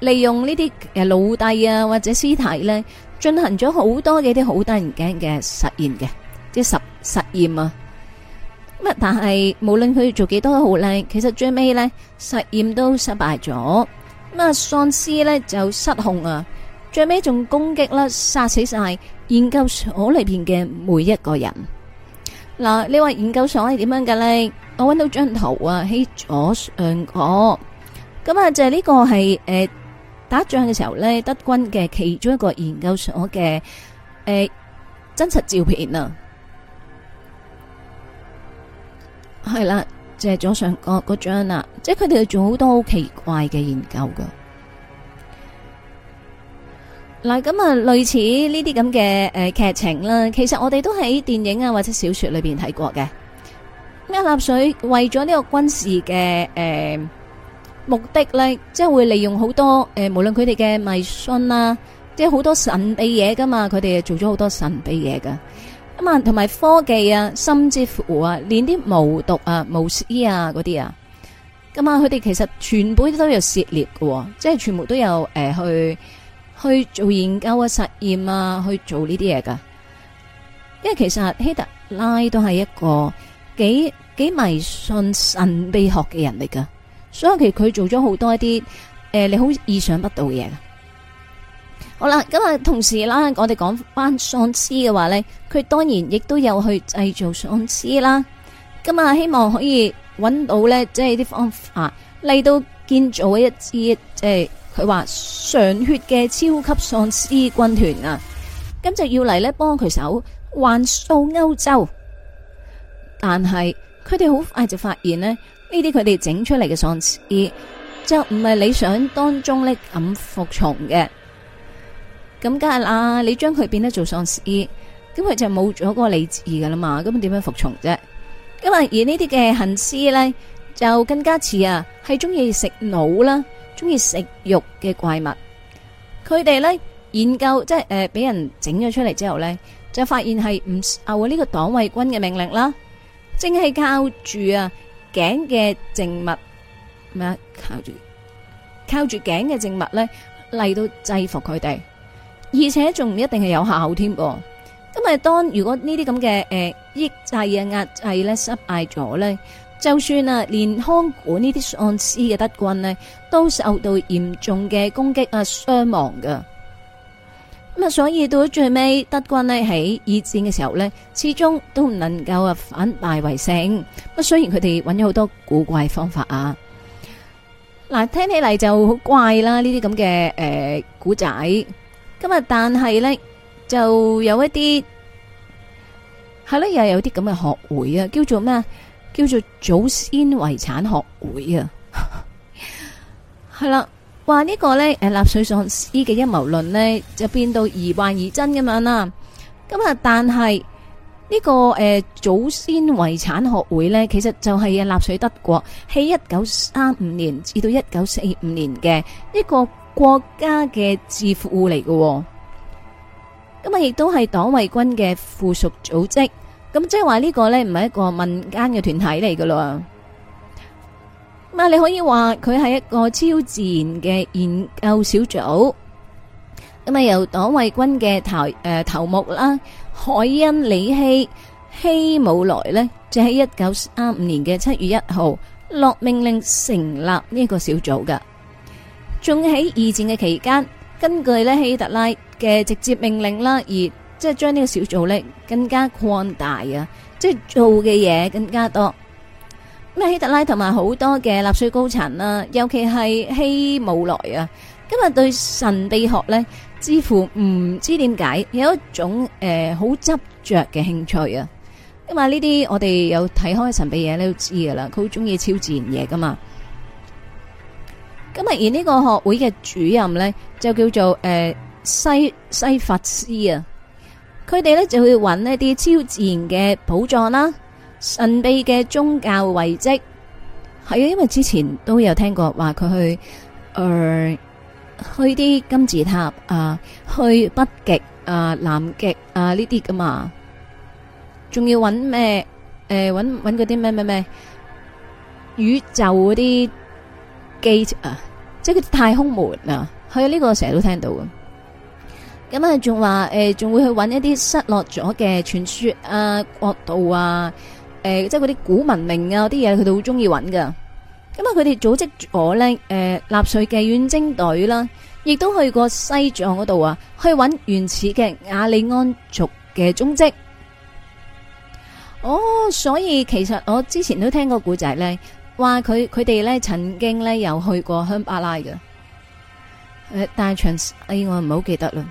利用呢啲誒奴隸啊或者屍體呢，進行咗好多嘅啲好得人驚嘅實驗嘅，即係實實驗啊。咁但係無論佢做幾多都好靚，其實最尾呢，實驗都失敗咗。咁啊，喪屍呢，就失控啊，最尾仲攻擊啦，殺死晒。研究所裏邊嘅每一個人，嗱，呢位研究所係點樣嘅呢？我搵到張圖啊，喺左上角，咁、嗯、啊就係、是、呢個係誒、呃、打仗嘅時候呢，德軍嘅其中一個研究所嘅誒、呃、真實照片啊，係啦，就係、是、左上角嗰張啦，即係佢哋做好多好奇怪嘅研究噶。嗱，咁啊，類似呢啲咁嘅誒劇情啦，其實我哋都喺電影啊或者小說裏邊睇過嘅。阿納粹為咗呢個軍事嘅誒目的咧，即係會利用好多誒，無論佢哋嘅迷信啊，即係好多神秘嘢噶嘛，佢哋做咗好多神秘嘢噶。咁啊，同埋科技啊，甚至乎啊，練啲巫毒啊、巫師啊嗰啲啊，咁啊，佢哋其實全部都有涉獵嘅，即係全部都有誒去。去做研究啊、實驗啊、去做呢啲嘢，噶，因為其實希特拉都係一個幾幾迷信神秘學嘅人嚟噶，所以其實佢做咗好多一啲誒、呃、你好意想不到嘅嘢。好啦，咁啊，同時啦，我哋講翻喪屍嘅話呢，佢當然亦都有去製造喪屍啦。咁啊，希望可以揾到呢，即係啲方法嚟到建造一支即係。佢話上血嘅超級喪屍軍團啊，咁就要嚟咧幫佢手，橫掃歐洲。但係佢哋好快就發現咧，呢啲佢哋整出嚟嘅喪屍就唔係理想當中呢咁服從嘅。咁梗係啦，你將佢變得做喪屍，咁佢就冇咗嗰個理智噶啦嘛。咁點樣服從啫？噉而呢啲嘅行屍呢，就更加似啊，係中意食腦啦。中意食肉嘅怪物，佢哋咧研究即係誒，俾人整咗出嚟之後咧，就發現係唔受呢個黨衛軍嘅命令啦，淨係靠住啊頸嘅靜物咩？靠住靠住頸嘅靜物咧嚟到制服佢哋，而且仲唔一定係有效添噃。因為當如果呢啲咁嘅誒抑制嘅壓制咧，失敗咗咧。就算啊，連康管呢啲喪屍嘅德軍咧，都受到嚴重嘅攻擊啊，傷亡噶。咁啊，所以到咗最尾，德軍咧喺二戰嘅時候咧，始終都唔能夠啊反敗為勝。咁雖然佢哋揾咗好多古怪方法啊，嗱，聽起嚟就好怪啦，呢啲咁嘅誒古仔。咁啊但係咧，就有一啲係咧，又有啲咁嘅學會啊，叫做咩啊？叫做祖先遺產學會啊，係 啦，話呢個呢誒納粹喪屍嘅陰謀論呢，就變到疑幻疑真咁樣啦。咁啊，但係呢、這個誒、呃、祖先遺產學會呢，其實就係啊納粹德國喺一九三五年至到一九四五年嘅一個國家嘅智庫嚟嘅，咁啊亦都係黨衛軍嘅附屬組織。咁即係話呢個咧唔係一個民間嘅團體嚟噶咯，咁啊你可以話佢係一個超自然嘅研究小組，咁啊由黨衛軍嘅頭誒頭目啦，海因里希希姆萊咧，就喺一九三五年嘅七月一號落命令成立呢個小組噶，仲喺二戰嘅期間，根據咧希特拉嘅直接命令啦而。即係將呢個小組咧更加擴大啊！即係做嘅嘢更加多。咁啊，希特拉同埋好多嘅納粹高層啦，尤其係希姆萊啊，今日對神秘學咧，似乎唔知點解有一種誒好執着嘅興趣啊！因為呢啲我哋有睇開神秘嘢你都知噶啦，佢好中意超自然嘢噶嘛。今日而呢個學會嘅主任咧，就叫做誒西西法師啊。佢哋咧就去搵一啲超自然嘅寶藏啦，神秘嘅宗教遺迹，係啊，因為之前都有聽過話佢去，誒去啲金字塔啊，去北極啊、南極啊呢啲噶嘛，仲要搵咩？誒搵搵嗰啲咩咩咩宇宙嗰啲機啊，即係個太空門啊，去呢個成日都聽到嘅。咁啊，仲話誒，仲、呃、會去揾一啲失落咗嘅傳說啊，國度啊，誒、呃，即係嗰啲古文明啊，嗰啲嘢，佢都好中意揾噶咁、呃、啊，佢哋組織咗咧，誒，納粹嘅遠征隊啦，亦都去過西藏嗰度啊，去揾原始嘅亞利安族嘅蹤跡。哦，所以其實我之前都聽過故仔咧，話佢佢哋咧曾經咧有去過香巴拉㗎。誒，但係詳細誒，我唔好記得啦。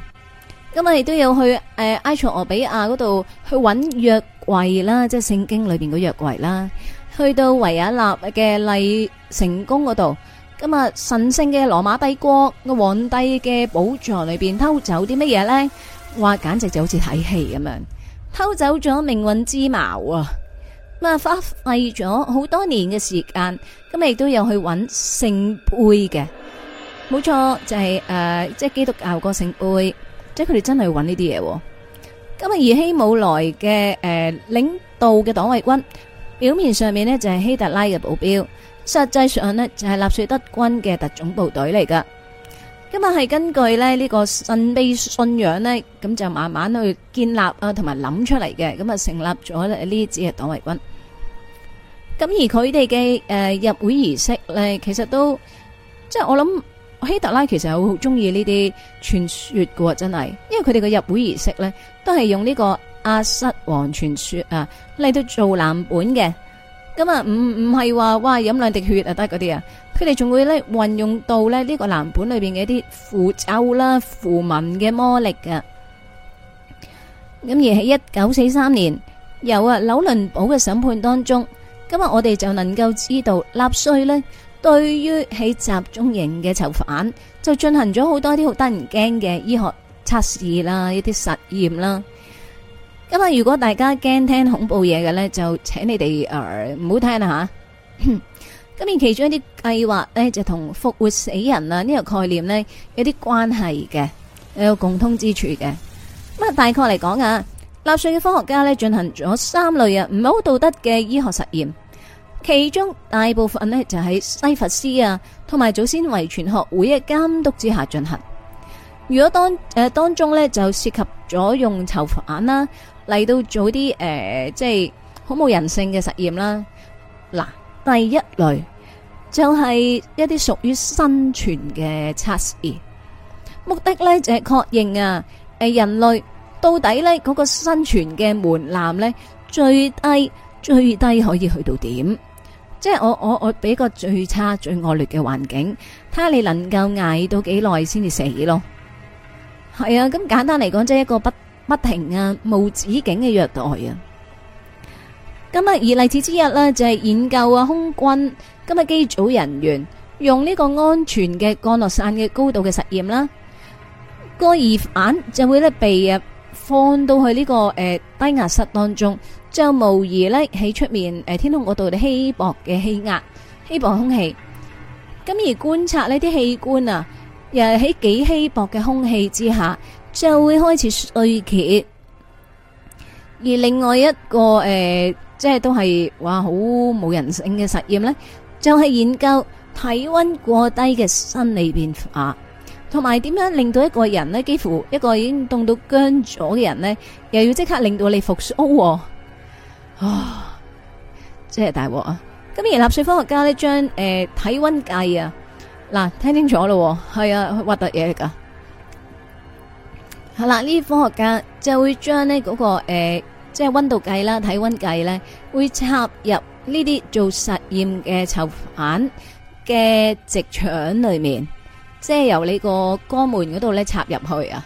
今日亦都有去誒埃塞俄比亞嗰度，去揾約櫃啦，即係聖經裏邊個約櫃啦。去到維也納嘅麗成功嗰度，咁啊神聖嘅羅馬帝國嘅皇帝嘅寶藏裏邊偷走啲乜嘢呢？話簡直就好似睇戲咁樣，偷走咗命運之矛啊！咁啊，花費咗好多年嘅時間，今日亦都有去揾聖杯嘅，冇錯就係誒，即係基督教個聖杯。即係佢哋真係要揾呢啲嘢。咁而希姆萊嘅誒領導嘅黨衛軍表面上面咧就係希特拉嘅保鏢，實際上咧就係納粹德軍嘅特種部隊嚟噶。今日係根據咧呢個神秘信仰咧，咁就慢慢去建立啊，同埋諗出嚟嘅，咁啊成立咗呢啲自由黨衛軍。咁而佢哋嘅誒入會儀式咧，其實都即係我諗。希特拉其實係好中意呢啲傳說嘅，真係，因為佢哋嘅入會儀式呢，都係用呢個阿瑟王傳說啊嚟到做藍本嘅。咁啊，唔唔係話哇飲兩滴血啊得嗰啲啊，佢哋仲會呢運用到呢呢個藍本裏邊嘅一啲符咒啦、符文嘅魔力㗎。咁而喺一九四三年由啊紐倫堡嘅審判當中，咁啊我哋就能夠知道納粹呢。對於喺集中營嘅囚犯，就進行咗好多啲好得人驚嘅醫學測試啦，一啲實驗啦。咁啊，如果大家驚聽恐怖嘢嘅呢，就請你哋誒唔好聽啦吓。咁、啊、而 其中一啲計劃呢，就同復活死人啊呢、呢個概念呢，有啲關係嘅，有共通之處嘅。咁大概嚟講啊，納粹嘅科學家呢，進行咗三類啊唔係好道德嘅醫學實驗。其中大部分呢，就喺西佛斯啊同埋祖先遺傳學會嘅監督之下進行。如果當誒、呃、當中呢，就涉及咗用囚犯啦嚟到做啲誒、呃、即係好冇人性嘅實驗啦。嗱，第一類就係一啲屬於生存嘅測試，目的呢，就係確認啊誒人類到底呢嗰個生存嘅門檻呢，最低最低可以去到點。即係我我我俾個最差最惡劣嘅環境，睇下你能夠挨到幾耐先至死咯。係啊，咁簡單嚟講，即係一個不不停啊，無止境嘅虐待啊。咁啊，而例子之一呢，就係、是、研究啊，空軍今日機組人員用呢個安全嘅降落傘嘅高度嘅實驗啦。個疑犯就會咧被啊放到去呢個誒低壓室當中。就模擬咧喺出面誒、呃，天空嗰度嘅稀薄嘅氣壓、稀薄空氣。咁而觀察呢啲器官啊，又係喺幾稀薄嘅空氣之下，就會開始衰竭。而另外一個誒、呃，即係都係話好冇人性嘅實驗呢，就係、是、研究體溫過低嘅生理變化，同埋點樣令到一個人咧，幾乎一個已經凍到僵咗嘅人呢，又要即刻令到你復蘇、哦。啊！即係大鑊啊！咁而納粹科學家呢將誒、呃、體溫計啊，嗱聽清楚咯、哦，係啊，核突嘢嚟噶。係、啊、啦，呢科學家就會將呢嗰個誒、呃、即係溫度計啦、體溫計呢會插入呢啲做實驗嘅囚犯嘅直腸裏面，即係由你個肛門嗰度呢插入去啊。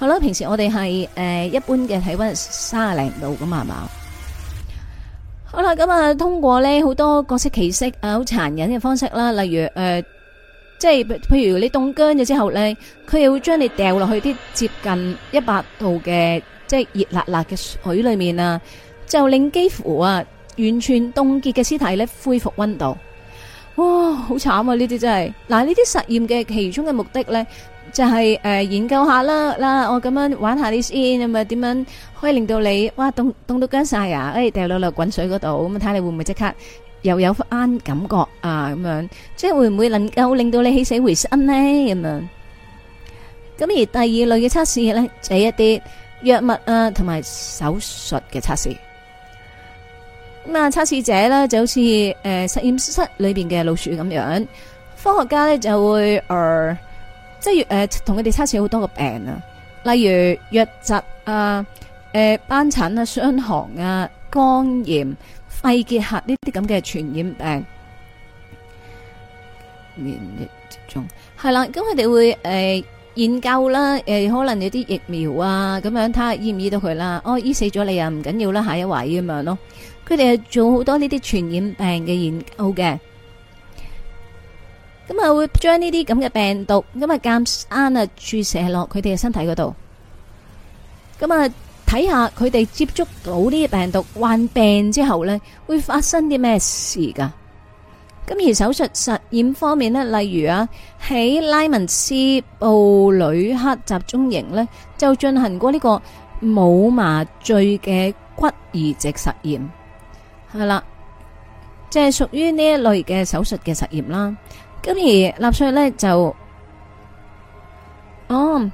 好啦，平時我哋係誒一般嘅體溫卅零度咁係嘛。好啦，咁啊通過呢好多各式奇色啊好殘忍嘅方式啦，例如誒即係譬如你凍僵咗之後呢，佢又會將你掉落去啲接近一百度嘅即係熱辣辣嘅水裏面啊，就令幾乎啊完全凍結嘅屍體呢恢復溫度。哇，好慘啊！呢啲真係。嗱，呢啲實驗嘅其中嘅目的呢。就係誒研究下啦，嗱，我咁樣玩下啲先，咁啊點樣可以令到你哇凍凍到僵晒啊？誒掉落落滾水嗰度，咁啊睇你會唔會即刻又有翻感覺啊？咁樣即係會唔會能夠令到你起死回生咧？咁樣咁而第二類嘅測試咧，就係一啲藥物啊同埋手術嘅測試。咁啊，測試者咧就好似誒實驗室裏邊嘅老鼠咁樣，科學家咧就會誒。即係，誒、呃，同佢哋測試好多個病啊，例如瘧疾啊、誒斑疹啊、傷寒啊、肝炎、肺結核呢啲咁嘅傳染病。免疫接種係啦，咁佢哋會誒、呃、研究啦，誒、呃、可能有啲疫苗啊，咁樣睇下醫唔醫到佢啦。哦，醫死咗你啊，唔緊要啦，下一位咁樣咯。佢哋係做好多呢啲傳染病嘅研究嘅。咁啊，會將呢啲咁嘅病毒咁啊，間生啊，注射落佢哋嘅身體嗰度。咁啊，睇下佢哋接觸到呢啲病毒，患病之後呢，會發生啲咩事噶？咁而手術實驗方面呢，例如啊，喺拉文斯布呂克集中營呢，就進行過呢個冇麻醉嘅骨移植實驗，係啦，即係屬於呢一類嘅手術嘅實驗啦。咁而納粹咧就，哦，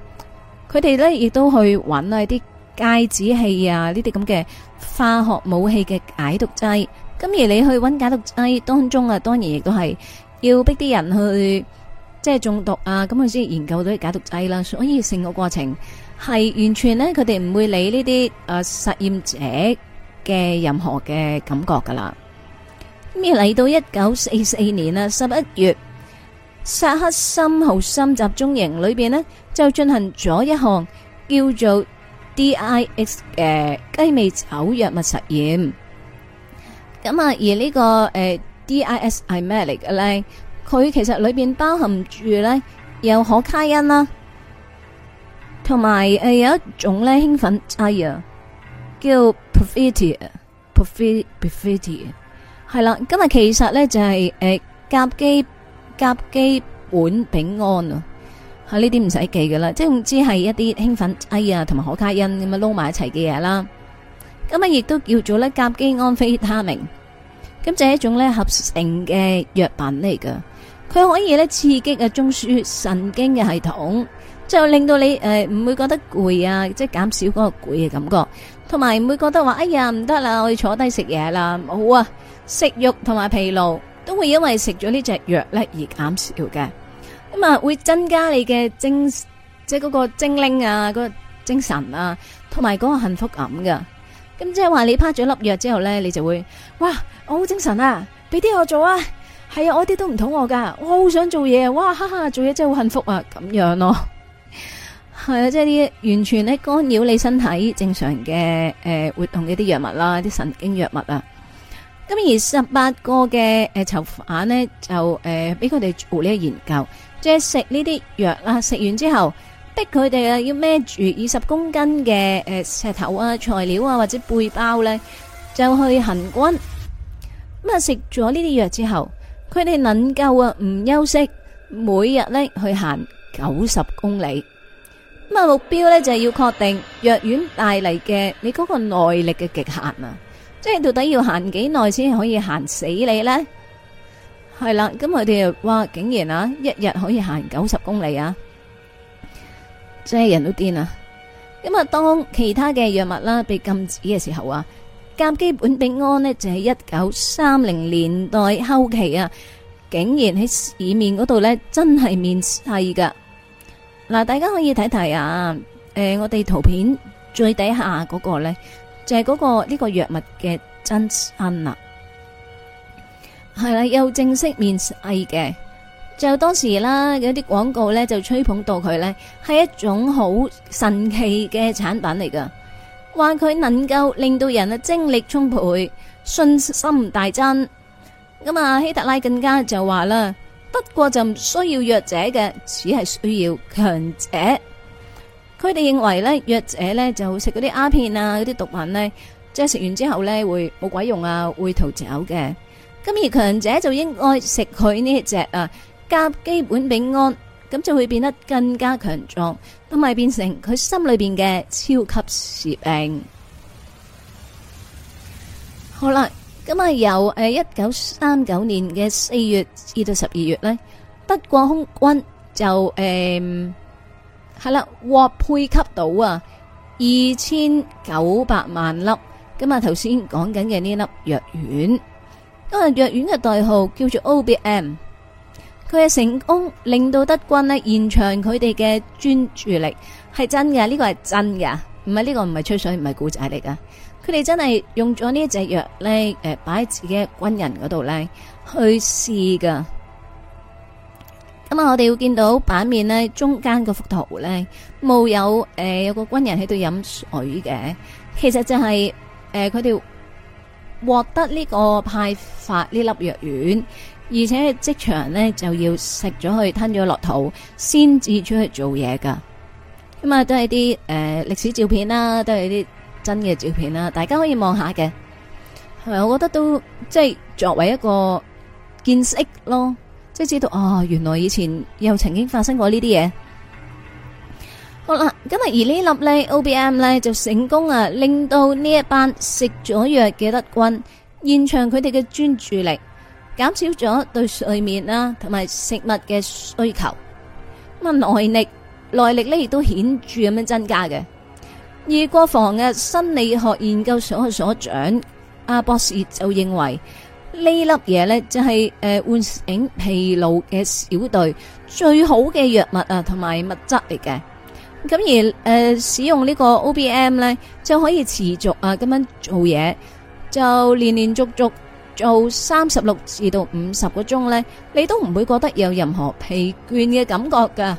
佢哋咧亦都去揾啊啲芥子氣啊呢啲咁嘅化學武器嘅解毒劑。咁而你去揾解毒劑當中啊，當然亦都係要逼啲人去即係中毒啊，咁佢先研究到啲解毒劑啦。所以成個過程係完全咧，佢哋唔會理呢啲啊實驗者嘅任何嘅感覺噶啦。咁而嚟到一九四四年啊十一月，薩克森豪森集中營裏邊咧就進行咗一項叫做 D.I.S 嘅雞尾酒藥物實驗。咁啊，而呢個誒 D.I.S 係咩嚟嘅咧？佢其實裏邊包含住咧有可卡因啦，同埋誒有一種咧興奮劑啊叫 Pervitin，Pervitin 係啦。今日其實咧就係誒甲基。甲基苯丙胺啊，吓呢啲唔使記噶啦，即係只係一啲興奮劑啊，同埋可卡因咁樣撈埋一齊嘅嘢啦。咁啊，亦都叫做咧甲基安非他命。咁，就係一種咧合成嘅藥品嚟噶。佢可以咧刺激嘅中樞神經嘅系統，就令到你誒唔會覺得攰啊，即係減少嗰個攰嘅感覺，同埋唔會覺得話哎呀唔得啦，我要坐低食嘢啦，好啊，食慾同埋疲勞。都會因為食咗呢隻藥咧而減少嘅，咁啊會增加你嘅精，即係嗰個精靈啊，嗰個精神啊，同埋嗰個幸福感噶。咁即係話你拍咗粒藥之後咧，你就會哇，我好精神啊，俾啲我做啊，係啊，我啲都唔肚餓噶，我好想做嘢啊，哇，哈哈，做嘢真係好幸福啊，咁樣咯、啊，係 啊，即係啲完全咧干擾你身體正常嘅誒、呃、活動嘅啲藥物啦、啊，啲神經藥物啊。咁而十八個嘅誒囚犯咧，就誒俾佢哋做呢個研究，即係食呢啲藥啦。食完之後，逼佢哋啊要孭住二十公斤嘅誒石頭啊、材料啊或者背包咧，就去行軍。咁啊食咗呢啲藥之後，佢哋能夠啊唔休息，每日咧去行九十公里。咁啊目標咧就係要確定藥丸帶嚟嘅你嗰個耐力嘅極限啊！即係到底要行幾耐先可以行死你咧？係啦，咁我哋話竟然啊，一日可以行九十公里啊，真係人都癲啊！咁啊，當其他嘅藥物啦被禁止嘅時候啊，甲基苯丙胺咧就係一九三零年代後期啊，竟然喺市面嗰度咧真係面世噶。嗱，大家可以睇睇啊，誒，我哋圖片最底下嗰個咧。就係嗰個呢個藥物嘅真身啦，係啦，又正式面世嘅。就當時啦，有啲廣告呢就吹捧到佢呢係一種好神奇嘅產品嚟噶，話佢能夠令到人啊精力充沛、信心大增。咁啊，希特拉更加就話啦，不過就唔需要弱者嘅，只係需要強者。佢哋認為咧，弱者咧就食嗰啲鴉片啊，嗰啲毒品咧，即係食完之後咧會冇鬼用啊，會逃走嘅。咁而強者就應該食佢呢隻啊甲基苯丙胺，咁就會變得更加強壯，咁咪變成佢心裏邊嘅超級士兵。好啦，咁啊由誒一九三九年嘅四月至到十二月咧，德國空軍就誒。係啦，獲配給到啊二千九百萬粒，咁啊頭先講緊嘅呢粒藥丸，因為藥丸嘅代號，叫做 O B M。佢嘅成功令到德軍呢延長佢哋嘅專注力，係真嘅，呢個係真嘅，唔係呢個唔係吹水，唔係古仔嚟噶，佢哋真係用咗呢一隻藥呢，誒擺喺自己嘅軍人嗰度呢，去試噶。咁啊、嗯，我哋會見到版面呢，中間嗰幅圖呢，冇有誒、呃、有個軍人喺度飲水嘅。其實就係誒佢哋獲得呢個派發呢粒藥丸，而且職場呢，就要食咗佢、吞咗落肚，先至出去做嘢噶。咁、嗯、啊，都係啲誒歷史照片啦，都係啲真嘅照片啦，大家可以望下嘅。係咪，我覺得都即係、就是、作為一個見識咯。即知道哦，原來以前又曾經發生過呢啲嘢。好啦，今日而呢粒呢 OBM 呢就成功啊，令到呢一班食咗藥嘅德軍延長佢哋嘅專注力，減少咗對睡眠啦同埋食物嘅需求。咁耐力，耐力呢亦都顯著咁樣增加嘅。而國防嘅心理學研究所嘅所長阿博士就認為。呢粒嘢咧就係誒喚醒疲勞嘅小隊最好嘅藥物啊同埋物質嚟嘅，咁而誒使用呢個 OBM 咧就可以持續啊咁樣做嘢，就連連續續做三十六至到五十個鐘咧，你都唔會覺得有任何疲倦嘅感覺噶，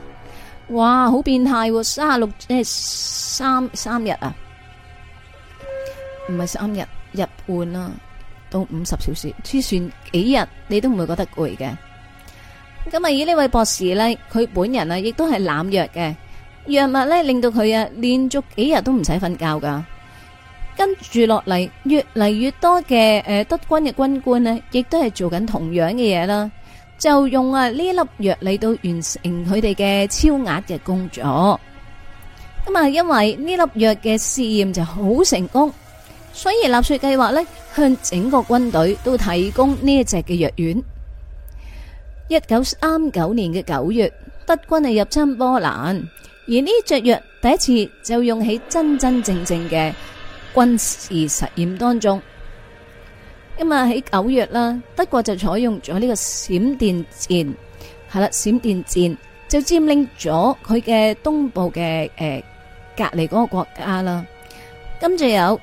哇好變態，三十六即係三三日啊，唔係三日，日半啦。到五十小時，就算幾日你都唔會覺得攰嘅。咁啊，以呢位博士咧，佢本人啊，亦都係濫藥嘅藥物咧，令到佢啊連續幾日都唔使瞓覺噶。跟住落嚟，越嚟越多嘅誒德軍嘅軍官咧，亦都係做緊同樣嘅嘢啦，就用啊呢粒藥嚟到完成佢哋嘅超額嘅工作。咁啊，因為呢粒藥嘅試驗就好成功，所以納粹計劃咧。向整個軍隊都提供呢一隻嘅藥丸。一九三九年嘅九月，德軍係入侵波蘭，而呢隻藥第一次就用喺真真正正嘅軍事實驗當中。咁啊喺九月啦，德國就採用咗呢個閃電戰，係啦，閃電戰就佔領咗佢嘅東部嘅誒隔籬嗰個國家啦。咁就有。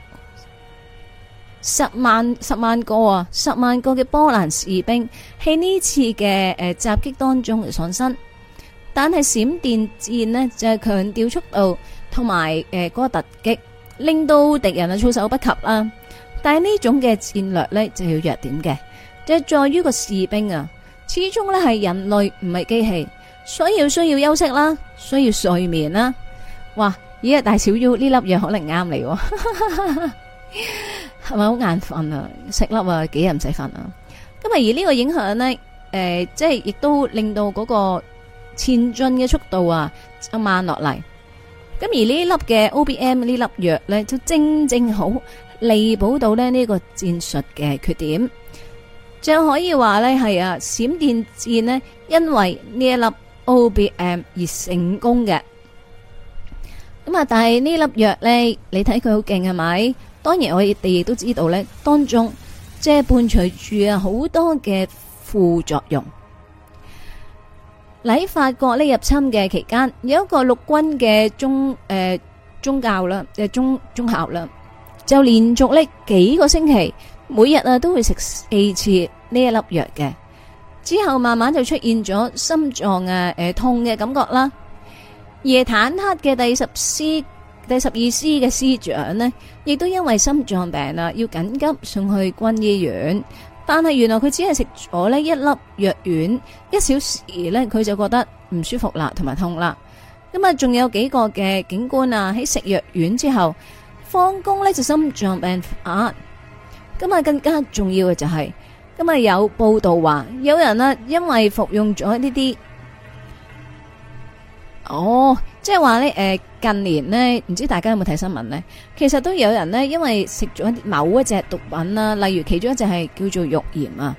十萬十萬個啊，十萬個嘅波蘭士兵喺呢次嘅誒襲擊當中嚟喪生但係閃電戰咧就係強調速度同埋誒嗰個突擊，令到敵人啊措手不及啦。但係呢種嘅戰略咧就有弱點嘅，即係在於個士兵啊，始終咧係人類唔係機器，所以要需要休息啦，需要睡眠啦。哇，依家大小腰呢粒嘢可能啱你。係咪好眼瞓啊？食粒啊，幾日唔使瞓啊？咁啊而呢個影響咧，誒，即係亦都令到嗰個前進嘅速度啊，慢落嚟。咁而呢粒嘅 OBM 呢粒藥咧，就正正好彌補到咧呢個戰術嘅缺點，即係可以話咧係啊閃電戰咧，因為呢一粒 OBM 而成功嘅。咁啊，但係呢粒藥咧，你睇佢好勁係咪？當然，我哋亦都知道咧，當中即係伴隨住啊好多嘅副作用。喺法國咧入侵嘅期間，有一個陸軍嘅宗誒宗教啦，誒中中校啦，就連續咧幾個星期，每日啊都會食四次呢一粒藥嘅，之後慢慢就出現咗心臟啊誒痛嘅感覺啦。夜坦克嘅第十師。第十二師嘅師長呢，亦都因為心臟病啦，要緊急送去軍醫院。但係原來佢只係食咗呢一粒藥丸，一小時呢，佢就覺得唔舒服啦，同埋痛啦。咁啊，仲有幾個嘅警官啊，喺食藥丸之後放工呢，就心臟病發。咁啊，更加重要嘅就係，咁啊有報道話有人啊因為服用咗呢啲。哦，即係話咧，誒，近年呢，唔知大家有冇睇新聞呢？其實都有人呢，因為食咗某一隻毒品啦，例如其中一隻係叫做浴鹽啊。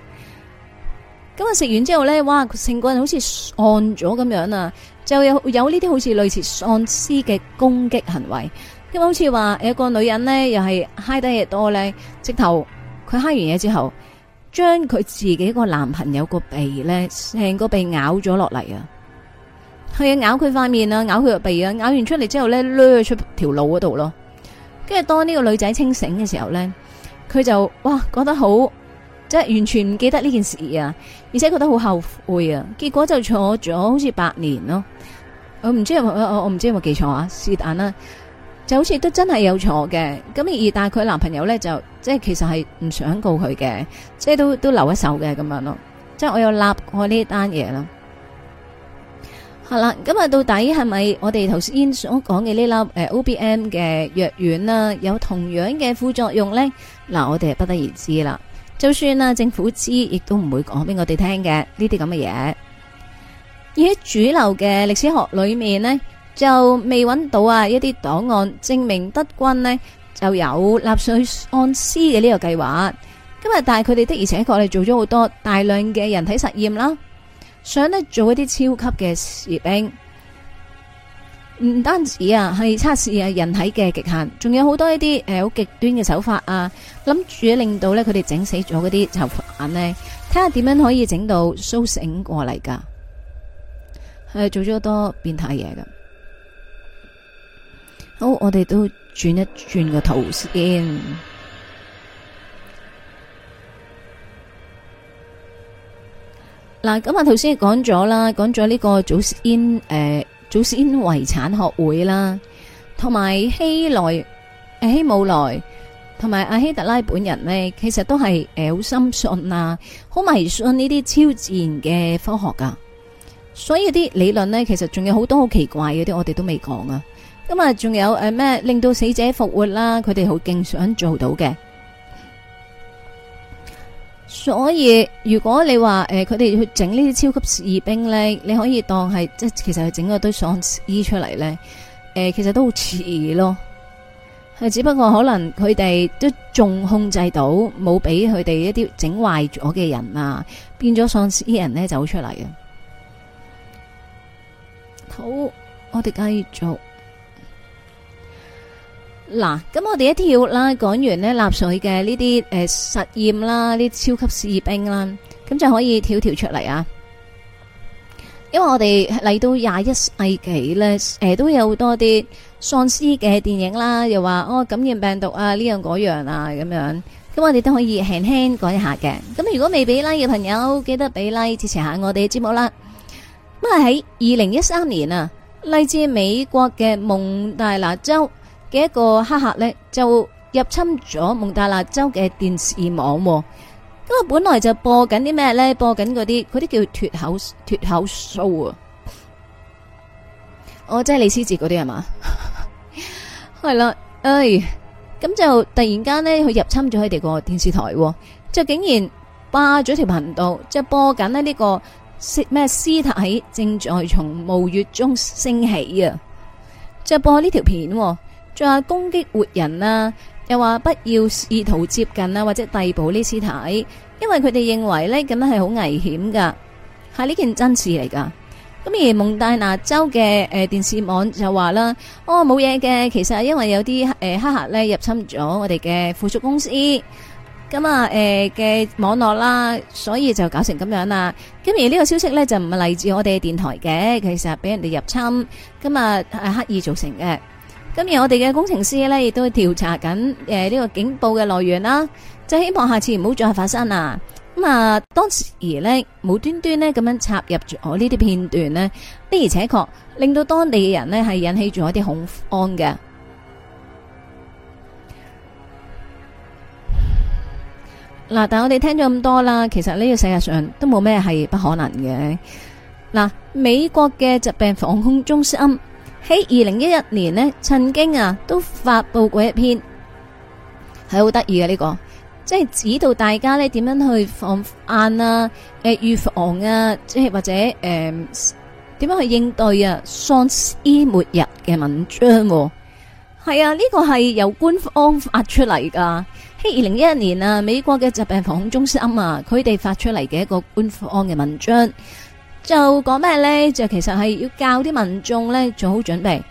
咁啊，食完之後呢，哇，成個人好似喪咗咁樣啊，就有有呢啲好似類似喪屍嘅攻擊行為。因為，好似話有一個女人呢，又係嗨得嘢多呢，直頭佢嗨完嘢之後，將佢自己個男朋友個鼻呢，成個鼻咬咗落嚟啊！係啊，咬佢塊面啊，咬佢個鼻啊，咬完出嚟之後咧，勒出條路嗰度咯。跟住當呢個女仔清醒嘅時候咧，佢就哇覺得好，即係完全唔記得呢件事啊，而且覺得好後悔啊。結果就坐咗好似八年咯。我唔知我我我唔知有冇記錯啊？是但啦，就好似都真係有坐嘅。咁而但係佢男朋友咧就即係其實係唔想告佢嘅，即係都都留一手嘅咁樣咯。即係我有立過呢單嘢咯。係啦，今日到底係咪我哋頭先所講嘅呢粒誒 O B M 嘅藥丸啦，有同樣嘅副作用呢？嗱，我哋係不得而知啦。就算啊，政府知，亦都唔會講俾我哋聽嘅呢啲咁嘅嘢。而喺主流嘅歷史學裏面呢，就未揾到啊一啲檔案證明德軍呢，就有納粹喪屍嘅呢個計劃。今日但係佢哋的而且確我哋做咗好多大量嘅人體實驗啦。想咧做一啲超級嘅士兵，唔單止啊，係測試啊人體嘅極限，仲有好多一啲誒好極端嘅手法啊，諗住令到咧佢哋整死咗嗰啲囚犯呢，睇下點樣可以整到甦醒過嚟噶，係做咗好多變態嘢噶。好，我哋都轉一轉個圖先。嗱，咁啊，頭先講咗啦，講咗呢個祖先誒、呃，祖先遺產學會啦，同埋希萊誒、啊、希姆萊，同埋阿希特拉本人呢，其實都係誒好深信啊，好迷信呢啲超自然嘅科學噶，所以啲理論呢，其實仲有好多好奇怪嘅啲，我哋都未講啊，咁啊，仲有誒咩令到死者復活啦，佢哋好勁想做到嘅。所以如果你話誒，佢哋去整呢啲超級士兵呢，你可以當係即係其實佢整嗰堆喪屍出嚟呢，誒、呃，其實都好遲咯，係只不過可能佢哋都仲控制到，冇俾佢哋一啲整壞咗嘅人啊，變咗喪屍人呢走出嚟啊。好，我哋繼續。嗱，咁我哋一跳啦，講完呢納粹嘅呢啲誒實驗啦，呢啲超級士兵啦，咁就可以跳咗出嚟啊。因為我哋嚟到廿一世紀咧，誒都有好多啲喪屍嘅電影啦，又話哦感染病毒啊呢樣嗰樣啊咁樣，咁我哋都可以輕輕講一下嘅。咁如果未俾 like 嘅朋友，記得俾 like 支持下我哋嘅節目啦。咁係喺二零一三年啊，嚟自美國嘅蒙大拿州，嘅一個黑客咧就入侵咗蒙大拿州嘅電視網、哦，咁啊本來就播緊啲咩咧？播緊嗰啲，嗰啲叫脫口脫口 show 啊！哦，即係李思捷嗰啲係嘛？係 啦，哎，咁就突然間呢，佢入侵咗佢哋個電視台、哦，就竟然霸咗條頻道，即係播緊呢、呢個咩咩屍體正在從墓月中升起啊！即係播呢條片、哦。仲有攻擊活人啦，又話不要試圖接近啊，或者逮捕呢屍體，因為佢哋認為呢咁樣係好危險噶，係呢件真事嚟噶。咁而蒙大拿州嘅誒電視網就話啦，哦，冇嘢嘅，其實係因為有啲誒黑客呢入侵咗我哋嘅附屬公司，咁啊誒嘅網絡啦，所以就搞成咁樣啦。咁而呢個消息呢，就唔係嚟自我哋嘅電台嘅，其實係俾人哋入侵，咁啊，係刻意造成嘅。今日我哋嘅工程師呢，亦都調查緊誒呢個警報嘅來源啦，就希望下次唔好再發生啊！咁、嗯、啊，當時咧無端端呢咁樣插入住我呢啲片段呢，的而且確令到當地嘅人呢係引起咗一啲恐慌嘅。嗱、啊，但係我哋聽咗咁多啦，其實呢個世界上都冇咩係不可能嘅。嗱、啊，美國嘅疾病防控中心。喺二零一一年咧，曾經啊都發佈過一篇，係好得意嘅呢個，即係指導大家咧點樣去防範啊，誒預防啊，即係或者誒、呃、點樣去應對啊喪屍末日嘅文章。係啊，呢個係由官方發出嚟噶。喺二零一一年啊，美國嘅疾病防控中心啊，佢哋發出嚟嘅一個官方嘅文章。就講咩呢？就其實係要教啲民眾呢做好準備，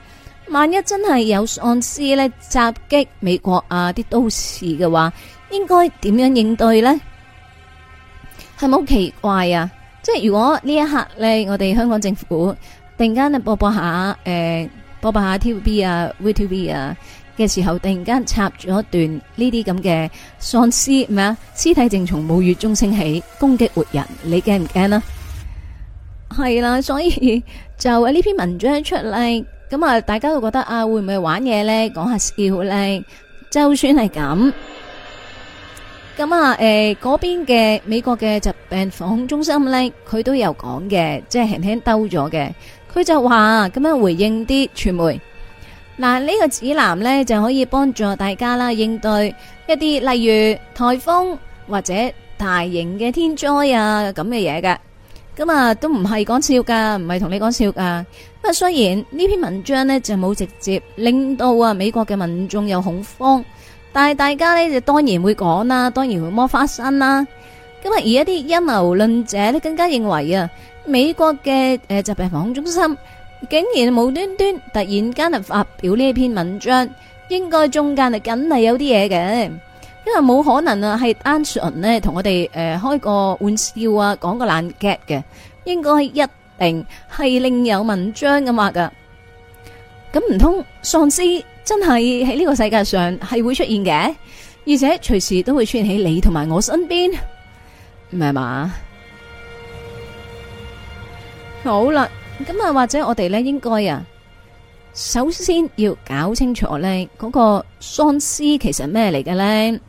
萬一真係有喪屍呢襲擊美國啊啲都市嘅話，應該點樣應對呢？係咪好奇怪啊！即係如果呢一刻呢，我哋香港政府突然間呢播播下誒播播下 TVB 啊 VTV 啊嘅時候，突然間插咗一段呢啲咁嘅喪屍咩啊？屍體正從霧雨中升起，攻擊活人，你驚唔驚啊？係啦，所以就呢篇文章出嚟，咁啊，大家都覺得啊，會唔會玩嘢呢？講下笑呢，就算係咁。咁啊，誒，嗰邊嘅美國嘅疾病防控中心呢，佢都有講嘅，即係輕輕兜咗嘅。佢就話咁樣回應啲傳媒。嗱，呢個指南呢就可以幫助大家啦，應對一啲例如台風或者大型嘅天災啊咁嘅嘢嘅。咁啊，都唔係講笑噶，唔係同你講笑噶。咁啊，雖然呢篇文章呢就冇直接令到啊美國嘅民眾有恐慌，但係大家呢就當然會講啦，當然會摸花生啦。咁啊，而一啲陰謀論者都更加認為啊，美國嘅誒、疾病防控中心竟然無端端突然間啊發表呢篇文章，應該中間啊梗係有啲嘢嘅。因為冇可能啊，係單純呢同我哋誒開個玩笑啊，講個爛 gag 嘅，應該一定係另有文章㗎嘛！㗎咁唔通喪屍真係喺呢個世界上係會出現嘅，而且隨時都會出現喺你同埋我身邊，唔係嘛？好啦，咁啊，或者我哋呢應該啊，首先要搞清楚呢嗰個喪屍其實咩嚟嘅呢？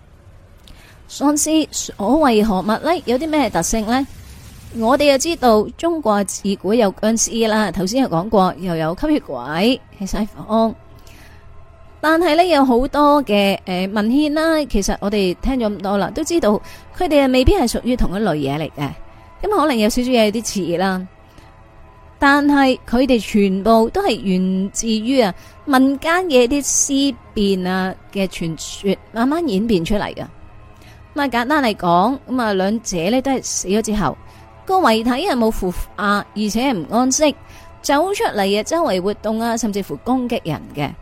喪屍，所謂何物呢？有啲咩特性呢？我哋又知道中國自古有殭屍啦。頭先又講過，又有吸血鬼。其實，但係呢有好多嘅，誒、呃、文獻啦。其實我哋聽咗咁多啦，都知道佢哋又未必係屬於同一類嘢嚟嘅。咁可能有少少嘢有啲似啦，但係佢哋全部都係源自於啊民間嘅啲思辨啊嘅傳說，慢慢演變出嚟㗎。咁啊，簡單嚟講，咁啊，兩者呢都係死咗之後，個遺體係冇腐化，而且唔安息，走出嚟啊，周圍活動啊，甚至乎攻擊人嘅，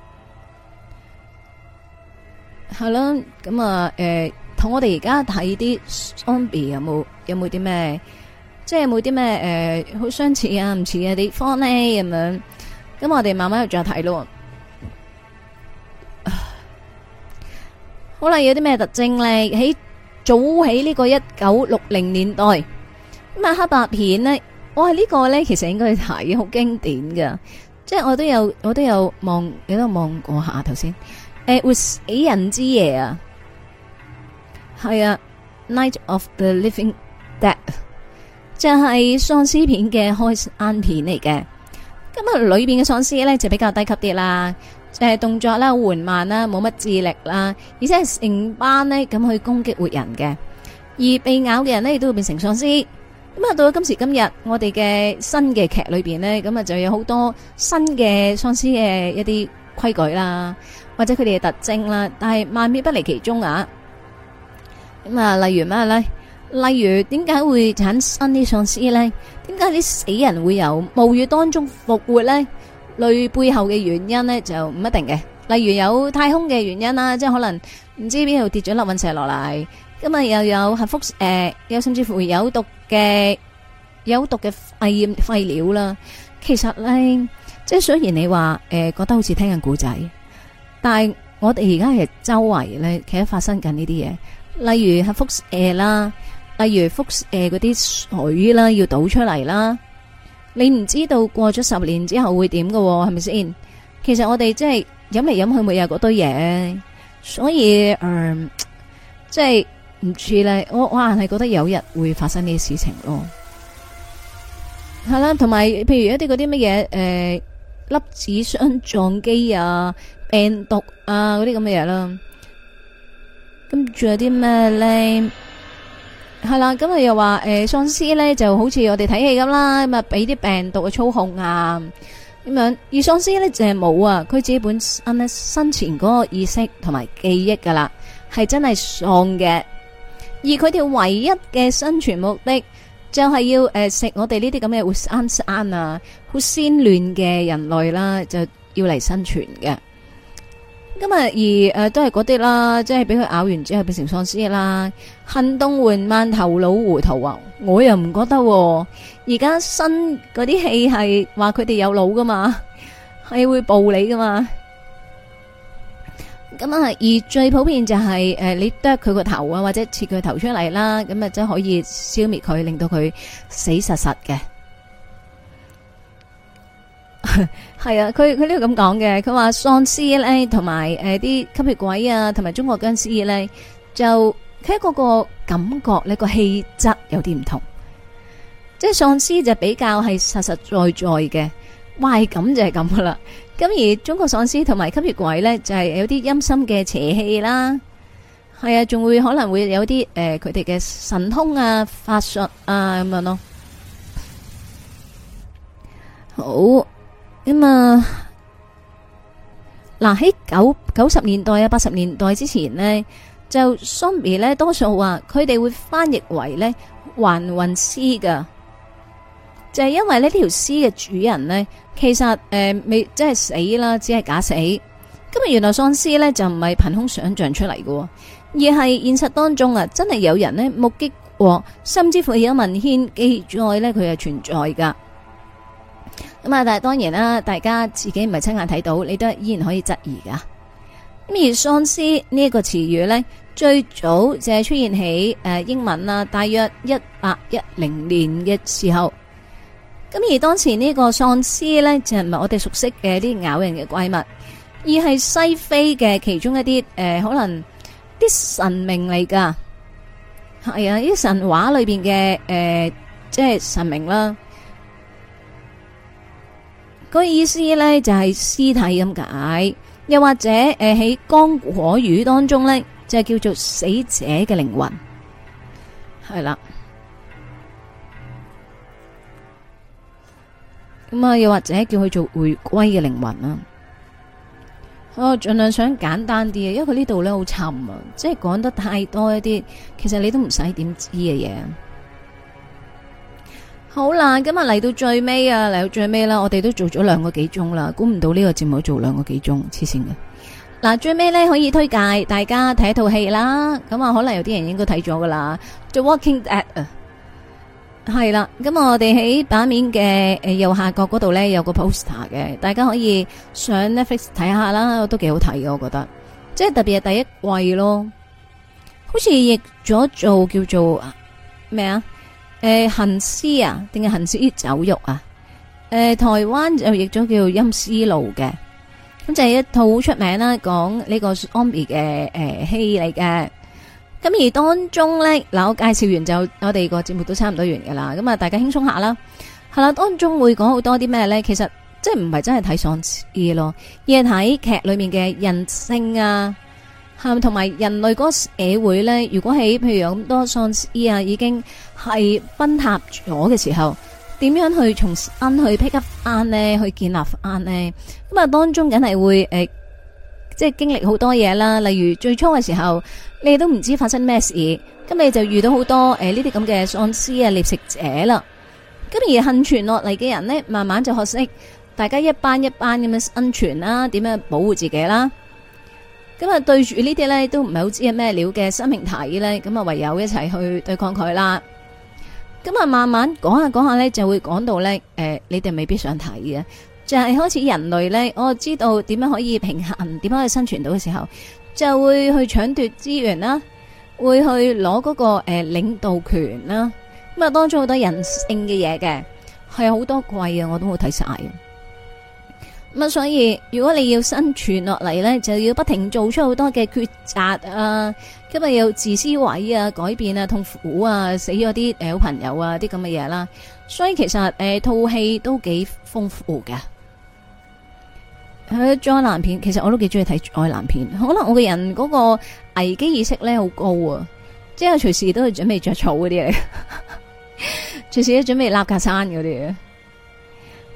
係啦，咁啊，誒、呃，同我哋而家睇啲喪屍有冇有冇啲咩，即係有冇啲咩誒，好、就是呃、相似啊，唔似嘅地方呢？咁樣，咁我哋慢慢去再睇咯，好啦，有啲咩特徵咧，喺。早喺呢個一九六零年代，咁啊黑白片咧，哇呢個咧，其實應該睇好經典噶，即係我都有我都有望，有得望過下頭先。誒，活死人之夜啊，係啊，Night of the Living Dead，就係喪屍片嘅開山片嚟嘅。咁啊裏邊嘅喪屍咧，就比較低級啲啦。誒，動作啦，緩慢啦，冇乜智力啦，而且係成班咧咁去攻擊活人嘅，而被咬嘅人咧亦都會變成喪屍。咁啊，到今時今日，我哋嘅新嘅劇裏邊咧，咁啊就有好多新嘅喪屍嘅一啲規矩啦，或者佢哋嘅特徵啦，但係萬變不離其中啊。咁啊，例如咩咧？例如點解會產生啲喪屍咧？點解啲死人會由暴雨當中復活咧？類背後嘅原因咧就唔一定嘅，例如有太空嘅原因啦，即係可能唔知邊度跌咗粒隕石落嚟，咁啊又有核輻射，有甚至乎有毒嘅有毒嘅廢煙廢料啦。其實咧，即係雖然你話誒、呃、覺得好似聽緊故仔，但係我哋而家係周圍咧，其實發生緊呢啲嘢，例如核輻射啦，例如輻射嗰啲水啦，要倒出嚟啦。你唔知道過咗十年之後會點嘅，係咪先？其實我哋即係飲嚟飲去，咪又嗰堆嘢，所以誒，即係唔知咧。我我還係覺得有日會發生呢啲事情咯。係啦，同埋譬如一啲嗰啲乜嘢誒，粒子相撞機啊，病毒啊嗰啲咁嘅嘢啦，咁仲有啲咩咧？係、呃、啦，咁啊又話誒，喪屍咧就好似我哋睇戲咁啦，咁啊俾啲病毒嘅操控啊咁樣，而喪屍咧就係冇啊，佢自己本身咧生前嗰個意識同埋記憶噶啦，係真係喪嘅，而佢哋唯一嘅生存目的就係、是、要誒食、呃、我哋呢啲咁嘅活生生啊、好鮮嫩嘅人類啦，就要嚟生存嘅。今日而誒、呃，都係嗰啲啦，即係俾佢咬完之後變成喪屍啦，恨東緩慢頭腦糊塗啊！我又唔覺得、啊，而家新嗰啲戲係話佢哋有腦噶嘛，係會暴你噶嘛。咁啊，而最普遍就係、是、誒、呃，你剁佢個頭啊，或者切佢頭出嚟啦，咁啊，即係可以消滅佢，令到佢死實實嘅。係啊，佢佢呢度咁講嘅，佢話喪屍咧同埋誒啲吸血鬼啊，同埋中國僵屍咧，就佢一個個感覺咧個氣質有啲唔同，即係喪屍就比較係實實在在嘅，壞感就係咁噶啦。咁而中國喪屍同埋吸血鬼咧，就係有啲陰森嘅邪氣啦，係啊，仲會可能會有啲誒佢哋嘅神通啊、法術啊咁樣咯。好。咁、嗯、啊，嗱喺九九十年代啊，八十年代之前呢，就 zombie 呢，多數話佢哋會翻譯為呢還魂屍噶，就係、是、因為呢條屍嘅主人呢，其實誒未即係死啦，只係假死。今日原來喪屍呢，就唔係憑空想象出嚟嘅，而係現實當中啊，真係有人呢，目擊過，甚至乎有文獻記載呢，佢係存在噶。咁啊！但係當然啦，大家自己唔係親眼睇到，你都依然可以質疑噶。咁而喪屍呢一個詞語呢，最早就係出現喺誒英文啦，大約一八一零年嘅時候。咁而當時呢個喪屍呢，就唔係我哋熟悉嘅啲咬人嘅怪物，而係西非嘅其中一啲誒、呃，可能啲神明嚟噶，係、哎、啊，啲神話裏邊嘅誒，即、呃、係、就是、神明啦。個意思呢，就係屍體咁解，又或者誒喺剛果語當中呢，就叫做死者嘅靈魂，係啦。咁啊，又或者叫佢做回歸嘅靈魂啦。我盡量想簡單啲嘅，因為佢呢度呢好沉啊，即係講得太多一啲，其實你都唔使點知嘅嘢。好啦，咁啊嚟到最尾啊，嚟到最尾啦，我哋都做咗兩個幾鐘啦，估唔到呢個節目做兩個幾鐘，黐線嘅。嗱，最尾呢，可以推介大家睇一套戲啦，咁、嗯、啊可能有啲人應該睇咗噶啦，《The Walking Dead、啊》，係啦。咁、嗯、啊，我哋喺版面嘅誒右下角嗰度呢，有個 poster 嘅，大家可以上 Netflix 睇下啦，都幾好睇嘅，我覺得。即係特別係第一季咯，好似譯咗做叫做咩啊？誒、呃，行屍啊，定係行屍走肉啊？誒、呃，台灣就譯咗叫陰屍路嘅，咁就係一套好出名啦，講呢個 Zombie 嘅誒戲嚟嘅。咁、呃、而當中咧，嗱，我介紹完就我哋個節目都差唔多完噶啦。咁啊，大家輕鬆下啦，係啦，當中會講好多啲咩咧？其實即係唔係真係睇喪屍咯，而係睇劇裏面嘅人性啊。同埋人類嗰個社會呢，如果喺譬如有咁多喪屍啊，已經係崩塌咗嘅時候，點樣去重新去 pick up u 呢？去建立 u 呢？咁啊，當中梗係會誒、呃，即係經歷好多嘢啦。例如最初嘅時候，你都唔知發生咩事，咁你就遇到好多誒呢啲咁嘅喪屍啊、獵食者啦。咁而幸存落嚟嘅人呢，慢慢就學識大家一班一班咁樣生存啦，點樣保護自己啦。咁啊，對住呢啲呢，都唔係好知係咩料嘅，生命體呢，咁啊唯有一齊去對抗佢啦。咁啊，慢慢講下講下呢，就會講到呢，誒、呃，你哋未必想睇嘅，就係、是、開始人類呢，我知道點樣可以平衡，點樣去生存到嘅時候，就會去搶奪資源啦，會去攞嗰、那個誒、呃、領導權啦。咁啊，當中好多人性嘅嘢嘅，係好多貴啊，我都會睇晒。咁所以如果你要生存落嚟呢，就要不停做出好多嘅抉擇啊！今日要自私位啊，改變啊，痛苦啊，死咗啲誒，好朋友啊，啲咁嘅嘢啦。所以其實誒，套、呃、戲都幾豐富嘅。誒、啊，災難片其實我都幾中意睇災難片，可能我個人嗰個危機意識呢，好高啊，即係隨時都係準備着草嗰啲嘢，隨時都準備立架山嗰啲嘢。.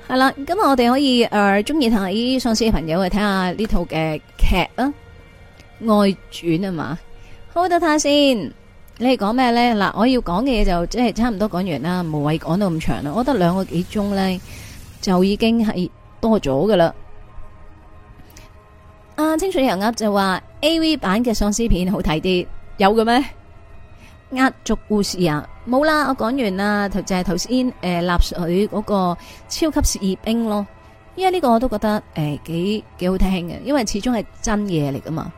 係啦，咁、嗯、我哋可以誒，中意睇喪屍嘅朋友去睇下呢套嘅劇啦，《外傳》啊嘛，開得睇先。你係講咩咧？嗱、呃，我要講嘅嘢就即係差唔多講完啦，無謂講到咁長啦。我覺得兩個幾鐘咧就已經係多咗噶啦。阿、啊、清水油鴨就話 A V 版嘅喪屍片好睇啲，有嘅咩？壓軸故事啊！冇啦，我講完啦，就係頭先誒納水嗰個超級雪業兵咯，因為呢個我都覺得誒幾幾好聽嘅，因為始終係真嘢嚟㗎嘛。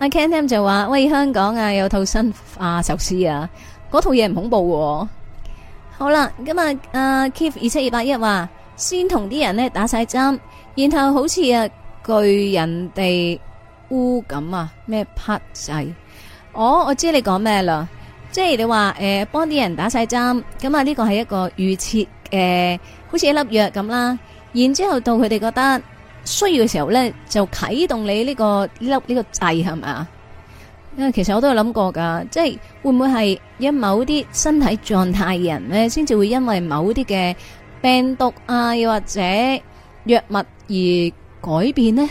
阿 Ken 就話，喂，香港啊，有套新化壽司啊，嗰套嘢唔恐怖喎。好啦，今日阿 Keith 二七二八一話，先同啲人呢打晒針，然後好似啊巨人哋污咁啊，咩拍仔。我、哦、我知你講咩啦，即係你話誒幫啲人打晒針，咁啊呢個係一個預設嘅，好似一粒藥咁啦。然之後到佢哋覺得需要嘅時候呢，就啟動你呢個呢粒呢個掣，係咪啊？因為呃、其實我都有諗過噶，即係會唔會係因某啲身體狀態嘅人呢，先至會因為某啲嘅病毒啊，又或者藥物而改變呢？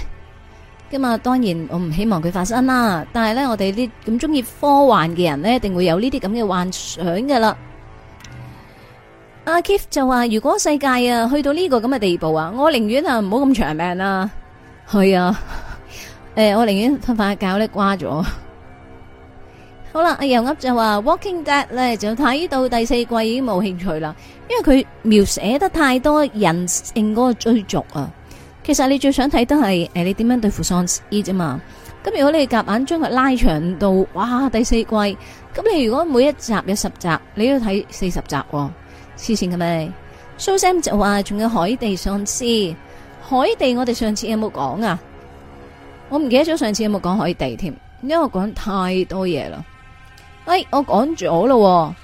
咁啊，當然我唔希望佢發生啦。但係咧，我哋啲咁中意科幻嘅人咧，一定會有呢啲咁嘅幻想噶啦。阿 Keith 就話：如果世界啊去到呢個咁嘅地步啊，我寧願啊唔好咁長命啦。係啊，誒，我寧願瞓快覺咧瓜咗。好啦，阿尤噏就話《Walking Dead》咧，就睇到第四季已經冇興趣啦，因為佢描寫得太多人性嗰個追逐啊。其實你最想睇都係誒，你點樣對付喪屍啫嘛？咁如果你夾硬將佢拉長到，哇第四季，咁你如果每一集有十集，你都要睇四十集，哦，黐線嘅咩？蘇生就話仲有海地喪屍，海地我哋上次有冇講啊？我唔記得咗上次有冇講海地添，因為我講太多嘢啦。哎，我講咗咯。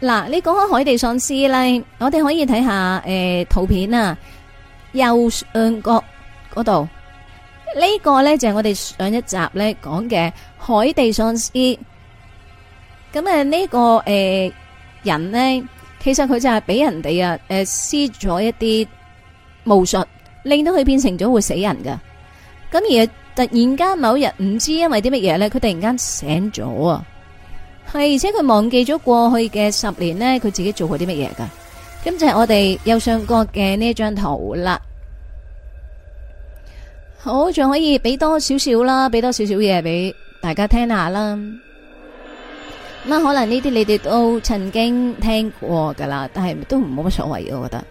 嗱，你講開海地喪屍咧，我哋可以睇下誒、呃、圖片啊。右上角嗰度，呢個呢就係我哋上一集呢講嘅海地喪屍。咁啊呢個誒、呃、人呢，其實佢就係俾人哋啊誒施咗一啲巫術，令到佢變成咗會死人噶。咁而突然間某日唔知因為啲乜嘢呢，佢突然間醒咗啊！係而且佢忘記咗過去嘅十年呢，佢自己做過啲乜嘢噶。咁就係我哋右上角嘅，呢一張圖啦。好，仲可以俾多少少啦，俾多少少嘢，俾大家聽下啦。咁啊，可能呢啲你哋都曾經聽過噶啦，但係都冇乜所謂嘅，我覺得。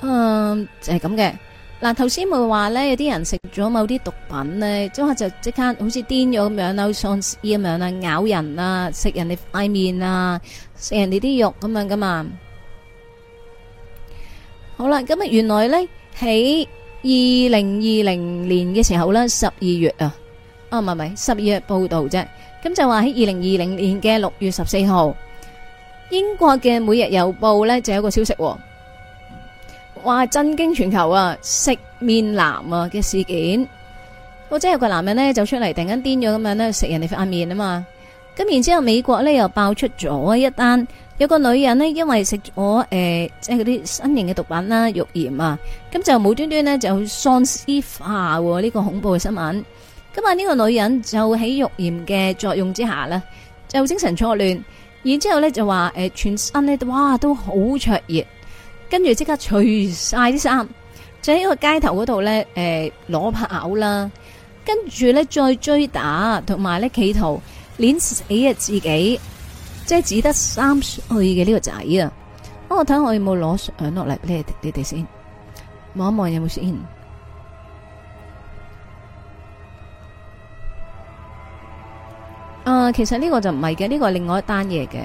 嗯，就係咁嘅。嗱，頭先咪話咧，有啲人食咗某啲毒品咧，即係就即刻好似癲咗咁樣啦，喪屍咁樣啦，咬人啦，食人哋塊面啊，食人哋啲肉咁樣噶嘛。好啦，咁啊，原來咧喺二零二零年嘅時候咧，十二月啊，啊唔係唔係，十二月報道啫。咁就話喺二零二零年嘅六月十四號，英國嘅每日郵報咧就有一個消息。話震驚全球啊！食面男啊嘅事件，或者有個男人呢就出嚟，突然間癲咗咁樣呢，食人哋塊面啊嘛！咁然之後美國呢又爆出咗一單，有個女人呢因為食咗誒即係嗰啲新型嘅毒品啦，肉鹽啊，咁就冇端端呢就喪屍化呢個恐怖嘅新聞。咁啊呢個女人就喺肉鹽嘅作用之下呢，就精神錯亂，然之後呢就話誒、呃、全身呢哇都好灼熱。跟住即刻除晒啲衫，就喺個街頭嗰度咧，誒、呃，裸跑啦，跟住咧再追打，同埋咧企圖捻死自己，即係只得三歲嘅呢個仔啊、哦！我睇下我有冇攞上落嚟咧？你哋先，望一望，有冇先？啊，其實呢個就唔係嘅，呢、呢個係另外一單嘢嘅。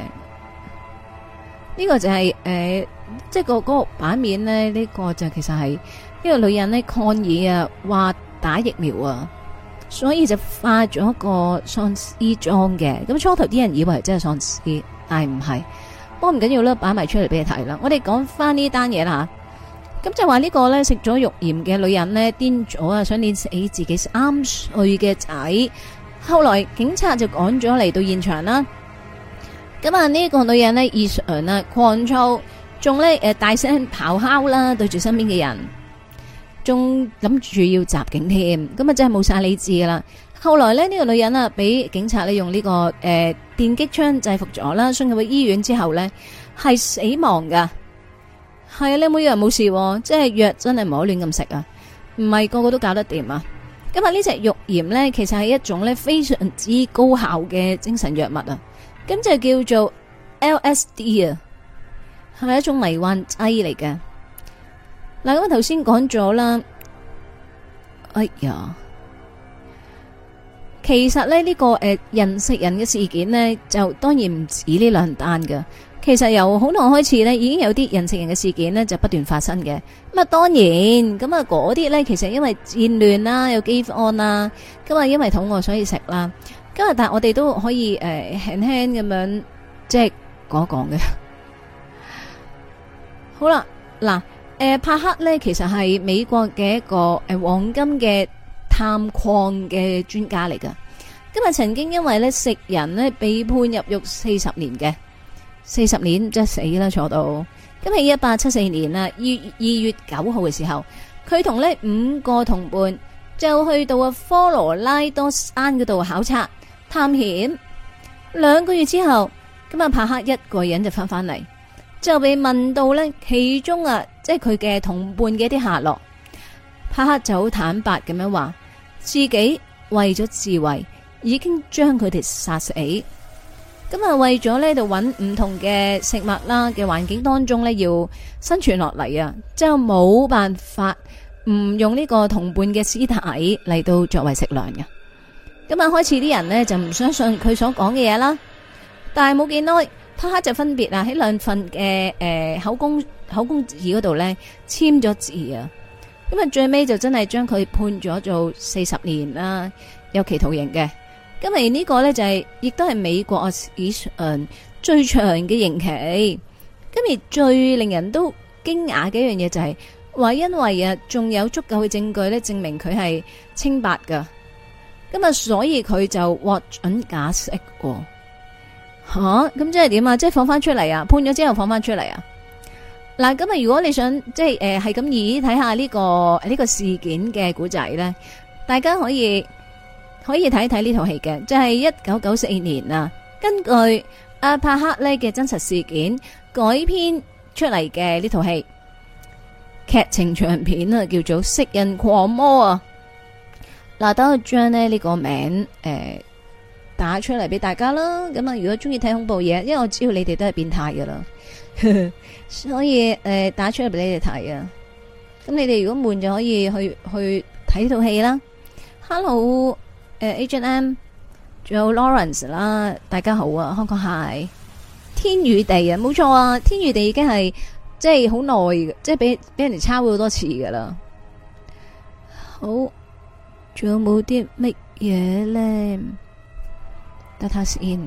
呢個就係、是、誒、呃，即係個嗰個，個版面呢。呢、這個就其實係呢、這個女人呢，抗議啊，話打疫苗啊，所以就化咗個喪屍妝嘅。咁、嗯、初頭啲人以為真係喪屍，但係唔係，不過唔緊要啦，擺埋出嚟俾你睇啦。我哋講返呢單嘢啦，咁、嗯、就話呢個呢，食咗肉鹽嘅女人呢，癲咗啊，想捏死自己啱去嘅仔，後來警察就趕咗嚟到現場啦。咁啊，呢個女人呢，異常啊狂躁，仲呢，誒大聲咆哮啦，對住身邊嘅人，仲諗住要襲警添。咁啊，真係冇晒理智噶啦！後來呢，呢、這個女人啊，俾警察呢、這個，用呢個誒電擊槍制服咗啦，送入去醫院之後呢，係死亡噶。係你妹啊，冇事，即係藥真係唔可以亂咁食啊，唔係個個都搞得掂啊。咁啊，呢隻浴鹽呢，其實係一種呢非常之高效嘅精神藥物啊。咁就叫做 LSD 啊，係咪一種迷幻劑嚟嘅？嗱，我頭先講咗啦，哎呀，其實咧呢個誒人食人嘅事件咧，就當然唔止呢兩單嘅。其實由好耐開始咧，已經有啲人食人嘅事件咧就不斷發生嘅。咁啊，當然咁啊，嗰啲咧其實因為戰亂啦，有饑荒啦，咁啊，因為肚餓所以食啦。今日但我哋都可以誒輕輕咁樣即係講一講嘅。 好啦，嗱、呃，誒帕克呢其實係美國嘅一個誒、呃、黃金嘅探礦嘅專家嚟㗎。今日曾經因為呢食人呢被判入獄四十年嘅，四十年即係死啦坐到。今日，一八七四年啦二二月九號嘅時候，佢同呢五個同伴就去到啊科羅拉多山嗰度考察。探險兩個月之後，咁啊，帕克一個人就翻返嚟，就被問到呢其中啊，即係佢嘅同伴嘅一啲下落。帕克就好坦白咁樣話，自己為咗自衛，已經將佢哋殺死。咁啊，為咗呢度揾唔同嘅食物啦嘅環境當中呢，要生存落嚟啊，就冇辦法唔用呢個同伴嘅屍體嚟到作為食糧嘅。今日開始啲人呢，就唔相信佢所講嘅嘢啦，但係冇幾耐，他黑就分別啊喺兩份嘅誒、呃、口供口供紙嗰度呢，簽咗字啊，咁啊最尾就真係將佢判咗做四十年啦，有期徒刑嘅。今日呢個呢、就是，就係亦都係美國史上最長嘅刑期。今日最令人都驚訝嘅一樣嘢就係、是、話，因為啊仲有足夠嘅證據呢，證明佢係清白噶。咁啊所以佢就獲准假釋喎。吓，咁即係點啊？那即係放翻出嚟啊？判咗之後放翻出嚟啊？嗱，咁啊，如果你想即係誒係咁易睇下呢個呢個呢個事件嘅古仔咧，大家可以可以睇睇呢套戲嘅，即係一九九四年啊，根據阿帕克咧嘅真實事件改編出嚟嘅呢套戲，劇情長片啊，叫做《食人狂魔》啊。大家我將咧呢個名誒、呃、打出嚟俾大家啦。咁啊，如果中意睇恐怖嘢，因為我知道你哋都係變態噶啦，所以誒、呃、打出嚟俾你哋睇啊。咁你哋如果悶就可以去去睇套戲啦。Hello，誒，Agent M，仲有 Lawrence 啦，大家好啊，香港，Hi，天與地啊，冇錯啊，天與地已經係即係好耐，即係俾俾人哋抄好多次噶啦。好。仲有冇啲乜嘢？咧等下先。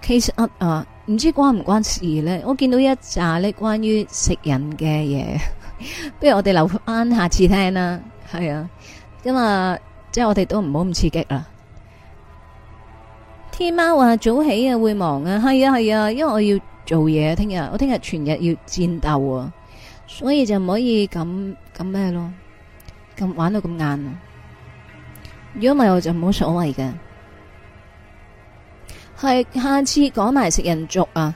s case up 啊，唔知關唔關事咧？我見到一紮咧關於食人嘅嘢， 不如我哋留翻下次聽啦。係啊，咁啊，即係我哋都唔好咁刺激啦。天貓啊早起啊會忙啊，係啊係啊，因為我要做嘢、啊。聽日我聽日全日要戰鬥啊！所以就唔可以咁咁咩咯，咁玩到咁晏。如果唔係我就冇所謂嘅。係下次講埋食人族啊，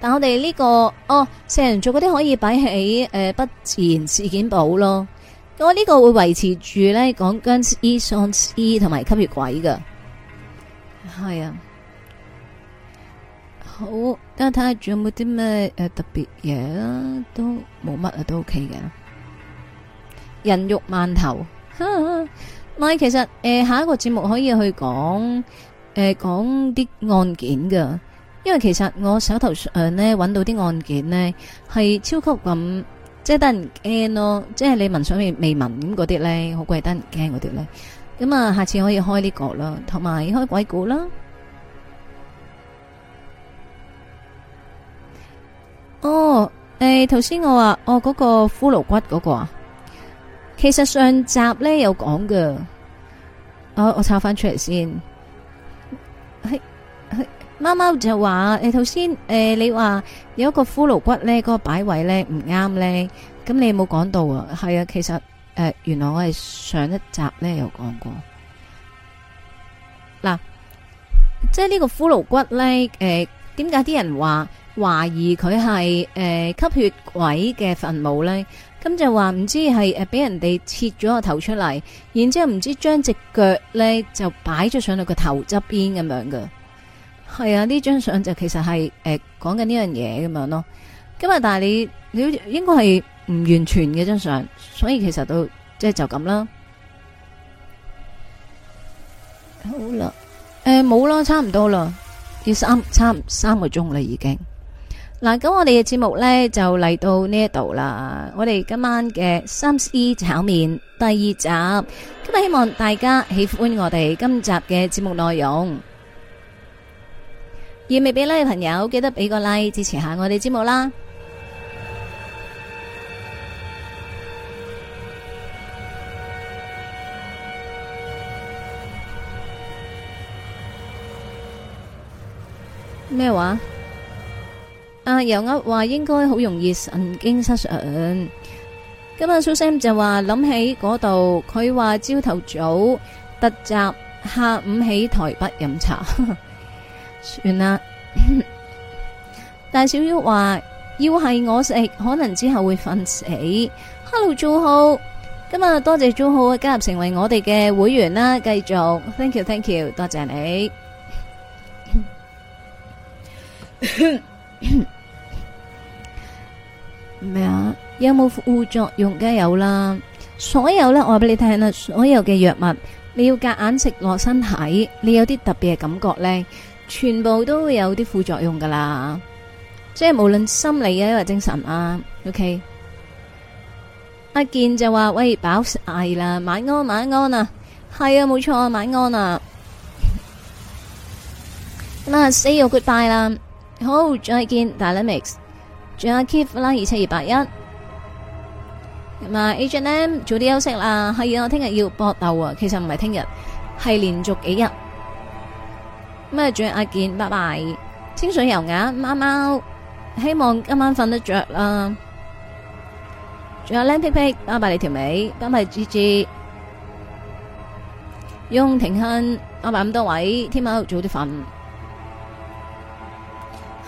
但我哋呢個哦食人族嗰啲可以擺喺誒不自然事件簿咯。我呢個會維持住咧講殭屍、喪屍同埋吸血鬼嘅。係啊。好，咁睇下仲有冇啲咩誒特別嘢啊？都冇乜啊，都 OK 嘅。人肉饅頭，唔係，其實誒下一個節目可以去講誒講啲案件噶，因為其實我手頭上咧揾到啲案件咧係超級咁即係得人驚咯，即係你聞上面未聞咁嗰啲咧，好鬼得人驚嗰啲咧。咁啊，下次可以開呢個啦，同埋開鬼故啦。哦，誒、欸，頭先我話我嗰個骷髏骨嗰，那個啊，其實上集咧有講㗎，哦，我我抄翻出嚟先。貓、哎、貓、哎、就話，誒頭先，誒、欸、你話有一個骷髏骨咧，那個擺位咧唔啱咧，咁你冇講到啊？係啊，其實誒、呃，原來我係上一集咧有講過。嗱，即係呢個骷髏骨咧，誒、欸，點解啲人話？懷疑佢係誒吸血鬼嘅墳墓咧，咁就話唔知係誒俾人哋切咗個頭出嚟，然之後唔知將隻腳咧就擺咗上到個頭側邊咁樣㗎，係啊，呢張相就其實係誒講緊呢樣嘢咁樣咯。今日但係你你應該係唔完全嘅張相，所以其實都即係就咁啦。好啦，誒、呃、冇啦，差唔多啦，要三差唔三個鐘啦，已經。嗱，咁我哋嘅節目呢就嚟到呢一度啦。我哋今晚嘅三 c 炒麵第二集，今日希望大家喜歡我哋今集嘅節目內容。要未俾 like 嘅朋友，記得俾個 like 支持下我哋節目啦。咩話？阿楊郁話應該好容易神經失常，今日蘇 sam 就話諗起嗰度，佢話朝頭早突襲，下午喺台北飲茶， 算啦了。 大小妖話要係我食，可能之後會瞓死。Hello，Jojo，今日多謝 Jojo 加入成為我哋嘅會員啦，繼續，Thank you，Thank you，多謝你。 咩啊？有冇副作用？梗係有啦。所有咧，我話俾你聽啦。所有嘅藥物，你要夾硬食落身體，你有啲特別嘅感覺咧，全部都會有啲副作用噶啦。即係無論心理啊，或者精神啊，OK。阿健就話，喂，飽晒啦，晚安，晚安啊。係啊，冇錯啊，晚安啊。咁啊，Say goodbye 啦，好，再見，大 limics。仲有 Keith 啦，二七二八一，同埋，Agent M 早啲休息啦，係啊，我聽日要搏鬥啊，其實唔係聽日，係連續幾日。咩，仲有阿健，拜拜。清水油眼貓貓，希望今晚瞓得着啦。仲有靚皮皮，拜拜你條尾，拜拜 G G。楊庭慶，拜拜咁多位，聽晚早啲瞓。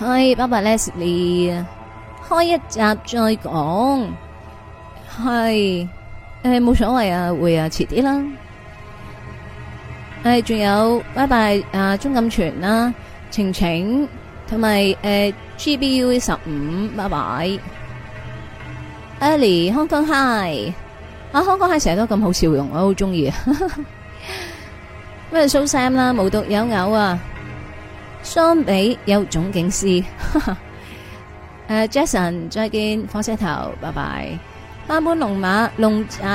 Hi，拜拜 Leslie。開一集再講，係誒冇所謂、欸、啊，會啊遲啲啦。誒，仲有拜拜啊，鍾錦泉啦，晴晴同埋誒、啊、G B U 十五拜拜 ，Ellie Hong Kong High 啊，Hong Kong High 成日都咁好笑容，我好中意啊。咩？蘇 Sam 啦，無獨有偶啊，相比有總警司。哈哈誒，Jason，再見，火車頭，拜拜。翻本龍馬龍仔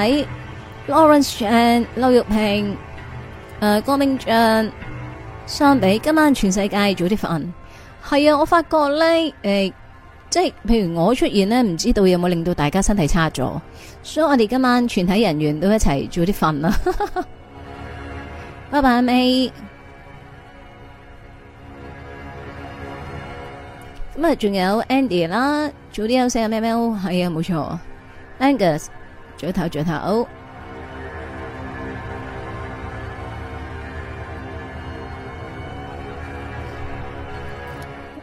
，Lawrence and 劉玉平，誒，郭明章，相比今晚全世界早啲瞓，係啊，我發覺咧，誒，即係譬如我出現咧，唔知道有冇令到大家身體差咗，所以我哋今晚全體人員都一齊早啲瞓啦。拜拜，阿 May。咁啊，仲有 Andy 啦，早啲休息，喵喵，係啊，冇錯，Angus，早唞早唞，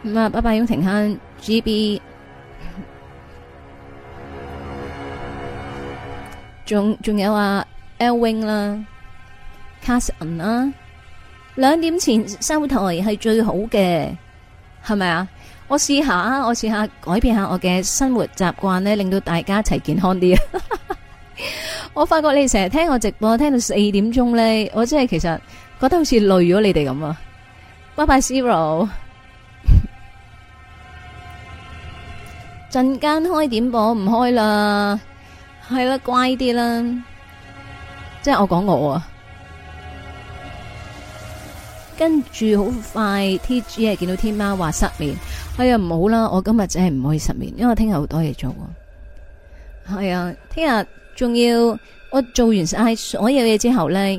咁啊，拜拜，永庭亨，GB，仲仲有啊，Elwing 啦，Casson 啦，兩點前收台係最好嘅，係咪啊？我試下，我試下改變下我嘅生活習慣呢，令到大家一齊健康啲。我發覺你哋成日聽我直播聽到四點鐘呢，我真係其實覺得好似累咗你哋咁啊！拜拜，Zero。陣間開點播唔開啦，係啦，乖啲啦，即係我講我啊。跟住好快，TG 係見到天喵話失眠，哎呀唔好啦，我今日真係唔可以失眠，因為聽日好多嘢做。係、哎、啊，聽日仲要我做完晒所有嘢之後咧，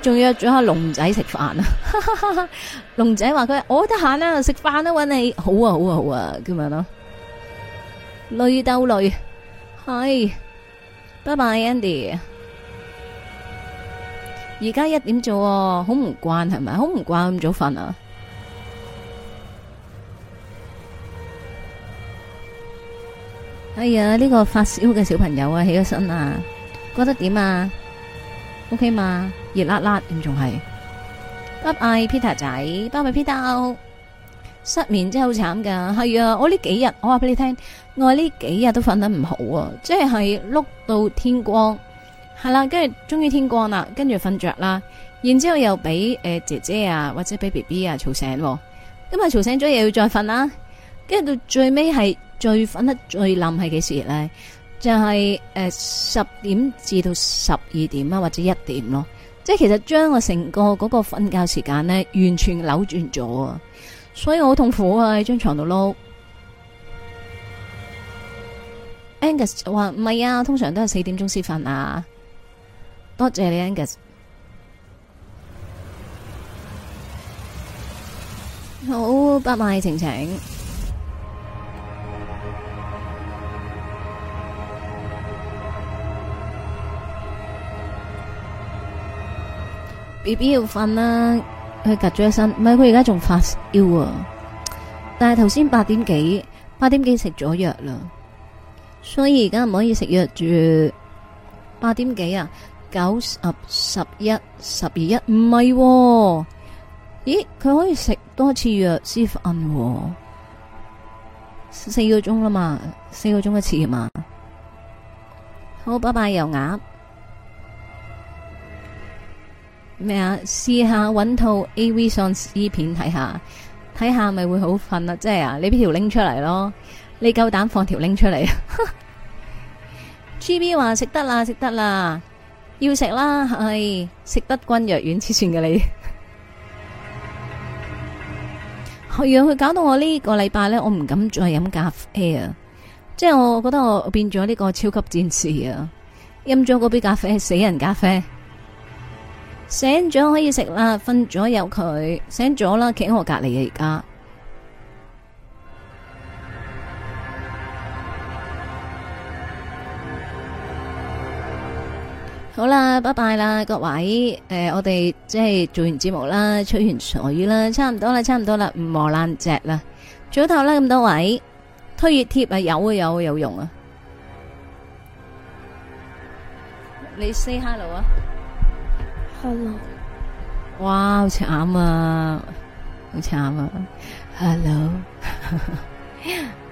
仲約咗下龍仔食飯啊。龍 仔話佢我得閒啦，食飯啦，搵你，好啊好啊好啊，咁樣咯。累鬥累，係，拜、哎、拜 Andy。而家一點做，好唔慣係咪？好唔慣咁早瞓啊！哎呀，呢個發燒嘅小朋友啊，起咗身啊，覺得點啊？OK 嘛？熱辣辣，咁仲係？拜拜，Peter 仔，拜拜，Peter。失眠真係好慘噶，係啊！我呢幾日，我話俾你聽，我呢幾日都瞓得唔好啊，即係係碌到天光。係啦，跟住終於天光啦，跟住瞓着啦，然之後，後又俾誒、呃、姐姐啊或者俾 B B 啊嘈醒喎，咁啊嘈醒咗又要再瞓啦，跟住到最尾係最瞓得最冧係幾時咧？就係誒十點至到十二點啊或者一點咯，即係其實將我成個嗰個瞓覺時間咧完全扭轉咗啊，所以我好痛苦啊喺張床度碌。Angus 話唔係啊，通常都係四點鐘先瞓啊。多謝你，Angus。好，拜拜，晴晴。B B 要瞓啦，佢隔咗一身，唔係佢而家仲發燒啊！但係頭先八點幾，八點幾食咗藥啦，所以而家唔可以食藥住。八點幾啊！九十十一十二一唔係、啊，咦佢可以食多次藥先瞓？四個鐘啦嘛，四個鐘一次嘛。好，拜拜又鴨，咩啊？試下搵套 A V 喪屍片睇下，睇下咪會好瞓啦。即係啊，你俾條 link 出嚟咯，你夠膽放條 link 出嚟？G B 話食得啦，食得啦。要食啦，係食得君藥丸之算嘅你，我讓佢搞到我呢個禮拜呢，我唔敢再飲咖啡啊！即係我覺得我變咗呢個超級戰士啊！飲咗嗰杯咖啡，死人咖啡，醒咗可以食啦，瞓咗有佢醒咗啦，企喺我隔籬啊而家。好啦，拜拜啦各位，誒、呃，我哋即係做完節目啦，吹完水啦，差唔多啦，差唔多啦，唔磨爛只啦，早唞啦咁多位，推熱貼啊，有啊有啊，有，啊有用啊，你 say hello 啊，hello，哇好慘啊，好慘啊，hello。Hello.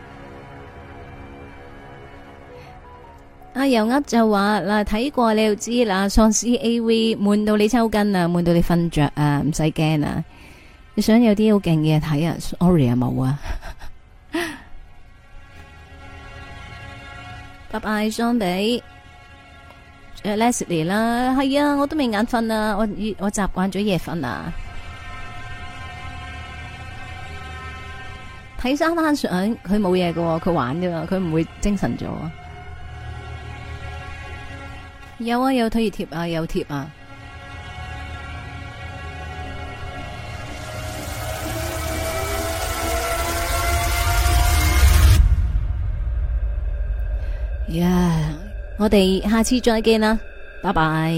阿油鴨就話嗱，睇過你就知啦，喪屍 AV 悶到你抽筋啊，悶到你瞓着啊，唔使驚啊！你想有啲好勁嘅嘢睇啊？Sorry 啊，冇啊！ 拜拜，雙比，誒、uh,，Leslie 啦，係啊，我都未眼瞓啊，我我習慣咗夜瞓啊。睇沙灘相，佢冇嘢嘅，佢玩嘅啦，佢唔會精神咗。啊。」有啊，有退熱貼啊，有貼啊。Yeah, 我哋下次再見啦，拜拜。